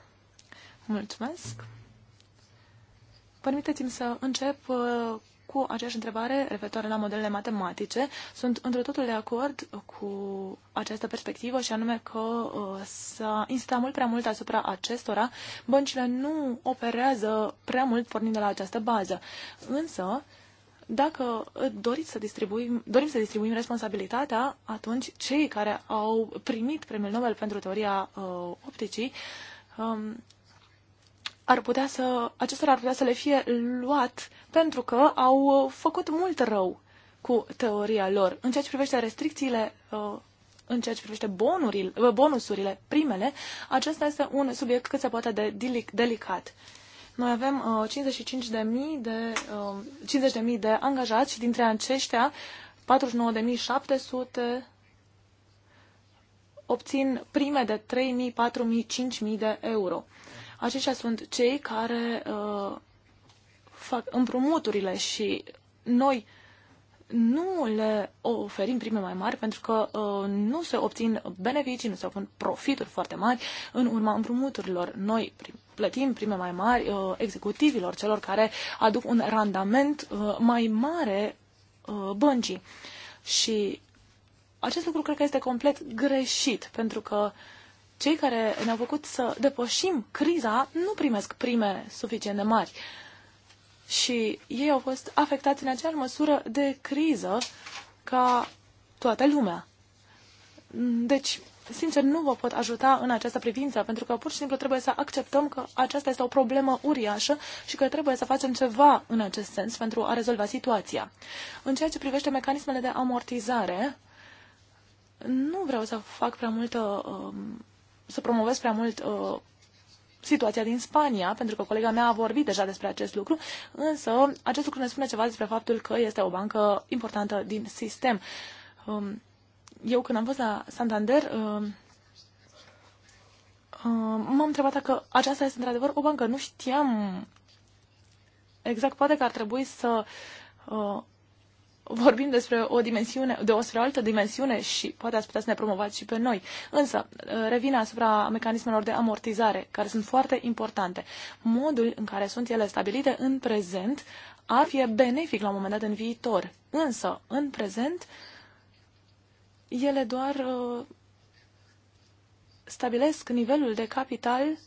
C: Mulțumesc. Permiteți-mi să încep uh, cu aceeași întrebare referitoare la modelele matematice. Sunt într totul de acord cu această perspectivă și anume că uh, s-a insistat mult prea mult asupra acestora. Băncile nu operează prea mult pornind de la această bază. Însă, dacă doriți să distribuim, dorim să distribuim responsabilitatea, atunci cei care au primit premiul Nobel pentru teoria uh, opticii um, ar putea să, acestora ar putea să le fie luat pentru că au făcut mult rău cu teoria lor. În ceea ce privește restricțiile, uh, în ceea ce privește bonurile, uh, bonusurile, primele, acesta este un subiect cât se poate de delicat. Noi avem uh, 55.000 de, mii de, uh, 50 de, mii de angajați și dintre aceștia 49.700 obțin prime de 3.000, 4.000, 5.000 de euro. Aceștia sunt cei care uh, fac împrumuturile și noi nu le oferim prime mai mari pentru că uh, nu se obțin beneficii, nu se obțin profituri foarte mari în urma împrumuturilor. Noi primim plătim prime mai mari uh, executivilor, celor care aduc un randament uh, mai mare uh, băncii. Și acest lucru cred că este complet greșit, pentru că cei care ne-au făcut să depășim criza nu primesc prime suficient de mari. Și ei au fost afectați în aceeași măsură de criză ca toată lumea. Deci, sincer, nu vă pot ajuta în această privință, pentru că pur și simplu trebuie să acceptăm că aceasta este o problemă uriașă și că trebuie să facem ceva în acest sens pentru a rezolva situația. În ceea ce privește mecanismele de amortizare, nu vreau să fac prea multă, um, să promovez prea mult uh, situația din Spania, pentru că colega mea a vorbit deja despre acest lucru, însă acest lucru ne spune ceva despre faptul că este o bancă importantă din sistem. Um, eu când am fost la Santander, uh, uh, m-am întrebat dacă aceasta este într-adevăr o bancă. Nu știam exact, poate că ar trebui să uh, vorbim despre o dimensiune, de o spre altă dimensiune și poate ați putea să ne promovați și pe noi. Însă, uh, revin asupra mecanismelor de amortizare, care sunt foarte importante. Modul în care sunt ele stabilite în prezent ar fi benefic la un moment dat în viitor. Însă, în prezent, uh, ele doar uh, stabilesc nivelul de capital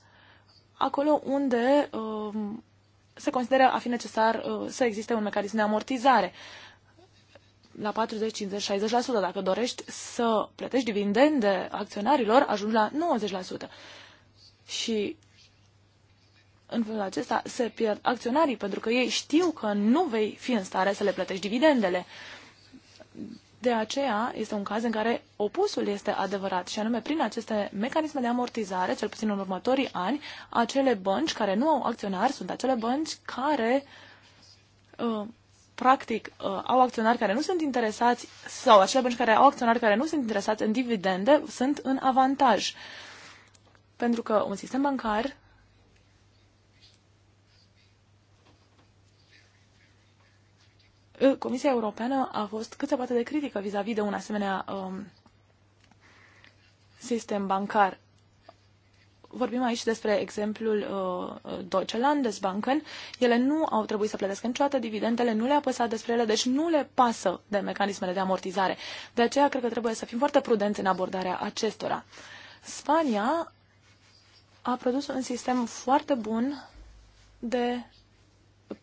C: acolo unde uh, se consideră a fi necesar uh, să existe un mecanism de amortizare. La 40, 50, 60%, dacă dorești să plătești dividende acționarilor, ajungi la 90%. Și în felul acesta se pierd acționarii, pentru că ei știu că nu vei fi în stare să le plătești dividendele. Uh, de aceea este un caz în care opusul este adevărat și anume prin aceste mecanisme de amortizare, cel puțin în următorii ani, acele bănci care nu au acționari sunt acele bănci care uh, practic uh, au acționari care nu sunt interesați sau acele bănci care au acționari care nu sunt interesați în dividende sunt în avantaj. Pentru că un sistem bancar Comisia Europeană a fost cât se poate de critică vis-a-vis de un asemenea um, sistem bancar. Vorbim aici despre exemplul uh, Deutsche Landesbanken. Ele nu au trebuit să plătească niciodată dividendele, nu le-a păsat despre ele, deci nu le pasă de mecanismele de amortizare. De aceea cred că trebuie să fim foarte prudenți în abordarea acestora. Spania a produs un sistem foarte bun de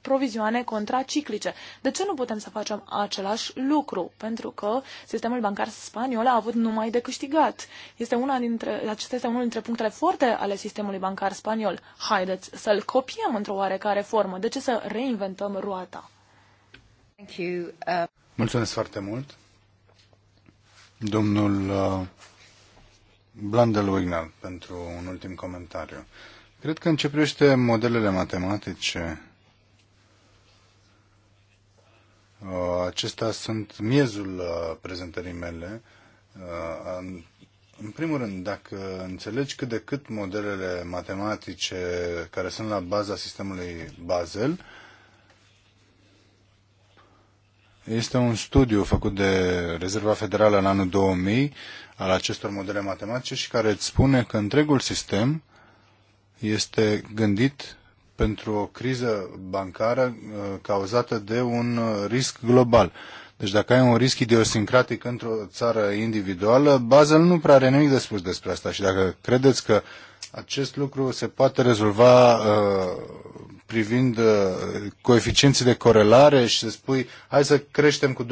C: provizioane contraciclice. De ce nu putem să facem același lucru? Pentru că sistemul bancar spaniol a avut numai de câștigat. Este una dintre, acesta este unul dintre punctele forte ale sistemului bancar spaniol. Haideți să-l copiem într-o oarecare formă. De ce să reinventăm roata? Thank you. Uh...
A: Mulțumesc foarte mult. Domnul uh, Blandel Wignall pentru un ultim comentariu. Cred că în ce privește modelele matematice, Uh, acestea sunt miezul uh, prezentării mele. Uh, în primul rând, dacă înțelegi cât de cât modelele matematice care sunt la baza sistemului Basel, este un studiu făcut de Rezerva Federală în anul 2000 al acestor modele matematice și care îți spune că întregul sistem este gândit pentru o criză bancară uh, cauzată de un uh, risc global. Deci dacă ai un risc idiosincratic într-o țară individuală, Basel nu prea are nimic de spus despre asta și dacă credeți că acest lucru se poate rezolva uh, privind uh, coeficienții de corelare și să spui hai să creștem cu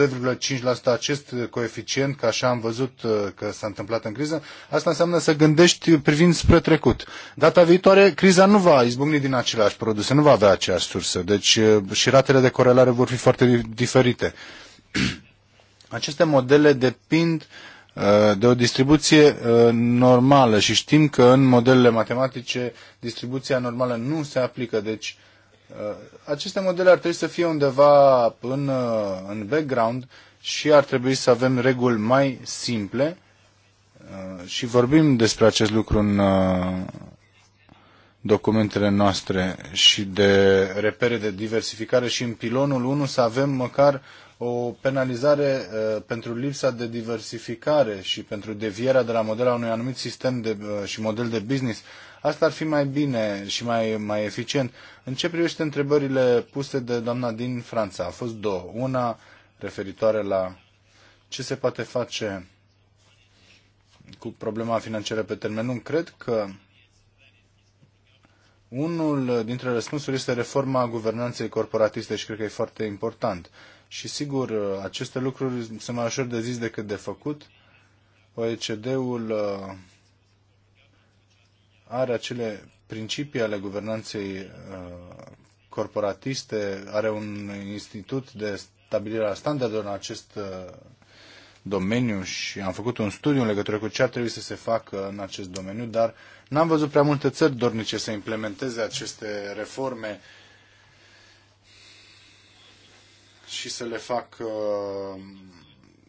A: 2,5% acest coeficient, că așa am văzut uh, că s-a întâmplat în criză, asta înseamnă să gândești privind spre trecut. Data viitoare, criza nu va izbucni din aceleași produse, nu va avea aceeași sursă, deci uh, și ratele de corelare vor fi foarte diferite. Aceste modele depind uh, de o distribuție uh, normală și știm că în modelele matematice distribuția normală nu se aplică, deci uh, aceste modele ar trebui să fie undeva în, uh, în background și ar trebui să avem reguli mai simple și vorbim despre acest lucru în documentele noastre și de repere de diversificare și în pilonul 1 să avem măcar o penalizare uh, pentru lipsa de diversificare și pentru devierea de la modela unui anumit sistem de, uh, și model de business. Asta ar fi mai bine și mai, mai eficient. În ce privește întrebările puse de doamna din Franța? A fost două. Una referitoare la ce se poate face cu problema financiară pe termen lung. Cred că unul dintre răspunsuri este reforma guvernanței corporatiste și cred că e foarte important. Uh, și sigur aceste lucruri sunt mai ușor de zis decât de făcut. OECD-ul uh, are acele principii ale guvernanței uh, corporatiste, are un institut de stabilire a standardelor în acest uh, domeniu și am făcut un studiu în legătură cu ce ar trebui să se facă în acest domeniu, dar n-am văzut prea multe țări dornice să implementeze aceste reforme și să le fac uh,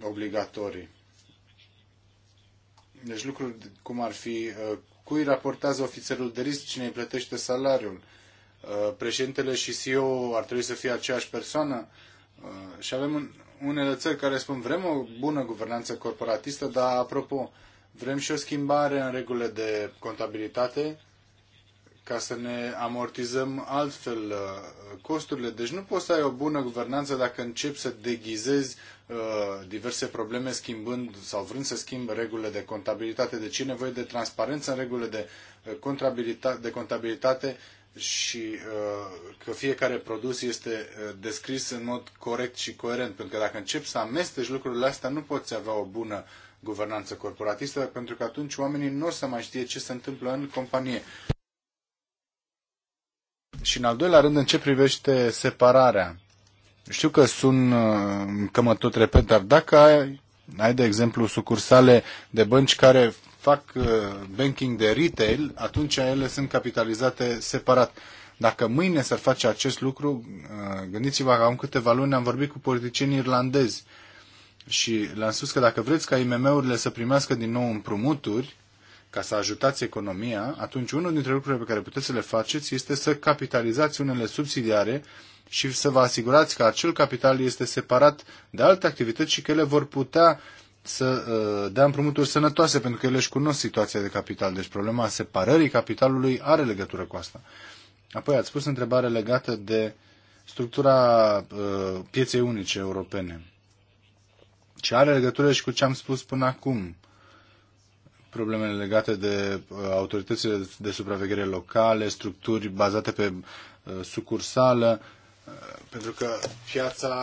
A: obligatorii. Deci lucruri cum ar fi uh, cui raportează ofițerul de risc, cine îi plătește salariul, uh, președintele și CEO ar trebui să fie aceeași persoană uh, și avem un, unele țări care spun vrem o bună guvernanță corporatistă, dar apropo, vrem și o schimbare în regulile de contabilitate ca să ne amortizăm altfel uh, costurile. Deci nu poți să ai o bună guvernanță dacă începi să deghizezi uh, diverse probleme schimbând sau vrând să schimbi regulile de contabilitate. Deci e nevoie de transparență în regulile de, uh, contabilitate, de contabilitate și că fiecare produs este descris în mod corect și coerent. Pentru că dacă începi să amesteci lucrurile astea, nu poți avea o bună guvernanță corporatistă, pentru că atunci oamenii nu o să mai știe ce se întâmplă în companie. Și în al doilea rând, în ce privește separarea. Știu că sun, uh, că mă tot repet, dar dacă ai, ai de exemplu, sucursale de bănci care fac uh, banking de retail, atunci ele sunt capitalizate separat. Dacă mâine s-ar face acest lucru, uh, gândiți-vă că am câteva luni am vorbit cu politicieni irlandezi și le-am spus că dacă vreți ca IMM-urile să primească din nou împrumuturi, ca să ajutați economia, atunci unul dintre lucrurile pe care puteți să le faceți este să capitalizați unele subsidiare și să vă asigurați că acel capital este separat de alte activități și că ele vor putea să uh, dea împrumuturi sănătoase, pentru că ele își cunosc situația de capital. Deci problema separării capitalului are legătură cu asta. Apoi ați pus întrebare legată de structura uh, pieței unice europene. Ce are legătură și cu ce am spus până acum problemele legate de uh, autoritățile de supraveghere locale, structuri bazate pe uh, sucursală, uh, pentru că piața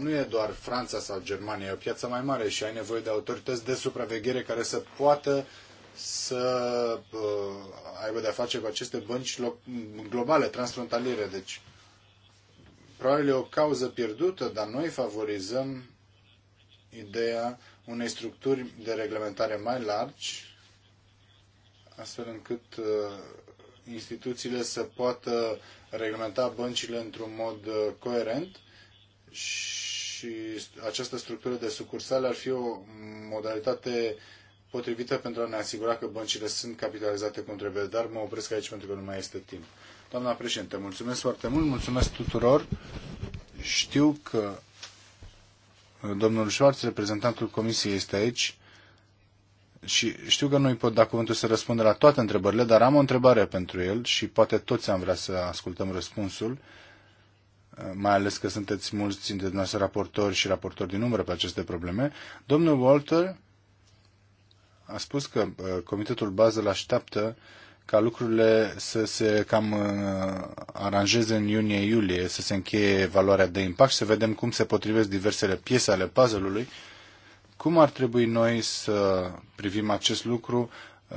A: nu e doar Franța sau Germania, e o piață mai mare și ai nevoie de autorități de supraveghere care să poată să uh, aibă de-a face cu aceste bănci globale, transfrontaliere. Deci, probabil e o cauză pierdută, dar noi favorizăm ideea unei structuri de reglementare mai largi astfel încât uh, instituțiile să poată reglementa băncile într-un mod uh, coerent și această structură de sucursale ar fi o modalitate potrivită pentru a ne asigura că băncile sunt capitalizate cum trebuie, dar mă opresc aici pentru că nu mai este timp. Doamna președinte, mulțumesc foarte mult, mulțumesc tuturor. Știu că domnul Șoarț, reprezentantul Comisiei, este aici și știu că nu-i pot da cuvântul să răspundă la toate întrebările, dar am o întrebare pentru el și poate toți am vrea să ascultăm răspunsul, mai ales că sunteți mulți dintre noastre raportori și raportori din umbră pe aceste probleme. Domnul Walter a spus că uh, Comitetul Bază așteaptă ca lucrurile să se cam uh, aranjeze în iunie-iulie, să se încheie valoarea de impact, să vedem cum se potrivesc diversele piese ale puzzle-ului cum ar trebui noi să privim acest lucru uh,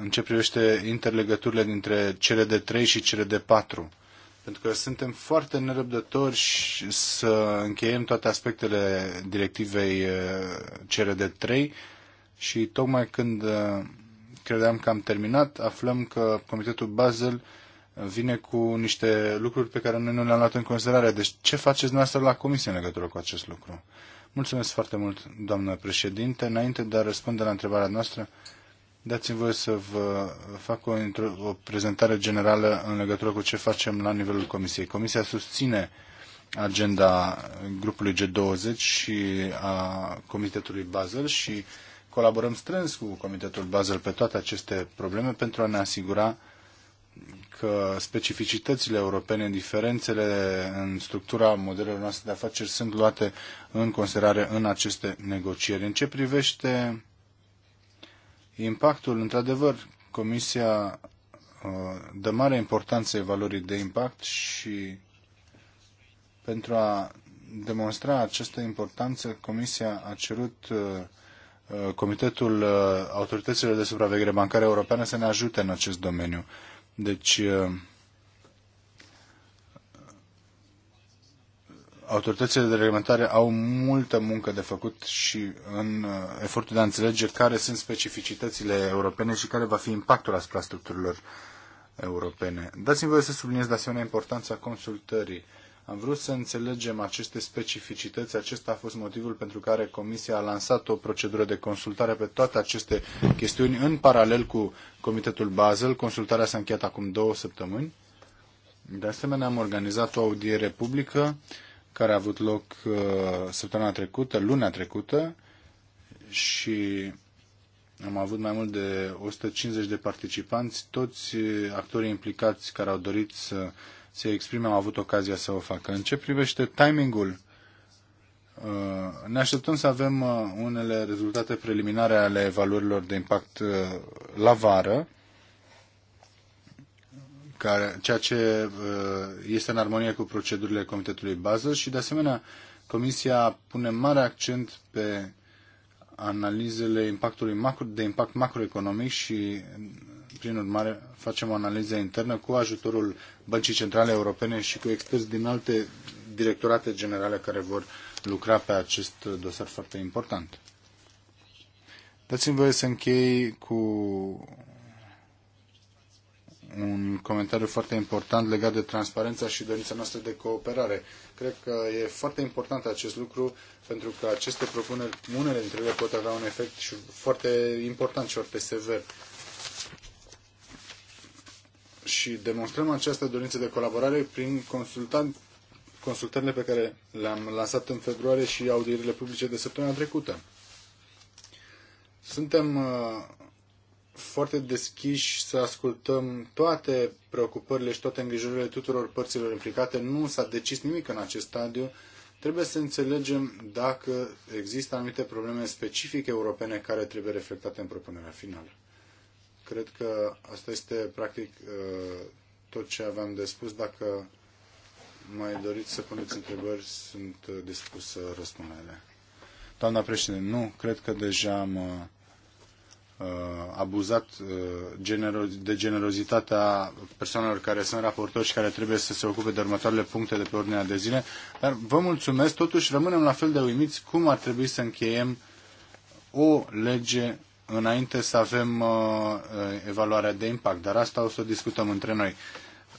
A: în ce privește interlegăturile dintre cele de 3 și cele de 4? Pentru că suntem foarte nerăbdători să încheiem toate aspectele directivei uh, cele de 3 și tocmai când uh, credeam că am terminat, aflăm că Comitetul Basel vine cu niște lucruri pe care noi nu le-am luat în considerare. Deci ce faceți dumneavoastră la comisie în legătură cu acest lucru? Mulțumesc foarte mult, doamnă președinte. Înainte de a răspunde la întrebarea noastră, dați-mi voie să vă fac o, o prezentare generală în legătură cu ce facem la nivelul Comisiei. Comisia susține agenda grupului G20 și a Comitetului Basel și colaborăm strâns cu Comitetul Basel pe toate aceste probleme pentru a ne asigura că specificitățile europene, diferențele în structura modelelor noastre de afaceri sunt luate în considerare în aceste negocieri. În ce privește impactul, într-adevăr, Comisia uh, dă mare importanță evaluării de impact și pentru a demonstra această importanță, Comisia a cerut uh, uh, Comitetul Autorităților de Supraveghere Bancară Europeană să ne ajute în acest domeniu. Deci, uh, autoritățile de reglementare au multă muncă de făcut și în uh, efortul de a înțelege care sunt specificitățile europene și care va fi impactul asupra structurilor europene. Dați-mi voie să subliniez de asemenea importanța consultării am vrut să înțelegem aceste specificități. Acesta a fost motivul pentru care Comisia a lansat o procedură de consultare pe toate aceste chestiuni în paralel cu Comitetul Basel. Consultarea s-a încheiat acum două săptămâni. De asemenea, am organizat o audiere publică care a avut loc uh, săptămâna trecută, luna trecută și am avut mai mult de 150 de participanți, toți uh, actorii implicați care au dorit să se exprime, am avut ocazia să o facă. În ce privește timingul, uh, ne așteptăm să avem uh, unele rezultate preliminare ale evaluărilor de impact uh, la vară, care, ceea ce este în armonie cu procedurile Comitetului Bază și, de asemenea, Comisia pune mare accent pe analizele impactului macro, de impact macroeconomic și, prin urmare, facem o analiză internă cu ajutorul Băncii Centrale Europene și cu experți din alte directorate generale care vor lucra pe acest dosar foarte important. Dați-mi voie să închei cu un comentariu foarte important legat de transparența și dorința noastră de cooperare. Cred că e foarte important acest lucru pentru că aceste propuneri, unele dintre ele pot avea un efect și foarte important și foarte sever și demonstrăm această dorință de colaborare prin consultant, consultările pe care le-am lansat în februarie și audierile publice de săptămâna trecută. Suntem uh, foarte deschiși să ascultăm toate preocupările și toate îngrijorările tuturor părților implicate. Nu s-a decis nimic în acest stadiu. Trebuie să înțelegem dacă există anumite probleme specifice europene care trebuie reflectate în propunerea finală. Cred că asta este practic uh, tot ce aveam de spus. Dacă mai doriți să puneți întrebări, sunt uh, dispus să răspund la ele. Doamna președinte, nu, cred că deja am uh, uh abuzat uh, genero- de generozitatea persoanelor care sunt raportori și care trebuie să se ocupe de următoarele puncte de pe ordinea de zile, dar vă mulțumesc, totuși rămânem la fel de uimiți cum ar trebui să încheiem o lege înainte să avem uh, uh, evaluarea de impact, dar asta o să o discutăm între noi.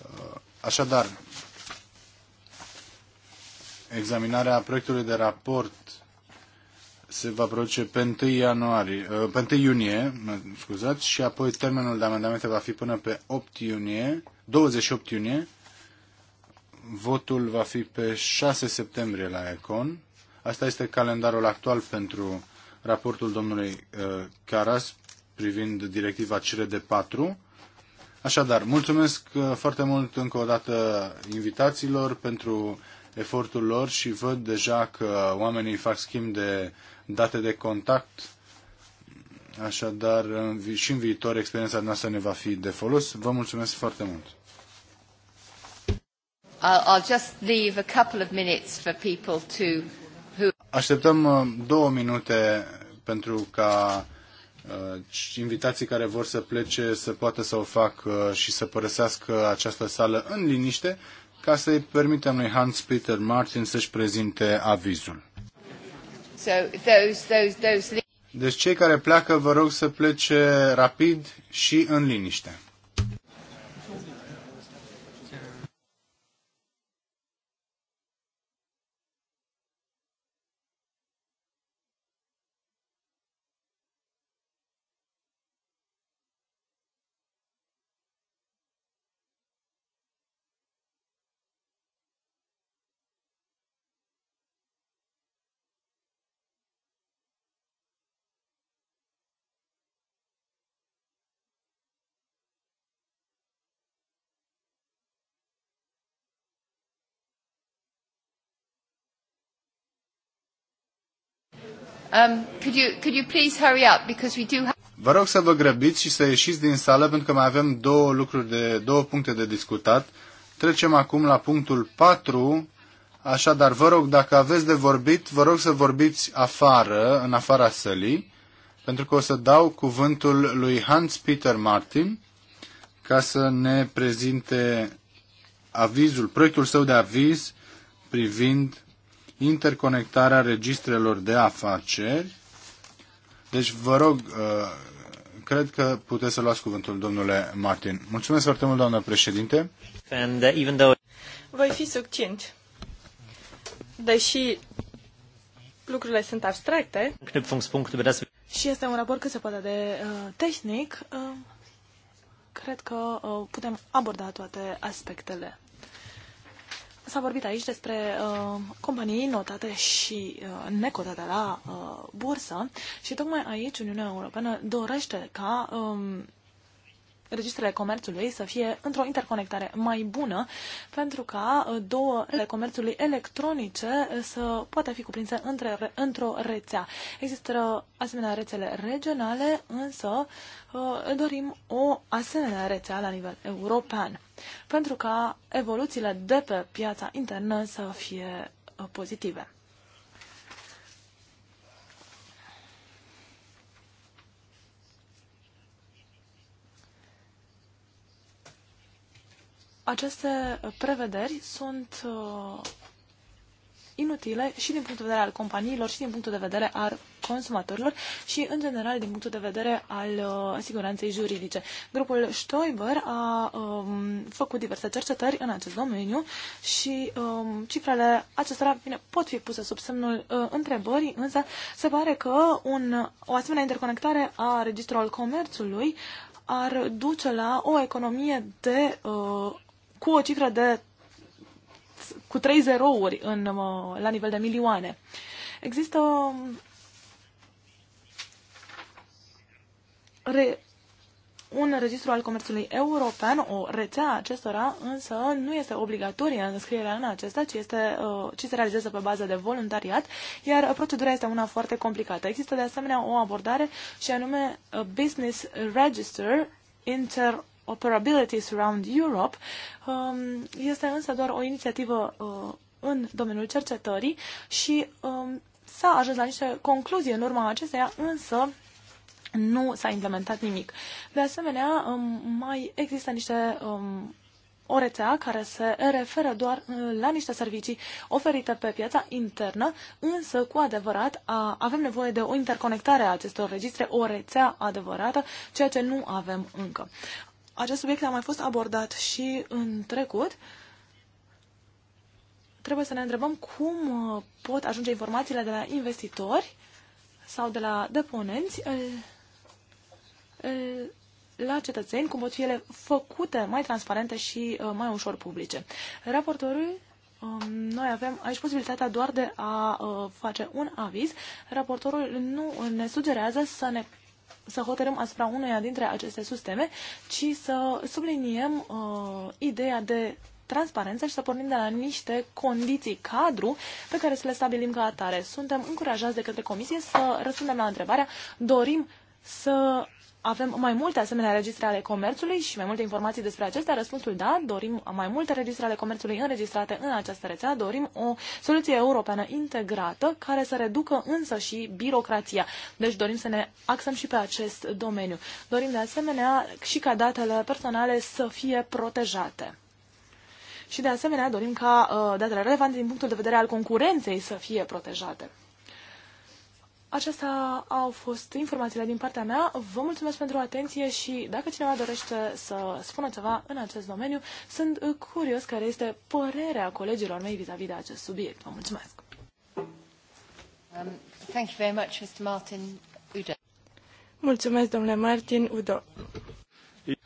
A: Uh, așadar, examinarea proiectului de raport se va produce pe 1, ianuarie, pe 1 iunie scuzați, și apoi termenul de amendamente va fi până pe 8 iunie, 28 iunie. Votul va fi pe 6 septembrie la ECON. Asta este calendarul actual pentru raportul domnului uh, Caras privind directiva CRD4. Așadar, mulțumesc uh, foarte mult încă o dată invitațiilor pentru efortul lor și văd deja că oamenii fac schimb de date de contact. Așadar, și în viitor experiența noastră ne va fi de folos. Vă mulțumesc foarte mult. I'll just leave a couple of minutes for people to Așteptăm uh, două minute pentru ca uh, invitații care vor să plece să poată să o facă uh, și să părăsească această sală în liniște ca să-i permitem lui Hans Peter Martin să-și prezinte avizul. Deci cei care pleacă vă rog să plece rapid și în liniște. Um, could you, could you please hurry up because we do have... Vă rog să vă grăbiți și să ieșiți din sală pentru că mai avem două lucruri de două puncte de discutat. Trecem acum la punctul 4. Așadar, vă rog, dacă aveți de vorbit, vă rog să vorbiți afară, în afara sălii, pentru că o să dau cuvântul lui Hans Peter Martin ca să ne prezinte avizul, proiectul său de aviz privind interconectarea registrelor de afaceri. Deci vă rog, uh, cred că puteți să luați cuvântul, domnule Martin. Mulțumesc foarte mult, doamnă președinte. And uh, even though...
B: Voi fi succint. Deși lucrurile sunt abstracte
C: și este un raport cât se poate de uh, tehnic, uh, cred că uh, putem aborda toate aspectele. S-a vorbit aici despre uh, companii notate și uh, necotate la uh, bursă și tocmai aici Uniunea Europeană dorește ca um, registrele comerțului să fie într-o interconectare mai bună pentru ca uh, două ale comerțului electronice să poată fi cuprinse între, într-o rețea. Există asemenea rețele regionale, însă uh, dorim o asemenea rețea la nivel european pentru ca evoluțiile de pe piața internă să fie uh, pozitive. Aceste prevederi sunt uh, inutile și din punctul de vedere al companiilor și din punctul de vedere al consumatorilor și, în general, din punctul de vedere al uh, siguranței juridice. Grupul Stoiber a um, făcut diverse cercetări în acest domeniu și um, cifrele acestora bine, pot fi puse sub semnul uh, întrebării, însă se pare că un, o asemenea interconectare a registrului comerțului ar duce la o economie de uh, cu o cifră de cu trei zerouri în, la nivel de milioane. Există re, un registru al comerțului european, o rețea acestora, însă nu este obligatorie înscrierea în acesta, ci, este, uh, ci se realizează pe bază de voluntariat, iar procedura este una foarte complicată. Există de asemenea o abordare și anume uh, Business Register Inter Operability Surround Europe um, este însă doar o inițiativă uh, în domeniul cercetării și um, s-a ajuns la niște concluzii în urma acesteia, însă nu s-a implementat nimic. De asemenea, um, mai există niște o rețea care se referă doar uh, la niște servicii oferite pe piața internă, însă cu adevărat avem nevoie de o interconectare a acestor registre, o rețea adevărată, ceea ce nu avem încă. Acest subiect a mai fost abordat și în trecut. Trebuie să ne întrebăm cum uh, pot ajunge informațiile de la investitori sau de la deponenți uh, uh, la cetățeni, cum pot fi ele făcute mai transparente și mai ușor publice. Raportorul um, noi avem aici posibilitatea doar de a face un aviz. Raportorul nu ne sugerează să ne să hotărâm asupra unuia dintre aceste sisteme, ci să subliniem uh, ideea de transparență și să pornim de la niște condiții cadru pe care să le stabilim ca atare. Suntem încurajați de către Comisie să răspundem la întrebarea dorim să avem mai multe asemenea registre ale comerțului și mai multe informații despre acestea? Răspunsul da, dorim mai multe registre ale comerțului înregistrate în această rețea, dorim o soluție europeană integrată care să reducă însă și birocrația. Deci dorim să ne axăm și pe acest domeniu. Dorim de asemenea și ca datele personale să fie protejate. Și de asemenea dorim ca uh, datele relevante din punctul de vedere al concurenței să fie protejate. Acestea au fost informațiile din partea mea. Vă mulțumesc pentru atenție și dacă cineva dorește să spună ceva în acest domeniu, sunt curios care este părerea colegilor mei vis-a-vis -vis de acest subiect.
B: Vă mulțumesc! Um, thank you very much, Mr. Martin Udo. Mulțumesc, domnule Martin Udo.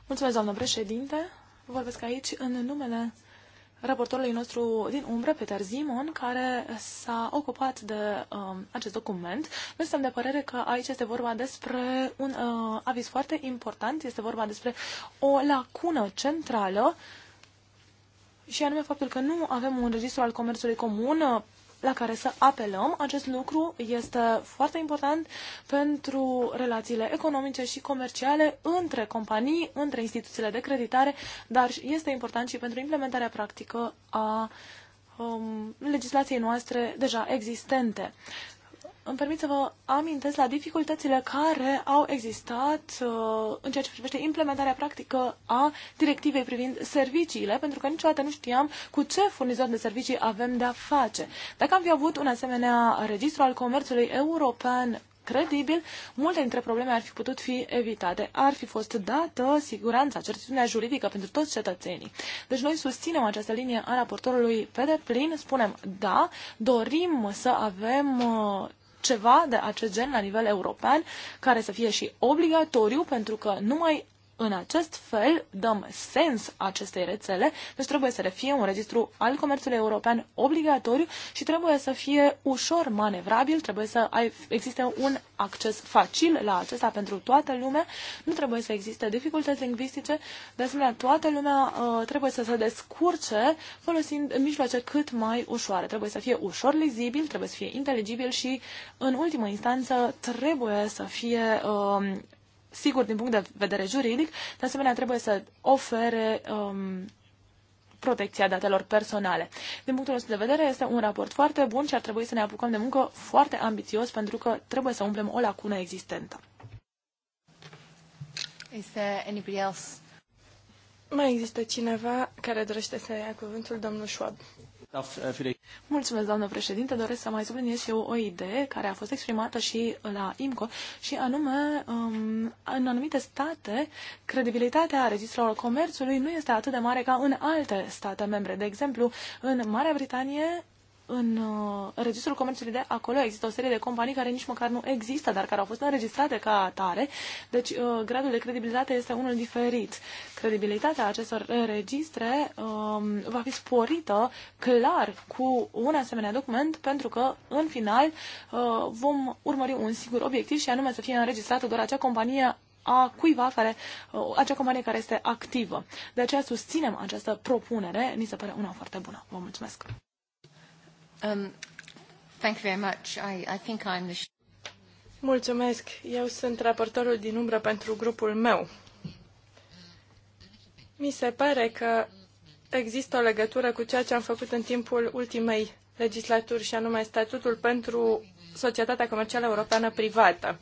B: Mulțumesc, doamnă președinte.
C: Vorbesc aici în numele raportorului nostru din umbră, Peter Zimon, care s-a ocupat de uh, acest document. Noi suntem de părere că aici este vorba despre un uh, aviz foarte important, este vorba despre o lacună centrală și anume faptul că nu avem un registru al comerțului comun uh, la care să apelăm. Acest lucru este foarte important pentru relațiile economice și comerciale între companii, între instituțiile de creditare, dar este important și pentru implementarea practică a um, legislației noastre deja existente îmi permit să vă amintesc la dificultățile care au existat uh, în ceea ce privește implementarea practică a directivei privind serviciile, pentru că niciodată nu știam cu ce furnizor de servicii avem de-a face. Dacă am fi avut un asemenea registru al comerțului european credibil, multe dintre probleme ar fi putut fi evitate. Ar fi fost dată siguranța, certitudinea juridică pentru toți cetățenii. Deci noi susținem această linie a raportorului pe deplin, spunem da, dorim să avem uh, ceva de acest gen la nivel european, care să fie și obligatoriu, pentru că numai în acest fel dăm sens acestei rețele, deci trebuie să fie un registru al comerțului european obligatoriu și trebuie să fie ușor manevrabil, trebuie să existe un acces facil la acesta pentru toată lumea, nu trebuie să existe dificultăți lingvistice, de asemenea toată lumea uh, trebuie să se descurce folosind mijloace cât mai ușoare. Trebuie să fie ușor lizibil, trebuie să fie inteligibil și, în ultimă instanță, trebuie să fie uh, sigur din punct de vedere juridic, de asemenea trebuie să ofere um, protecția datelor personale. Din punctul nostru de vedere, este un raport foarte bun și ar trebui să ne apucăm de muncă foarte ambițios pentru că trebuie să umplem o lacună existentă.
B: Is there anybody else? Mai există cineva care dorește să ia cuvântul, domnul Schwab. Mulțumesc,
C: doamnă președinte. Doresc să mai subliniez eu o idee care a fost exprimată și la IMCO și anume, um, în anumite state, credibilitatea registrelor comerțului nu este atât de mare ca în alte state membre. De exemplu, în Marea Britanie în uh, Registrul Comerțului de acolo există o serie de companii care nici măcar nu există, dar care au fost înregistrate ca atare. Deci uh, gradul de credibilitate este unul diferit. Credibilitatea acestor registre uh, va fi sporită clar cu un asemenea document pentru că în final uh, vom urmări un singur obiectiv și anume să fie înregistrată doar acea companie a cuiva care, uh, acea companie care este activă. De aceea susținem această propunere, ni se pare una foarte bună. Vă mulțumesc!
B: Mulțumesc. Eu sunt raportorul din umbră pentru grupul meu. Mi se pare că există o legătură cu ceea ce am făcut în timpul ultimei legislaturi și anume statutul pentru societatea comercială europeană privată.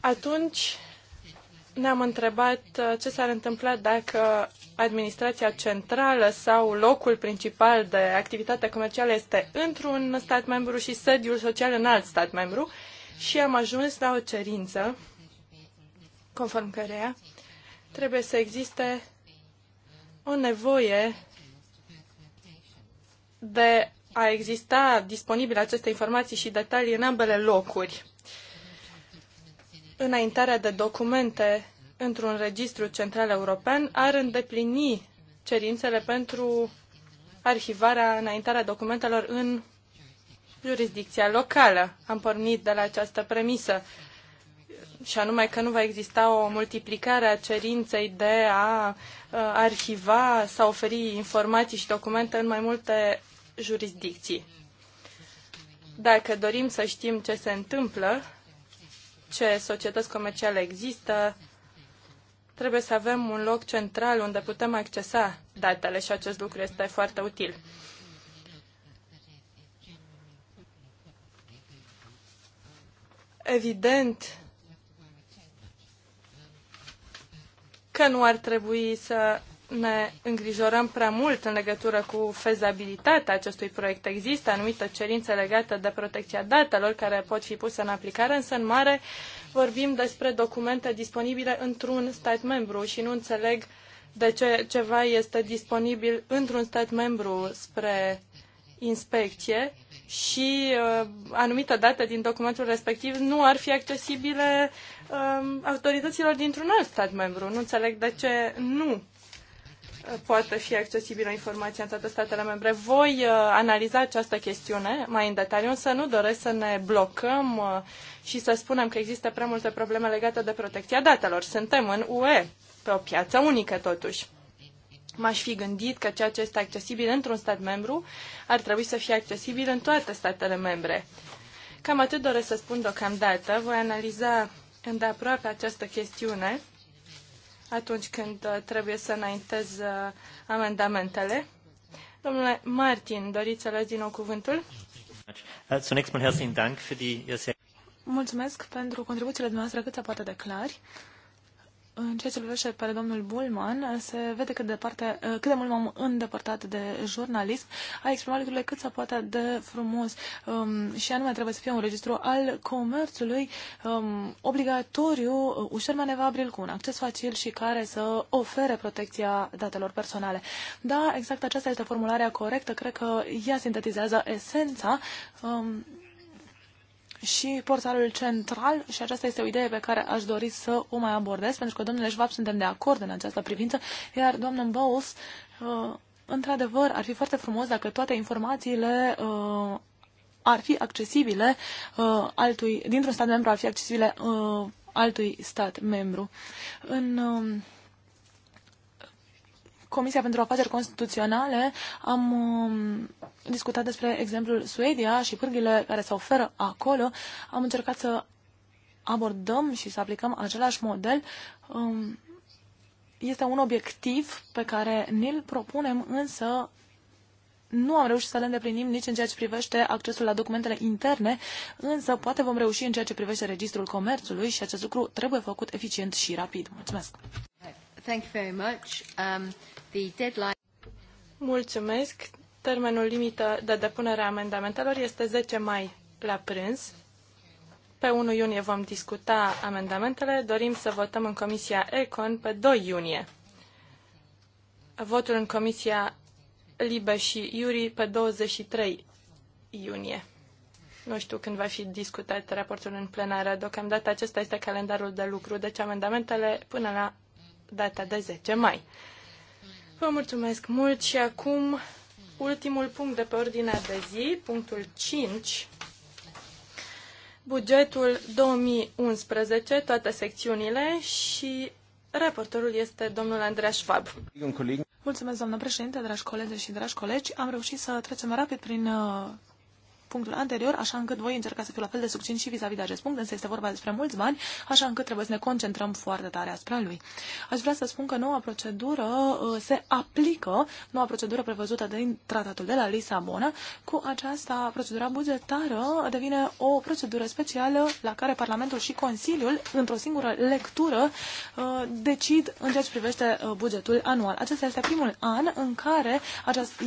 B: Atunci ne-am întrebat uh, ce s-ar întâmpla dacă administrația centrală sau locul principal de activitate comercială este într-un stat membru și sediul social în alt stat membru și am ajuns la o cerință conform căreia trebuie să existe o nevoie de a exista disponibile aceste informații și detalii în ambele locuri. Înaintarea de documente într-un registru central european ar îndeplini cerințele pentru arhivarea, înaintarea documentelor în jurisdicția locală. Am pornit de la această premisă și anume că nu va exista o multiplicare a cerinței de a uh, arhiva sau oferi informații și documente în mai multe jurisdicții. Dacă dorim să știm ce se întâmplă, ce societăți comerciale există, Trebuie să avem un loc central unde putem accesa datele și acest lucru este foarte util. Evident că nu ar trebui să ne îngrijorăm prea mult în legătură cu fezabilitatea acestui proiect. Există anumite cerințe legate de protecția datelor care pot fi puse în aplicare, însă în mare uh, vorbim despre documente disponibile într-un stat membru și nu înțeleg de ce ceva este disponibil într-un stat membru spre inspecție și uh, anumite date din documentul respectiv nu ar fi accesibile uh, autorităților dintr-un alt stat membru. Nu înțeleg de ce nu poată fi accesibilă informația în toate statele membre. Voi uh, analiza această chestiune mai în detaliu, însă nu doresc să ne blocăm uh, și să spunem că există prea multe probleme legate de protecția datelor. Suntem în UE, pe o piață unică totuși. M-aș fi gândit că ceea ce este accesibil într-un stat membru ar trebui să fie accesibil în toate statele membre. Cam atât doresc să spun deocamdată. Voi analiza îndeaproape această chestiune atunci când uh, trebuie să înaintez uh, amendamentele. Domnule Martin, doriți să luați din nou cuvântul?
A: Uh,
B: Mulțumesc
C: pentru contribuțiile dumneavoastră cât se poate de clari. În ceea ce privește pe domnul Bulman, se vede cât de, parte, cât de mult m-am îndepărtat de jurnalism. A exprimat lucrurile cât se poate de frumos um, și anume trebuie să fie un registru al comerțului um, obligatoriu, ușor manevabil, cu un acces facil și care să ofere protecția datelor personale. Da, exact aceasta este formularea corectă. Cred că ea sintetizează esența um, și portalul central și aceasta este o idee pe care aș dori să o mai abordez, pentru că, domnule Schwab, suntem de acord în această privință, iar doamnă Bowles, uh, într-adevăr, ar fi foarte frumos dacă toate informațiile uh, ar fi accesibile uh, altui, dintr-un stat membru ar fi accesibile altui stat membru. În Comisia pentru Afaceri Constituționale am um, discutat despre exemplul Suedia și pârghile care se oferă acolo. Am încercat să abordăm și să aplicăm același model. Um, este un obiectiv pe care ne-l propunem, însă nu am reușit să-l îndeplinim nici în ceea ce privește accesul la documentele interne, însă poate vom reuși în ceea ce privește registrul comerțului și acest lucru trebuie făcut eficient și rapid. Mulțumesc!
B: Thank you very much. Um... The deadline... Mulțumesc. Termenul limită de depunere a amendamentelor este 10 mai la prânz. Pe 1 iunie vom discuta amendamentele. Dorim să votăm în Comisia Econ pe 2 iunie. Votul în Comisia Libe și Iuri pe 23 iunie. Nu știu când va fi discutat raportul în plenară. Deocamdată acesta este calendarul de lucru, deci amendamentele până la data de 10 mai. Vă mulțumesc mult și acum ultimul punct de pe ordinea de zi, punctul 5, bugetul 2011, toate secțiunile și raportorul este domnul Andreea Schwab. Mulțumesc, doamnă președinte, dragi colegi și dragi colegi. Am reușit să trecem rapid prin
C: uh, punctul anterior, așa încât voi încerca să fiu la fel de succint și vis-a-vis -vis de acest punct, însă este vorba despre mulți bani, așa încât trebuie să ne concentrăm foarte tare asupra lui. Aș vrea să spun că noua procedură uh, se aplică, noua procedură prevăzută din tratatul de la Lisabona, cu aceasta procedura bugetară devine o procedură specială la care Parlamentul și Consiliul, într-o singură lectură, uh, decid în ceea ce privește uh, bugetul anual. Acesta este primul an în care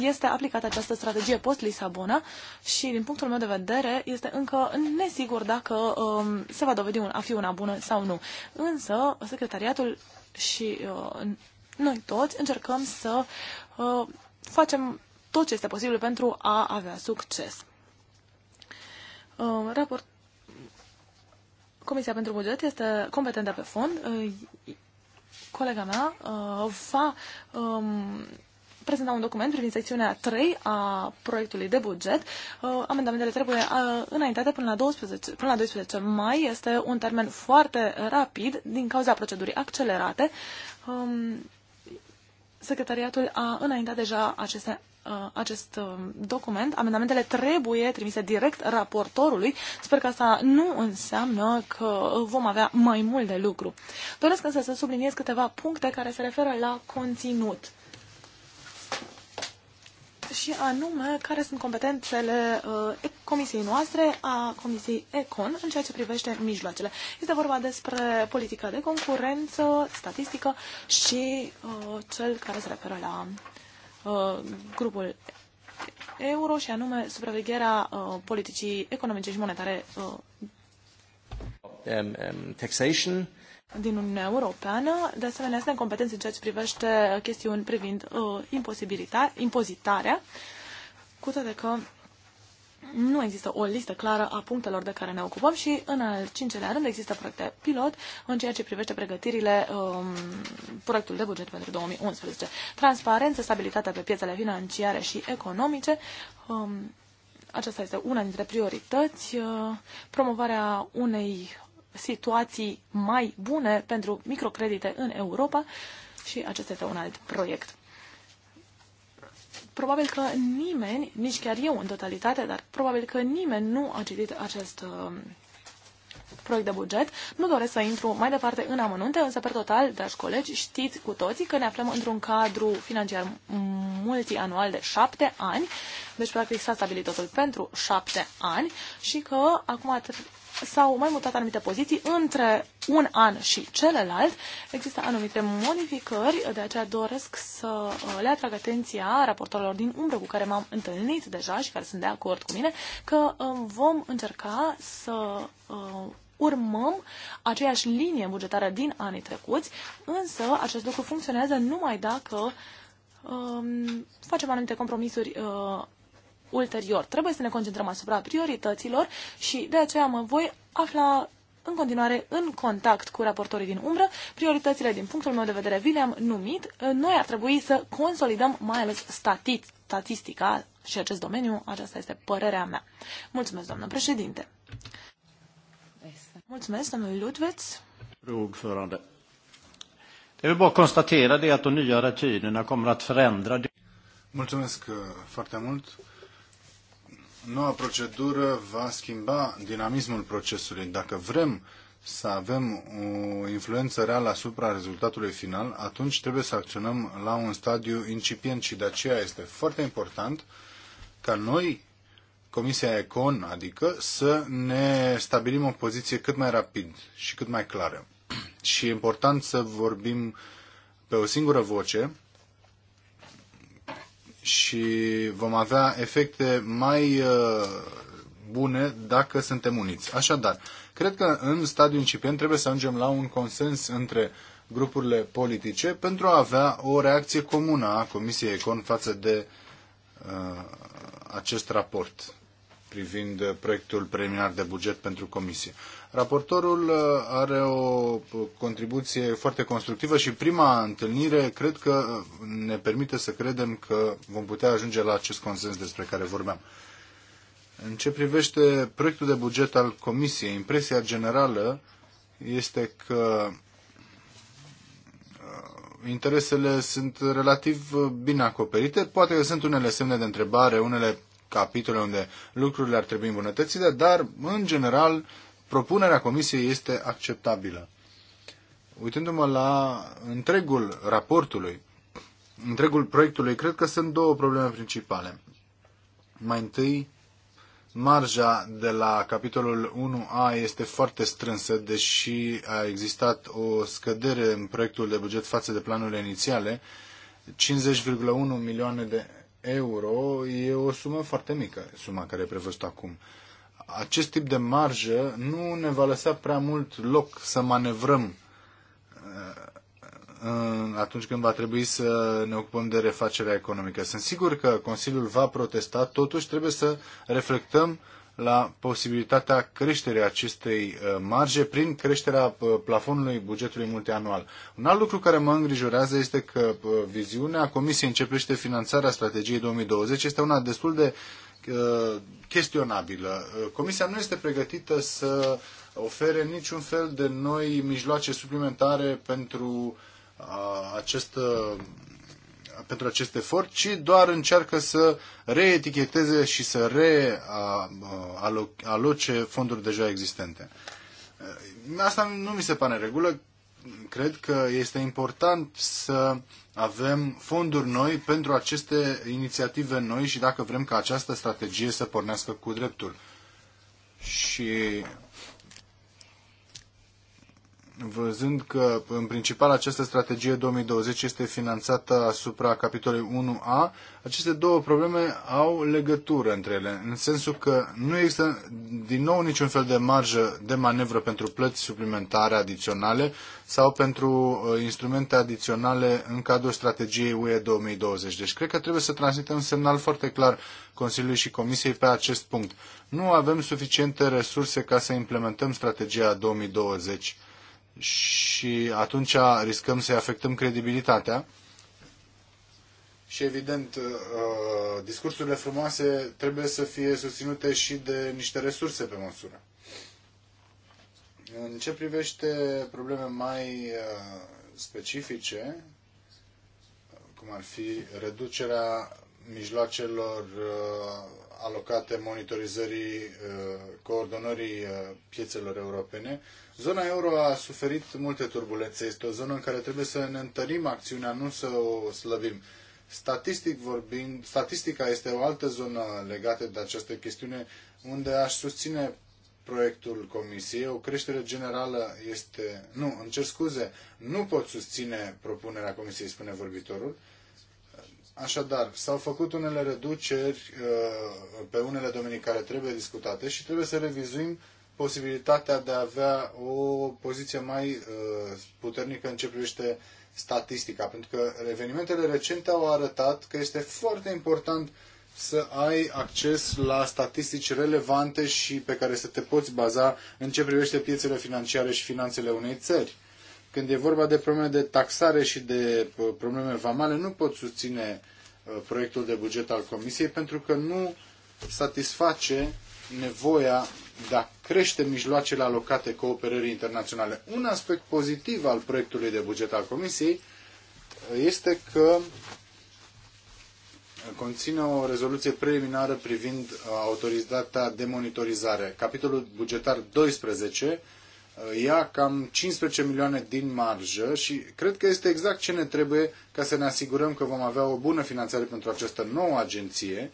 C: este aplicată această strategie post-Lisabona și din punct punctul meu de vedere, este încă nesigur dacă um, se va dovedi un, a fi una bună sau nu. Însă, secretariatul și uh, noi toți încercăm să uh, facem tot ce este posibil pentru a avea succes. Uh, raport... Comisia pentru buget este competentă pe fond. Uh, colega mea uh, va um, prezenta un document privind secțiunea 3 a proiectului de buget. Uh, amendamentele trebuie uh, înaintate până la, 12, până la 12 mai. Este un termen foarte rapid din cauza procedurii accelerate. Um, secretariatul a înaintat deja aceste uh, acest uh, document. Amendamentele trebuie trimise direct raportorului. Sper că asta nu înseamnă că vom avea mai mult de lucru. Doresc însă să subliniez câteva puncte care se referă la conținut și anume care sunt competențele uh, comisiei noastre, a comisiei ECON, în ceea ce privește mijloacele. Este vorba despre politica de concurență, statistică și uh, cel care se referă la uh, grupul euro și anume supravegherea uh, politicii economice și monetare. Uh.
A: Um, um, taxation
C: din Uniunea Europeană, de asemenea suntem competenți în ceea ce privește chestiuni privind uh, imposibilita- impozitarea, cu toate că nu există o listă clară a punctelor de care ne ocupăm și, în al cincelea rând, există proiecte pilot în ceea ce privește pregătirile um, proiectul de buget pentru 2011. Transparență, stabilitatea pe piețele financiare și economice, um, aceasta este una dintre priorități, uh, promovarea unei situații mai bune pentru microcredite în Europa și acesta este un alt proiect. Probabil că nimeni, nici chiar eu în totalitate, dar probabil că nimeni nu a citit acest uh, proiect de buget. Nu doresc să intru mai departe în amănunte, însă, per total, dragi colegi, știți cu toții că ne aflăm într-un cadru financiar multianual de șapte ani, deci, practic, s-a stabilit totul pentru șapte ani și că acum s-au mai mutat anumite poziții între un an și celălalt. Există anumite modificări, de aceea doresc să uh, le atrag atenția raportorilor din umbră cu care m-am întâlnit deja și care sunt de acord cu mine, că um, vom încerca să uh, urmăm aceeași linie bugetară din anii trecuți, însă acest lucru funcționează numai dacă um, facem anumite compromisuri uh, ulterior. Trebuie să ne concentrăm asupra priorităților și de aceea mă voi afla în continuare în contact cu raportorii din umbră. Prioritățile, din punctul meu de vedere, vi le-am numit. Noi ar trebui să consolidăm mai ales statit, statistica și acest domeniu. Aceasta este părerea mea. Mulțumesc, doamnă președinte. Mulțumesc, domnul Ludveț.
A: Ordförande. Det vill bara konstatera det att de nya rutinerna kommer att förändra det. Mulțumesc uh, foarte mult noua procedură va schimba dinamismul procesului. Dacă vrem să avem o influență reală asupra rezultatului final, atunci trebuie să acționăm la un stadiu incipient și de aceea este foarte important ca noi, Comisia Econ, adică, să ne stabilim o poziție cât mai rapid și cât mai clară. Și e important să vorbim pe o singură voce și vom avea efecte mai uh, bune dacă suntem uniți. Așadar, cred că în stadiul incipient trebuie să ajungem la un consens între grupurile politice pentru a avea o reacție comună a Comisiei Econ față de uh, acest raport privind proiectul preliminar de buget pentru Comisie. Raportorul uh, are o uh, contribuție foarte constructivă și prima întâlnire cred că uh, ne permite să credem că vom putea ajunge la acest consens despre care vorbeam. În ce privește proiectul de buget al Comisiei, impresia generală este că interesele sunt relativ bine acoperite. Poate că sunt unele semne de întrebare, unele capitole unde lucrurile ar trebui îmbunătățite, dar, în general, propunerea Comisiei este acceptabilă. Uitându-mă la întregul raportului, întregul proiectului, cred că sunt două probleme principale. Mai întâi, marja de la capitolul 1A este foarte strânsă, deși a existat o scădere în proiectul de buget față de planurile inițiale. 50,1 milioane de euro e o sumă foarte mică, suma care e prevăzută acum acest tip de marjă nu ne va lăsa prea mult loc să manevrăm uh, uh, atunci când va trebui să ne ocupăm de refacerea economică. Sunt sigur că Consiliul va protesta, totuși trebuie să reflectăm la posibilitatea creșterii acestei uh, marje prin creșterea plafonului bugetului multianual. Un alt lucru care mă îngrijorează este că viziunea Comisiei în ce privește finanțarea strategiei 2020 este una destul de Uh, chestionabilă. Uh, Comisia nu este pregătită să ofere niciun fel de noi mijloace suplimentare pentru uh, acest pentru acest efort, ci doar încearcă să reeticheteze și să realoce fonduri deja existente. Asta nu mi se pare în regulă cred că este important să avem fonduri noi pentru aceste inițiative noi și dacă vrem ca această strategie să pornească cu dreptul. Și văzând că în principal această strategie 2020 este finanțată asupra capitolului 1A, aceste două probleme au legătură între ele, în sensul că nu există din nou niciun fel de marjă de manevră pentru plăți suplimentare adiționale sau pentru uh, instrumente adiționale în cadrul strategiei UE 2020. Deci cred că trebuie să transmitem un semnal foarte clar Consiliului și Comisiei pe acest punct. Nu avem suficiente resurse ca să implementăm strategia 2020 și atunci riscăm să-i afectăm credibilitatea. Și evident, uh, discursurile frumoase trebuie să fie susținute și de niște resurse pe măsură. În ce privește probleme mai uh, specifice, cum ar fi reducerea mijloacelor uh, alocate monitorizării, uh, coordonării uh, piețelor europene. Zona euro a suferit multe turbulențe. Este o zonă în care trebuie să ne întărim acțiunea, nu să o slăbim. Statistic vorbind, statistica este o altă zonă legată de această chestiune unde aș susține proiectul Comisiei. O creștere generală este... Nu, îmi cer scuze, nu pot susține propunerea Comisiei, spune vorbitorul Așadar, s-au făcut unele reduceri uh, pe unele domenii care trebuie discutate și trebuie să revizuim posibilitatea de a avea o poziție mai uh, puternică în ce privește statistica, pentru că evenimentele recente au arătat că este foarte important să ai acces la statistici relevante și pe care să te poți baza în ce privește piețele financiare și finanțele unei țări când e vorba de probleme de taxare și de uh, probleme vamale, nu pot susține uh, proiectul de buget al Comisiei pentru că nu satisface nevoia de a crește mijloacele alocate cooperării internaționale. Un aspect pozitiv al proiectului de buget al Comisiei uh, este că conține o rezoluție preliminară privind autoritatea de monitorizare. Capitolul bugetar 12 Uh, ia cam 15 milioane din marjă și cred că este exact ce ne trebuie ca să ne asigurăm că vom avea o bună finanțare pentru această nouă agenție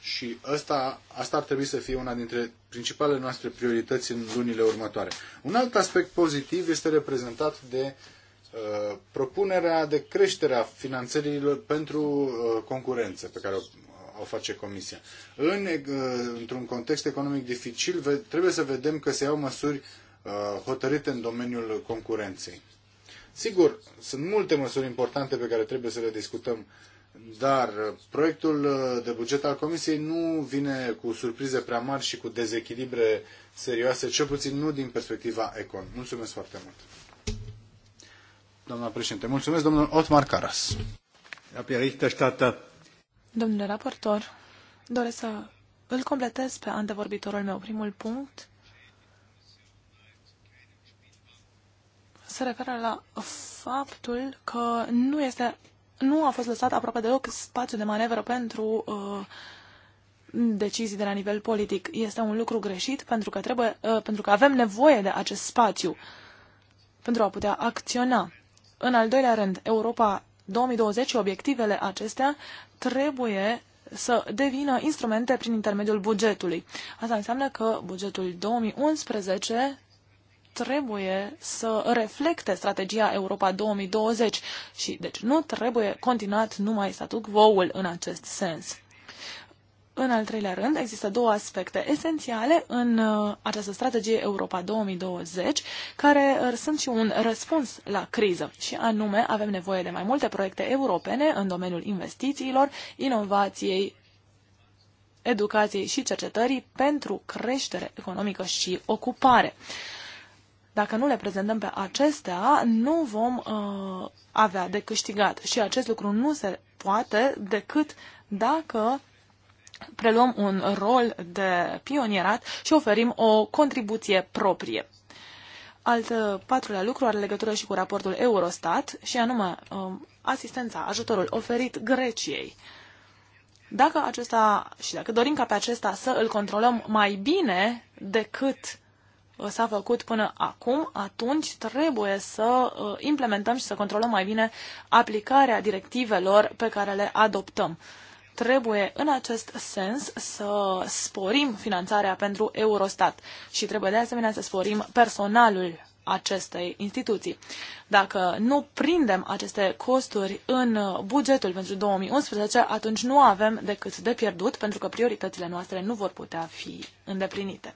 A: și asta, asta ar trebui să fie una dintre principalele noastre priorități în lunile următoare. Un alt aspect pozitiv este reprezentat de uh, propunerea de creștere a finanțărilor pentru uh, concurență pe care o uh, o face Comisia. În, uh, într-un context economic dificil, trebuie să vedem că se iau măsuri Uh, hotărâte în domeniul concurenței. Sigur, sunt multe măsuri importante pe care trebuie să le discutăm, dar proiectul uh, de buget al Comisiei nu vine cu surprize prea mari și cu dezechilibre serioase, cel puțin nu din perspectiva Econ. Mulțumesc foarte mult! Doamna președinte, mulțumesc, domnul Otmar Caras.
C: Domnule raportor, doresc să îl completez pe antevorbitorul meu. Primul punct se referă la faptul că nu este nu a fost lăsat aproape deloc spațiu de manevră pentru uh, decizii de la nivel politic. Este un lucru greșit pentru că, trebuie, uh, pentru că avem nevoie de acest spațiu pentru a putea acționa. În al doilea rând, Europa 2020 și obiectivele acestea trebuie să devină instrumente prin intermediul bugetului. Asta înseamnă că bugetul 2011 trebuie să reflecte strategia Europa 2020 și deci nu trebuie continuat numai să quo-ul în acest sens. În al treilea rând, există două aspecte esențiale în uh, această strategie Europa 2020, care uh, sunt și un răspuns la criză, și anume avem nevoie de mai multe proiecte europene în domeniul investițiilor, inovației, educației și cercetării pentru creștere economică și ocupare. Dacă nu le prezentăm pe acestea, nu vom uh, avea de câștigat. Și acest lucru nu se poate decât dacă preluăm un rol de pionierat și oferim o contribuție proprie. Alt uh, patrulea lucru are legătură și cu raportul Eurostat și anume uh, asistența, ajutorul oferit Greciei. Dacă acesta și dacă dorim ca pe acesta să îl controlăm mai bine decât Uh, s-a făcut până acum, atunci trebuie să uh, implementăm și să controlăm mai bine aplicarea directivelor pe care le adoptăm. Trebuie în acest sens să sporim finanțarea pentru Eurostat și trebuie de asemenea să sporim personalul acestei instituții. Dacă nu prindem aceste costuri în bugetul pentru 2011, atunci nu avem decât de pierdut, pentru că prioritățile noastre nu vor putea fi îndeplinite.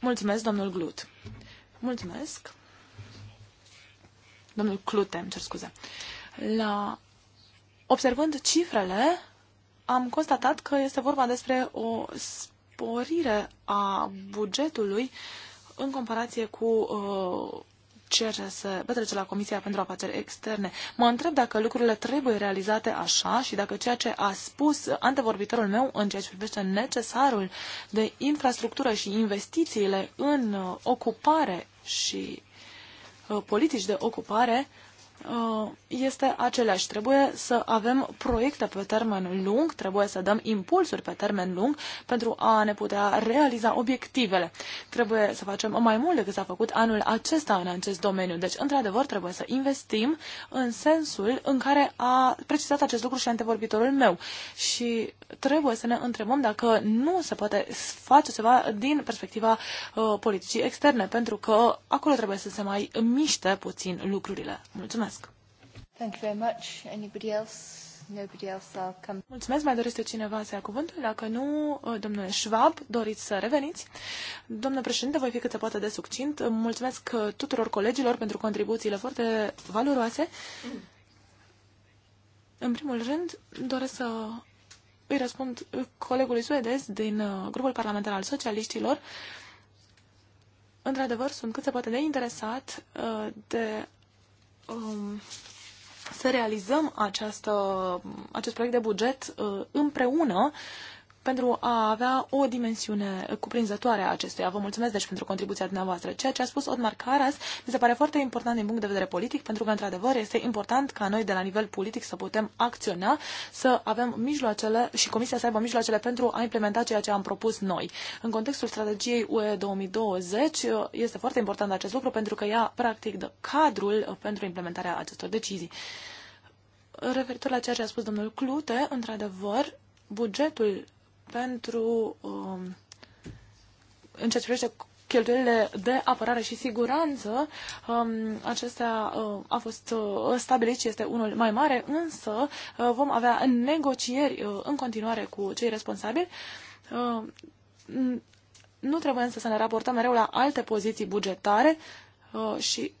C: Mulțumesc, domnul Glut. Mulțumesc. Domnul Clute, îmi cer scuze. La... Observând cifrele, am constatat că este vorba despre o sporire a bugetului în comparație cu uh, cere să petrece la Comisia pentru Afaceri Externe. Mă întreb dacă lucrurile trebuie realizate așa și dacă ceea ce a spus antevorbitorul meu în ceea ce privește necesarul de infrastructură și investițiile în uh, ocupare și uh, politici de ocupare Uh, este același. Trebuie să avem proiecte pe termen lung, trebuie să dăm impulsuri pe termen lung pentru a ne putea realiza obiectivele. Trebuie să facem mai mult decât s-a făcut anul acesta în acest domeniu. Deci, într-adevăr, trebuie să investim în sensul în care a precizat acest lucru și antevorbitorul meu. Și trebuie să ne întrebăm dacă nu se poate face ceva din perspectiva uh, politicii externe, pentru că acolo trebuie să se mai miște puțin lucrurile. Mulțumesc! Mulțumesc! Thank you very much. Anybody else? Nobody else. I'll come. Mulțumesc. Mai dorește cineva să ia cuvântul? Dacă nu, domnule Schwab, doriți să reveniți? Domnule președinte, voi fi cât se poate de succint. Mulțumesc tuturor colegilor pentru contribuțiile foarte valoroase. În primul rând, doresc să îi răspund colegului suedez din uh, grupul parlamentar al socialiștilor. Într-adevăr, sunt cât se poate de interesat uh, de um, să realizăm această, acest proiect de buget uh, împreună pentru a avea o dimensiune cuprinzătoare a acestuia. Vă mulțumesc deci pentru contribuția dumneavoastră. Ceea ce a spus Otmar Caras mi se pare foarte important din punct de vedere politic, pentru că, într-adevăr, este important ca noi, de la nivel politic, să putem acționa, să avem mijloacele și Comisia să aibă mijloacele pentru a implementa ceea ce am propus noi. În contextul strategiei UE 2020 este foarte important acest lucru pentru că ea, practic, dă cadrul pentru implementarea acestor decizii. Referitor la ceea ce a spus domnul Clute, într-adevăr, bugetul pentru um, în ce privește cheltuielile de apărare și siguranță, um, acestea uh, a fost uh, stabilit și este unul mai mare, însă uh, vom avea negocieri uh, în continuare cu cei responsabili. Uh, nu trebuie însă să ne raportăm mereu la alte poziții bugetare uh, și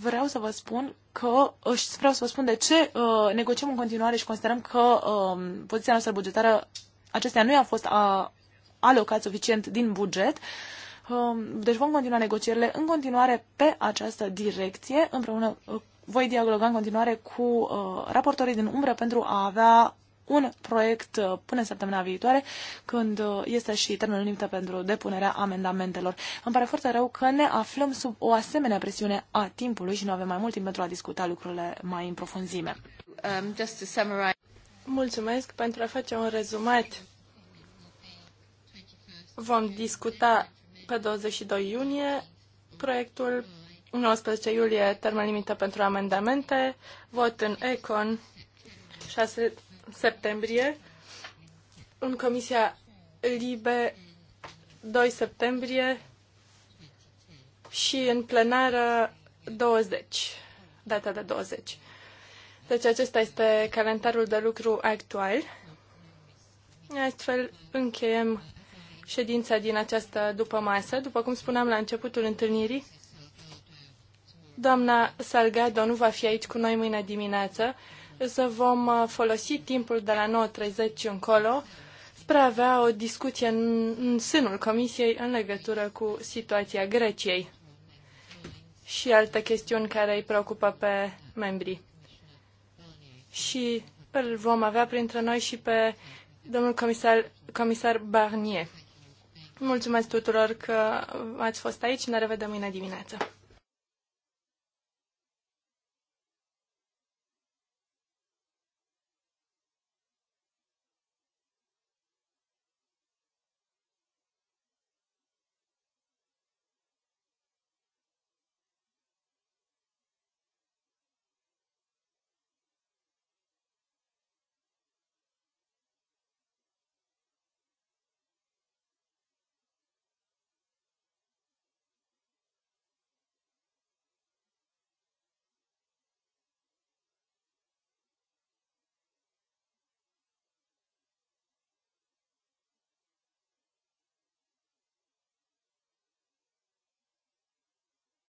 C: vreau să vă spun că uh, și vreau să vă spun de ce uh, negociem în continuare și considerăm că uh, poziția noastră bugetară acestea nu i-au fost a, alocat suficient din buget. Um, deci vom continua negocierile în continuare pe această direcție. Împreună uh, voi dialoga în continuare cu uh, raportorii din umbră pentru a avea un proiect uh, până săptămâna viitoare, când este și termenul limită pentru depunerea amendamentelor. Îmi pare foarte rău că ne aflăm sub o asemenea presiune a timpului și nu avem mai mult timp
B: pentru a discuta lucrurile mai în profunzime. Um, Mulțumesc pentru a face un rezumat. Vom discuta pe 22 iunie proiectul 19 iulie, termen limită pentru amendamente, vot în ECON 6 septembrie, în Comisia Libe 2 septembrie și în plenară 20, data de 20. Deci acesta este calendarul de lucru actual. Astfel încheiem ședința din această după masă. După cum spuneam la începutul întâlnirii, doamna Salgado nu va fi aici cu noi mâine dimineață, să vom uh, folosi timpul de la 9.30 încolo spre a avea o discuție în, în sânul Comisiei în legătură cu situația Greciei și alte chestiuni care îi preocupă pe membrii și îl vom avea printre noi și pe domnul comisar, comisar Barnier. Mulțumesc tuturor că ați fost aici. Ne revedem mâine dimineață.